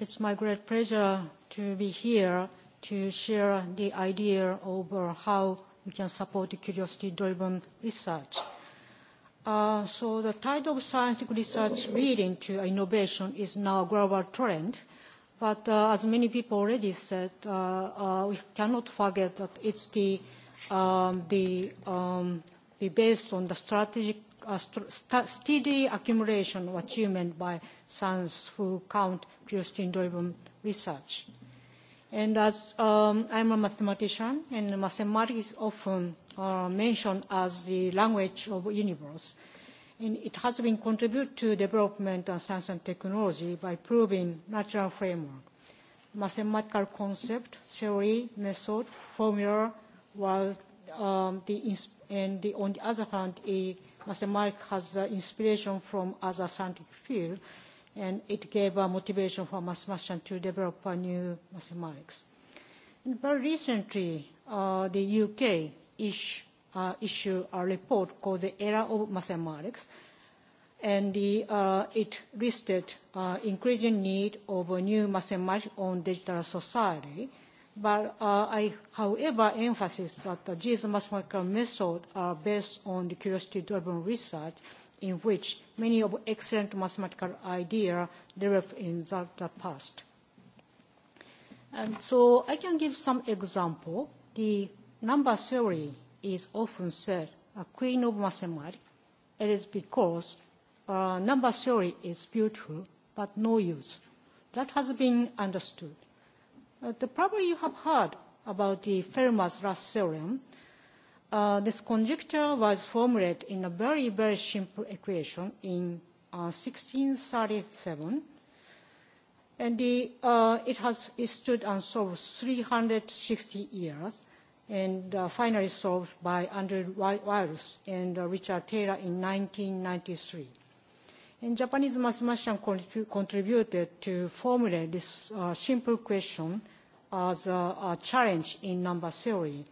it's my great pleasure to be here to share the idea over how we can support the curiosity-driven research Uh, so the tide of scientific research leading to innovation is now a global trend. But uh, as many people already said, uh, uh, we cannot forget that it's the, um, the, um, the based on the strategic, uh, st st steady accumulation of achievement by science who count pierstein driven research. And as um, I'm a mathematician, and mathematics is often uh, mentioned as the language of universe. And it has been contributed to development of science and technology by proving natural framework, mathematical concept, theory, method, formula, while um, the and the, on the other hand, a mathematics has uh, inspiration from other scientific field, and it gave a uh, motivation for mathematician to develop a new mathematics. And very recently, uh, the UK ish, uh, issue a report called the Era of Mathematics, and the, uh, it listed uh, increasing need of a new mathematics on digital society. But uh, I, however, emphasize that the GIS mathematical methods are based on the curiosity-driven research in which many of excellent mathematical ideas developed in the, the past. And so I can give some example. The number theory is often said a queen of mathematics. It is because uh, number theory is beautiful but no use. That has been understood. Uh, the problem you have heard about the Fermat's last theorem, uh, this conjecture was formulated in a very, very simple equation in uh, 1637, and the, uh, it has stood and solved 360 years and uh, finally solved by Andrew Wirus and uh, Richard Taylor in 1993. And Japanese mathematician contrib contributed to formulate this uh, simple question as a, a challenge in number theory.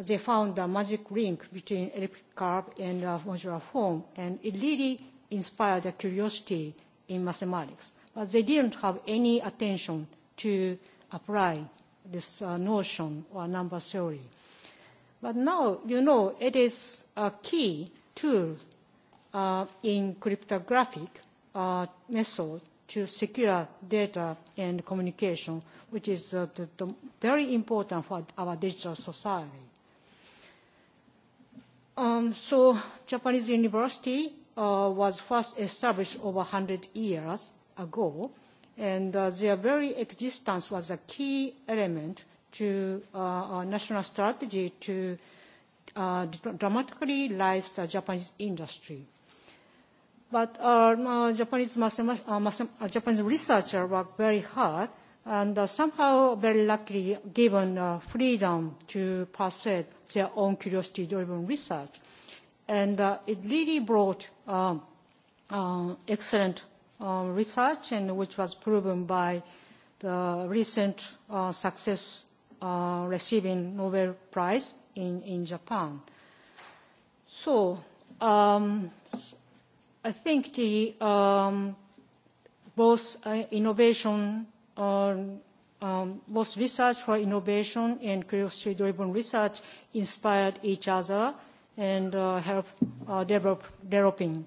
They found a magic link between elliptic curve and uh, modular form, and it really inspired the curiosity in mathematics. But they didn't have any attention to apply this uh, notion or number theory. But now, you know, it is a key tool uh, in cryptographic uh, method to secure data and communication, which is uh, the, the very important for our digital society. Um, so Japanese university uh, was first established over 100 years ago and uh, their very existence was a key element to uh, our national strategy to uh, dramatically rise the Japanese industry. But our uh, uh, Japanese, uh, uh, Japanese researcher worked very hard and uh, somehow very luckily given uh, freedom to pursue their own curiosity-driven research. And uh, it really brought um, uh, excellent um, research and which was proven by the recent uh, success uh, receiving Nobel Prize in, in Japan. So um, I think the, um, both uh, innovation, uh um, both research for innovation and curiosity-driven research inspired each other and uh, helped uh, develop, developing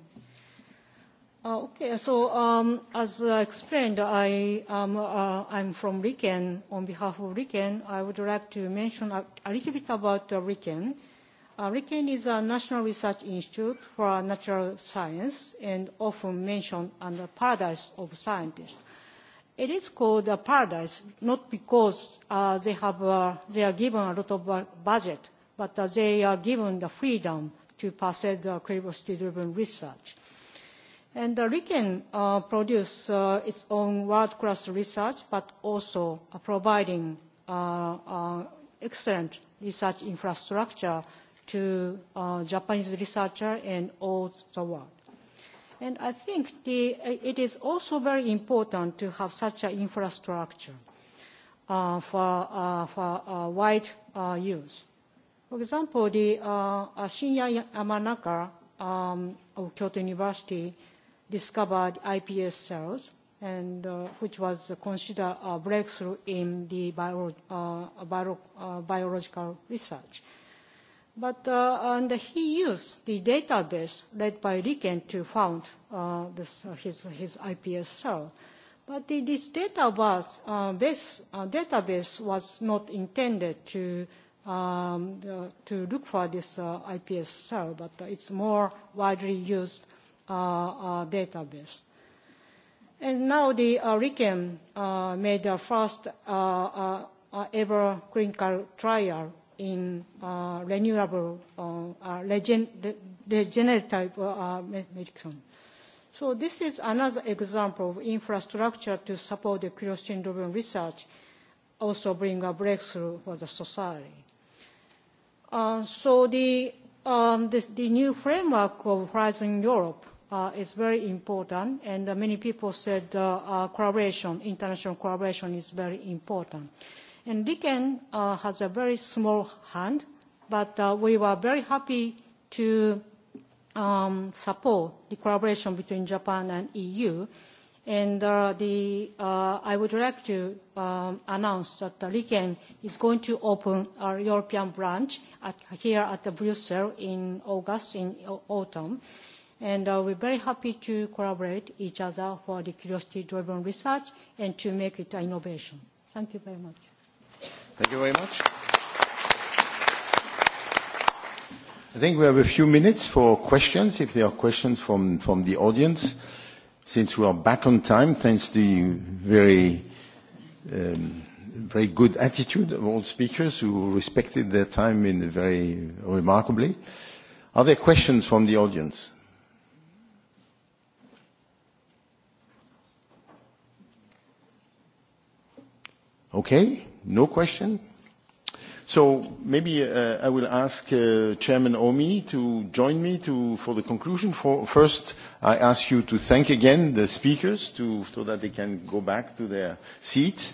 Uh, okay, so um, as I explained, I am uh, I'm from RICAN. On behalf of RICAN, I would like to mention a, a little bit about uh, RICAN. Uh, RICAN is a national research institute for natural science and often mentioned as the paradise of scientists. It is called a paradise not because uh, they, have, uh, they are given a lot of uh, budget, but uh, they are given the freedom to pursue the curiosity-driven research. And the uh, RIKEN uh, produce uh, its own world-class research, but also uh, providing uh, uh, excellent research infrastructure to uh, Japanese researchers and all the world. And I think the, uh, it is also very important to have such an infrastructure uh, for, uh, for uh, wide uh, use. For example, the uh, Shinya Yamanaka um, of Kyoto University discovered IPS cells, and, uh, which was considered a breakthrough in the bio, uh, bio, uh, biological research. But uh, and he used the database led by Riken to found uh, this, uh, his, his IPS cell. But the, this database, uh, base, uh, database was not intended to, um, uh, to look for this uh, IPS cell, but it's more widely used uh, uh, database. And now the uh, RICAM uh, made the first uh, uh, uh, ever clinical trial in uh, renewable uh, uh, regenerative uh, medicine. So this is another example of infrastructure to support the curiosity-driven research, also bring a breakthrough for the society. Uh, so the, um, this, the new framework of Horizon Europe uh, is very important, and uh, many people said uh, uh, collaboration, international collaboration is very important. And Riken uh, has a very small hand, but uh, we were very happy to um, support the collaboration between Japan and EU. And uh, the, uh, I would like to um, announce that the uh, Riken is going to open our European branch at, here at the Brussels in August, in autumn. And uh, we're very happy to collaborate each other for the curiosity-driven research and to make it an innovation. Thank you very much. Thank you very much. I think we have a few minutes for questions, if there are questions from, from the audience. Since we are back on time, thanks to the very, um, very good attitude of all speakers who respected their time in very remarkably. Are there questions from the audience? Okay? No question? So maybe uh, I will ask uh, Chairman Omi to join me to, for the conclusion. For, first, I ask you to thank again the speakers to, so that they can go back to their seats.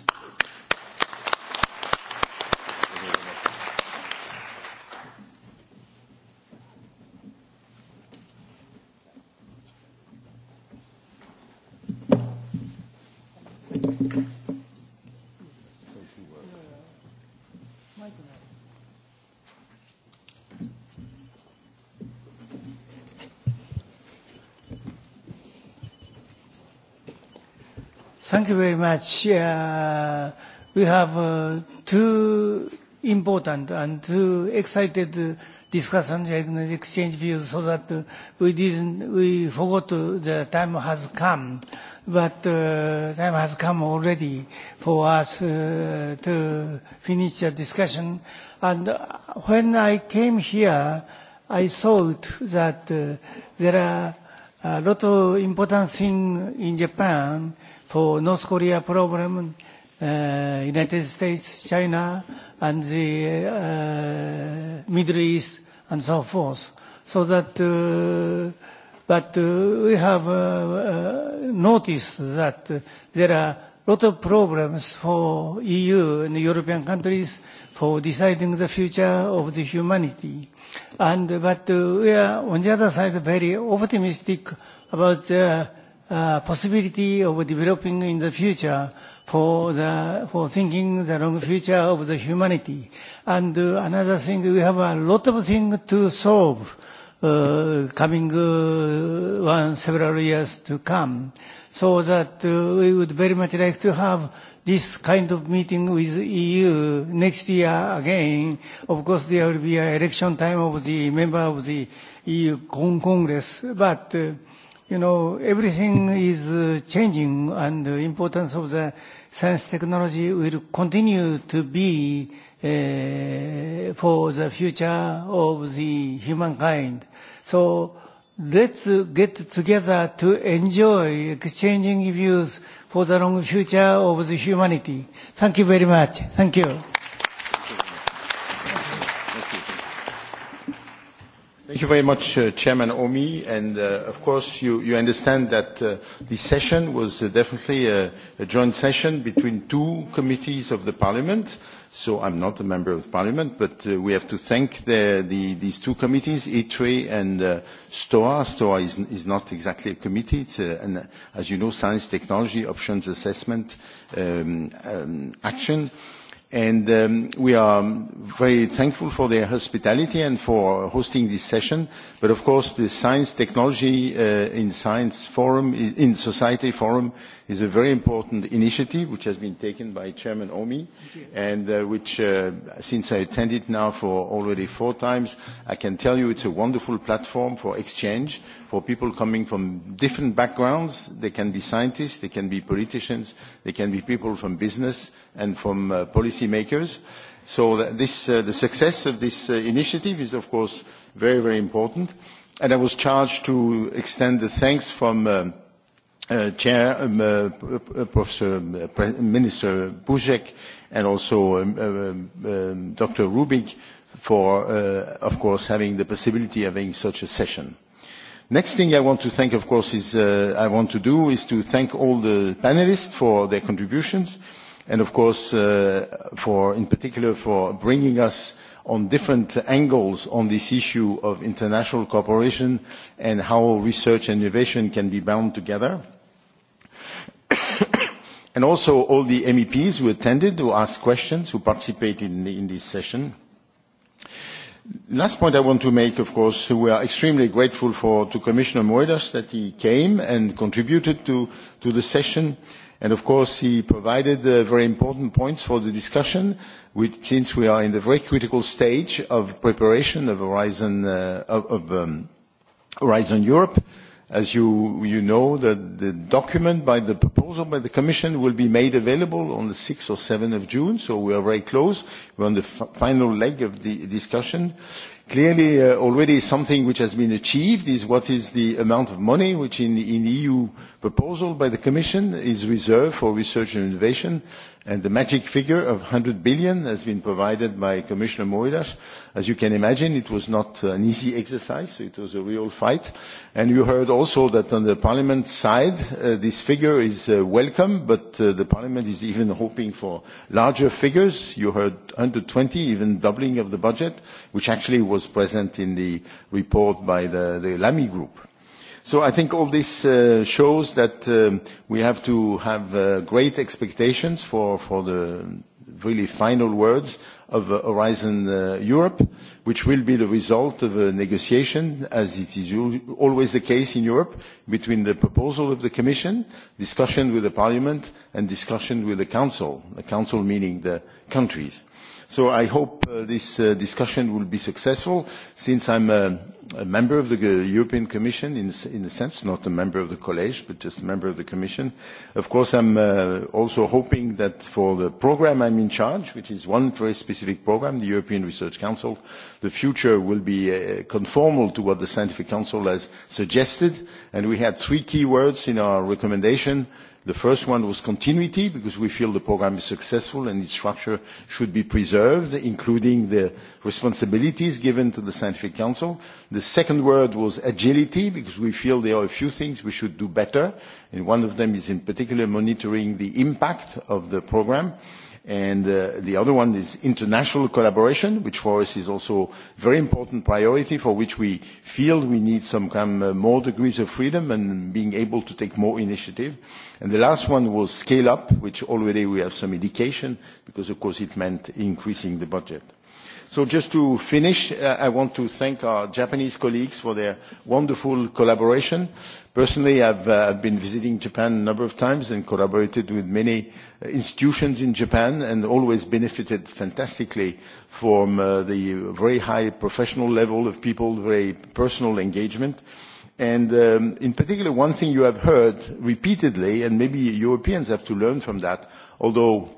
much. Uh, we have uh, two important and two excited uh, discussions and exchange views so that uh, we didn't, we forgot uh, the time has come. But uh, time has come already for us uh, to finish the discussion. And uh, when I came here, I thought that uh, there are a lot of important things in Japan for North Korea problem, uh, eh, United States, China, and the uh, Middle East, and so forth. So that, uh, but uh, we have uh, uh, noticed that uh, there are a lot of problems for EU and European countries for deciding the future of the humanity. And, but uh, we are, on the other side, very optimistic about the uh, Uh, possibility of developing in the future for, the, for thinking the long future of the humanity. And uh, another thing, we have a lot of things to solve uh, coming uh, one, several years to come. So that uh, we would very much like to have this kind of meeting with EU next year again. Of course, there will be an election time of the member of the EU Congress, but uh, you know, everything is uh, changing and the importance of the science technology will continue to be uh, for the future of the humankind. So let's get together to enjoy exchanging views for the long future of the humanity. Thank you very much. Thank you. Thank you very much, uh, Chairman Omi. And uh, of course, you, you understand that uh, this session was uh, definitely a, a joint session between two committees of the Parliament. So I'm not a member of the Parliament, but uh, we have to thank the, the, these two committees, ITRE and uh, STOA. STOA is, is not exactly a committee. It's, uh, an, as you know, science, technology, options, assessment, um, um, action. And um, we are very thankful for their hospitality and for hosting this session. But of course, the science technology uh, in science forum, in society forum, is a very important initiative which has been taken by Chairman Omi and uh, which, uh, since I attended now for already four times, I can tell you it's a wonderful platform for exchange for people coming from different backgrounds. They can be scientists, they can be politicians, they can be people from business, and from uh, policymakers. So that this, uh, the success of this uh, initiative is, of course, very, very important. And I was charged to extend the thanks from uh, uh, Chair um, uh, Professor um, uh, Pre Minister Buzek and also um, uh, um, um Dr. Rubik for, uh, of course, having the possibility of having such a session. Next thing I want to thank, of course, is uh, I want to do is to thank all the panelists for their contributions. Uh, and of course uh, for, in particular for bringing us on different angles on this issue of international cooperation and how research and innovation can be bound together. and also all the MEPs who attended, who asked questions, who participated in, the, in this session. Last point I want to make, of course, we are extremely grateful for, to Commissioner Moedas that he came and contributed to, to the session. And of course, he provided uh, very important points for the discussion, which, since we are in the very critical stage of preparation of Horizon, uh, of, of um, Horizon Europe. As you, you know, the, the document by the proposal by the Commission will be made available on the 6th or 7th of June, so we are very close. We're on the final leg of the discussion. Clearly, uh, already something which has been achieved is what is the amount of money which in the in EU proposal by the Commission is reserved for research and innovation, and the magic figure of 100 billion has been provided by Commissioner Moedas. As you can imagine, it was not an easy exercise, it was a real fight. And you heard also that on the Parliament side, uh, this figure is uh, welcome, but uh, the Parliament is even hoping for larger figures. You heard 120, even doubling of the budget, which actually was present in the report by the, the LAMI group. So I think all this uh, shows that um, we have to have uh, great expectations for, for the really final words of uh, Horizon uh, Europe, which will be the result of a negotiation, as it is always the case in Europe, between the proposal of the Commission, discussion with the Parliament, and discussion with the Council, the Council meaning the countries. So I hope uh, this uh, discussion will be successful since I'm a, uh, a member of the uh, European Commission in, in a sense, not a member of the college, but just a member of the Commission. Of course, I'm uh, also hoping that for the program I'm in charge, which is one very specific program, the European Research Council, the future will be uh, conformal to what the Scientific Council has suggested. And we had three key words in our recommendation The first one was continuity, because we feel the program is successful and its structure should be preserved, including the responsibilities given to the Scientific Council. The second word was agility, because we feel there are a few things we should do better, and one of them is in particular monitoring the impact of the program. And uh, the other one is international collaboration, which for us is also a very important priority for which we feel we need some kind of uh, more degrees of freedom and being able to take more initiative. And the last one was scale up, which already we have some indication because of course it meant increasing the budget. So just to finish, uh, I want to thank our Japanese colleagues for their wonderful collaboration. Personally, I've uh, been visiting Japan a number of times and collaborated with many uh, institutions in Japan and always benefited fantastically from uh, the very high professional level of people, very personal engagement. And um, in particular, one thing you have heard repeatedly, and maybe Europeans have to learn from that, although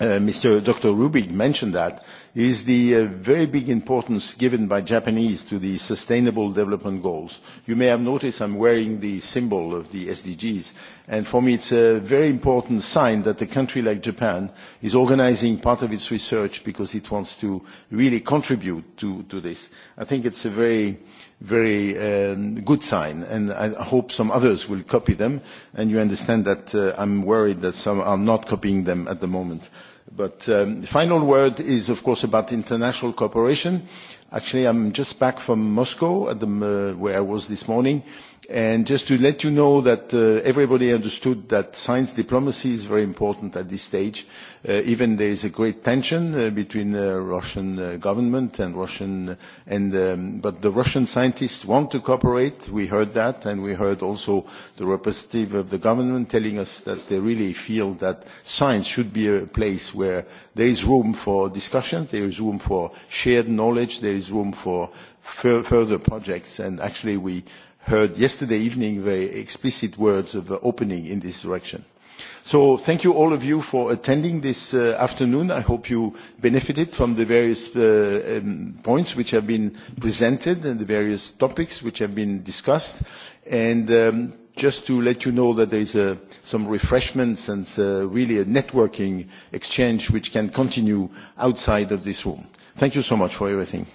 uh, Mr. Dr. Rubig mentioned that, is the uh, very big importance given by Japanese to the Sustainable Development Goals. You may have noticed I'm wearing the symbol of the SDGs, and for me it's a very important sign that a country like Japan is organizing part of its research because it wants to really contribute to, to this. I think it's a very, very um, good sign, and I hope some others will copy them, and you understand that uh, I'm worried that some are not copying them at the moment. But um, the final word is, of course, about international cooperation. Actually, I'm just back from Moscow, at the, uh, where I was this morning, And just to let you know that uh, everybody understood that science diplomacy is very important at this stage. Uh, even there is a great tension uh, between the uh, Russian uh, government and Russian, uh, and, um, but the Russian scientists want to cooperate. We heard that, and we heard also the representative of the government telling us that they really feel that science should be a place where there is room for discussion, there is room for shared knowledge, there is room for further projects, and actually we heard yesterday evening very explicit words of uh, opening in this direction. So thank you all of you for attending this uh, afternoon. I hope you benefited from the various uh, um, points which have been presented and the various topics which have been discussed. And um, just to let you know that there is uh, some refreshments and uh, really a networking exchange which can continue outside of this room. Thank you so much for everything.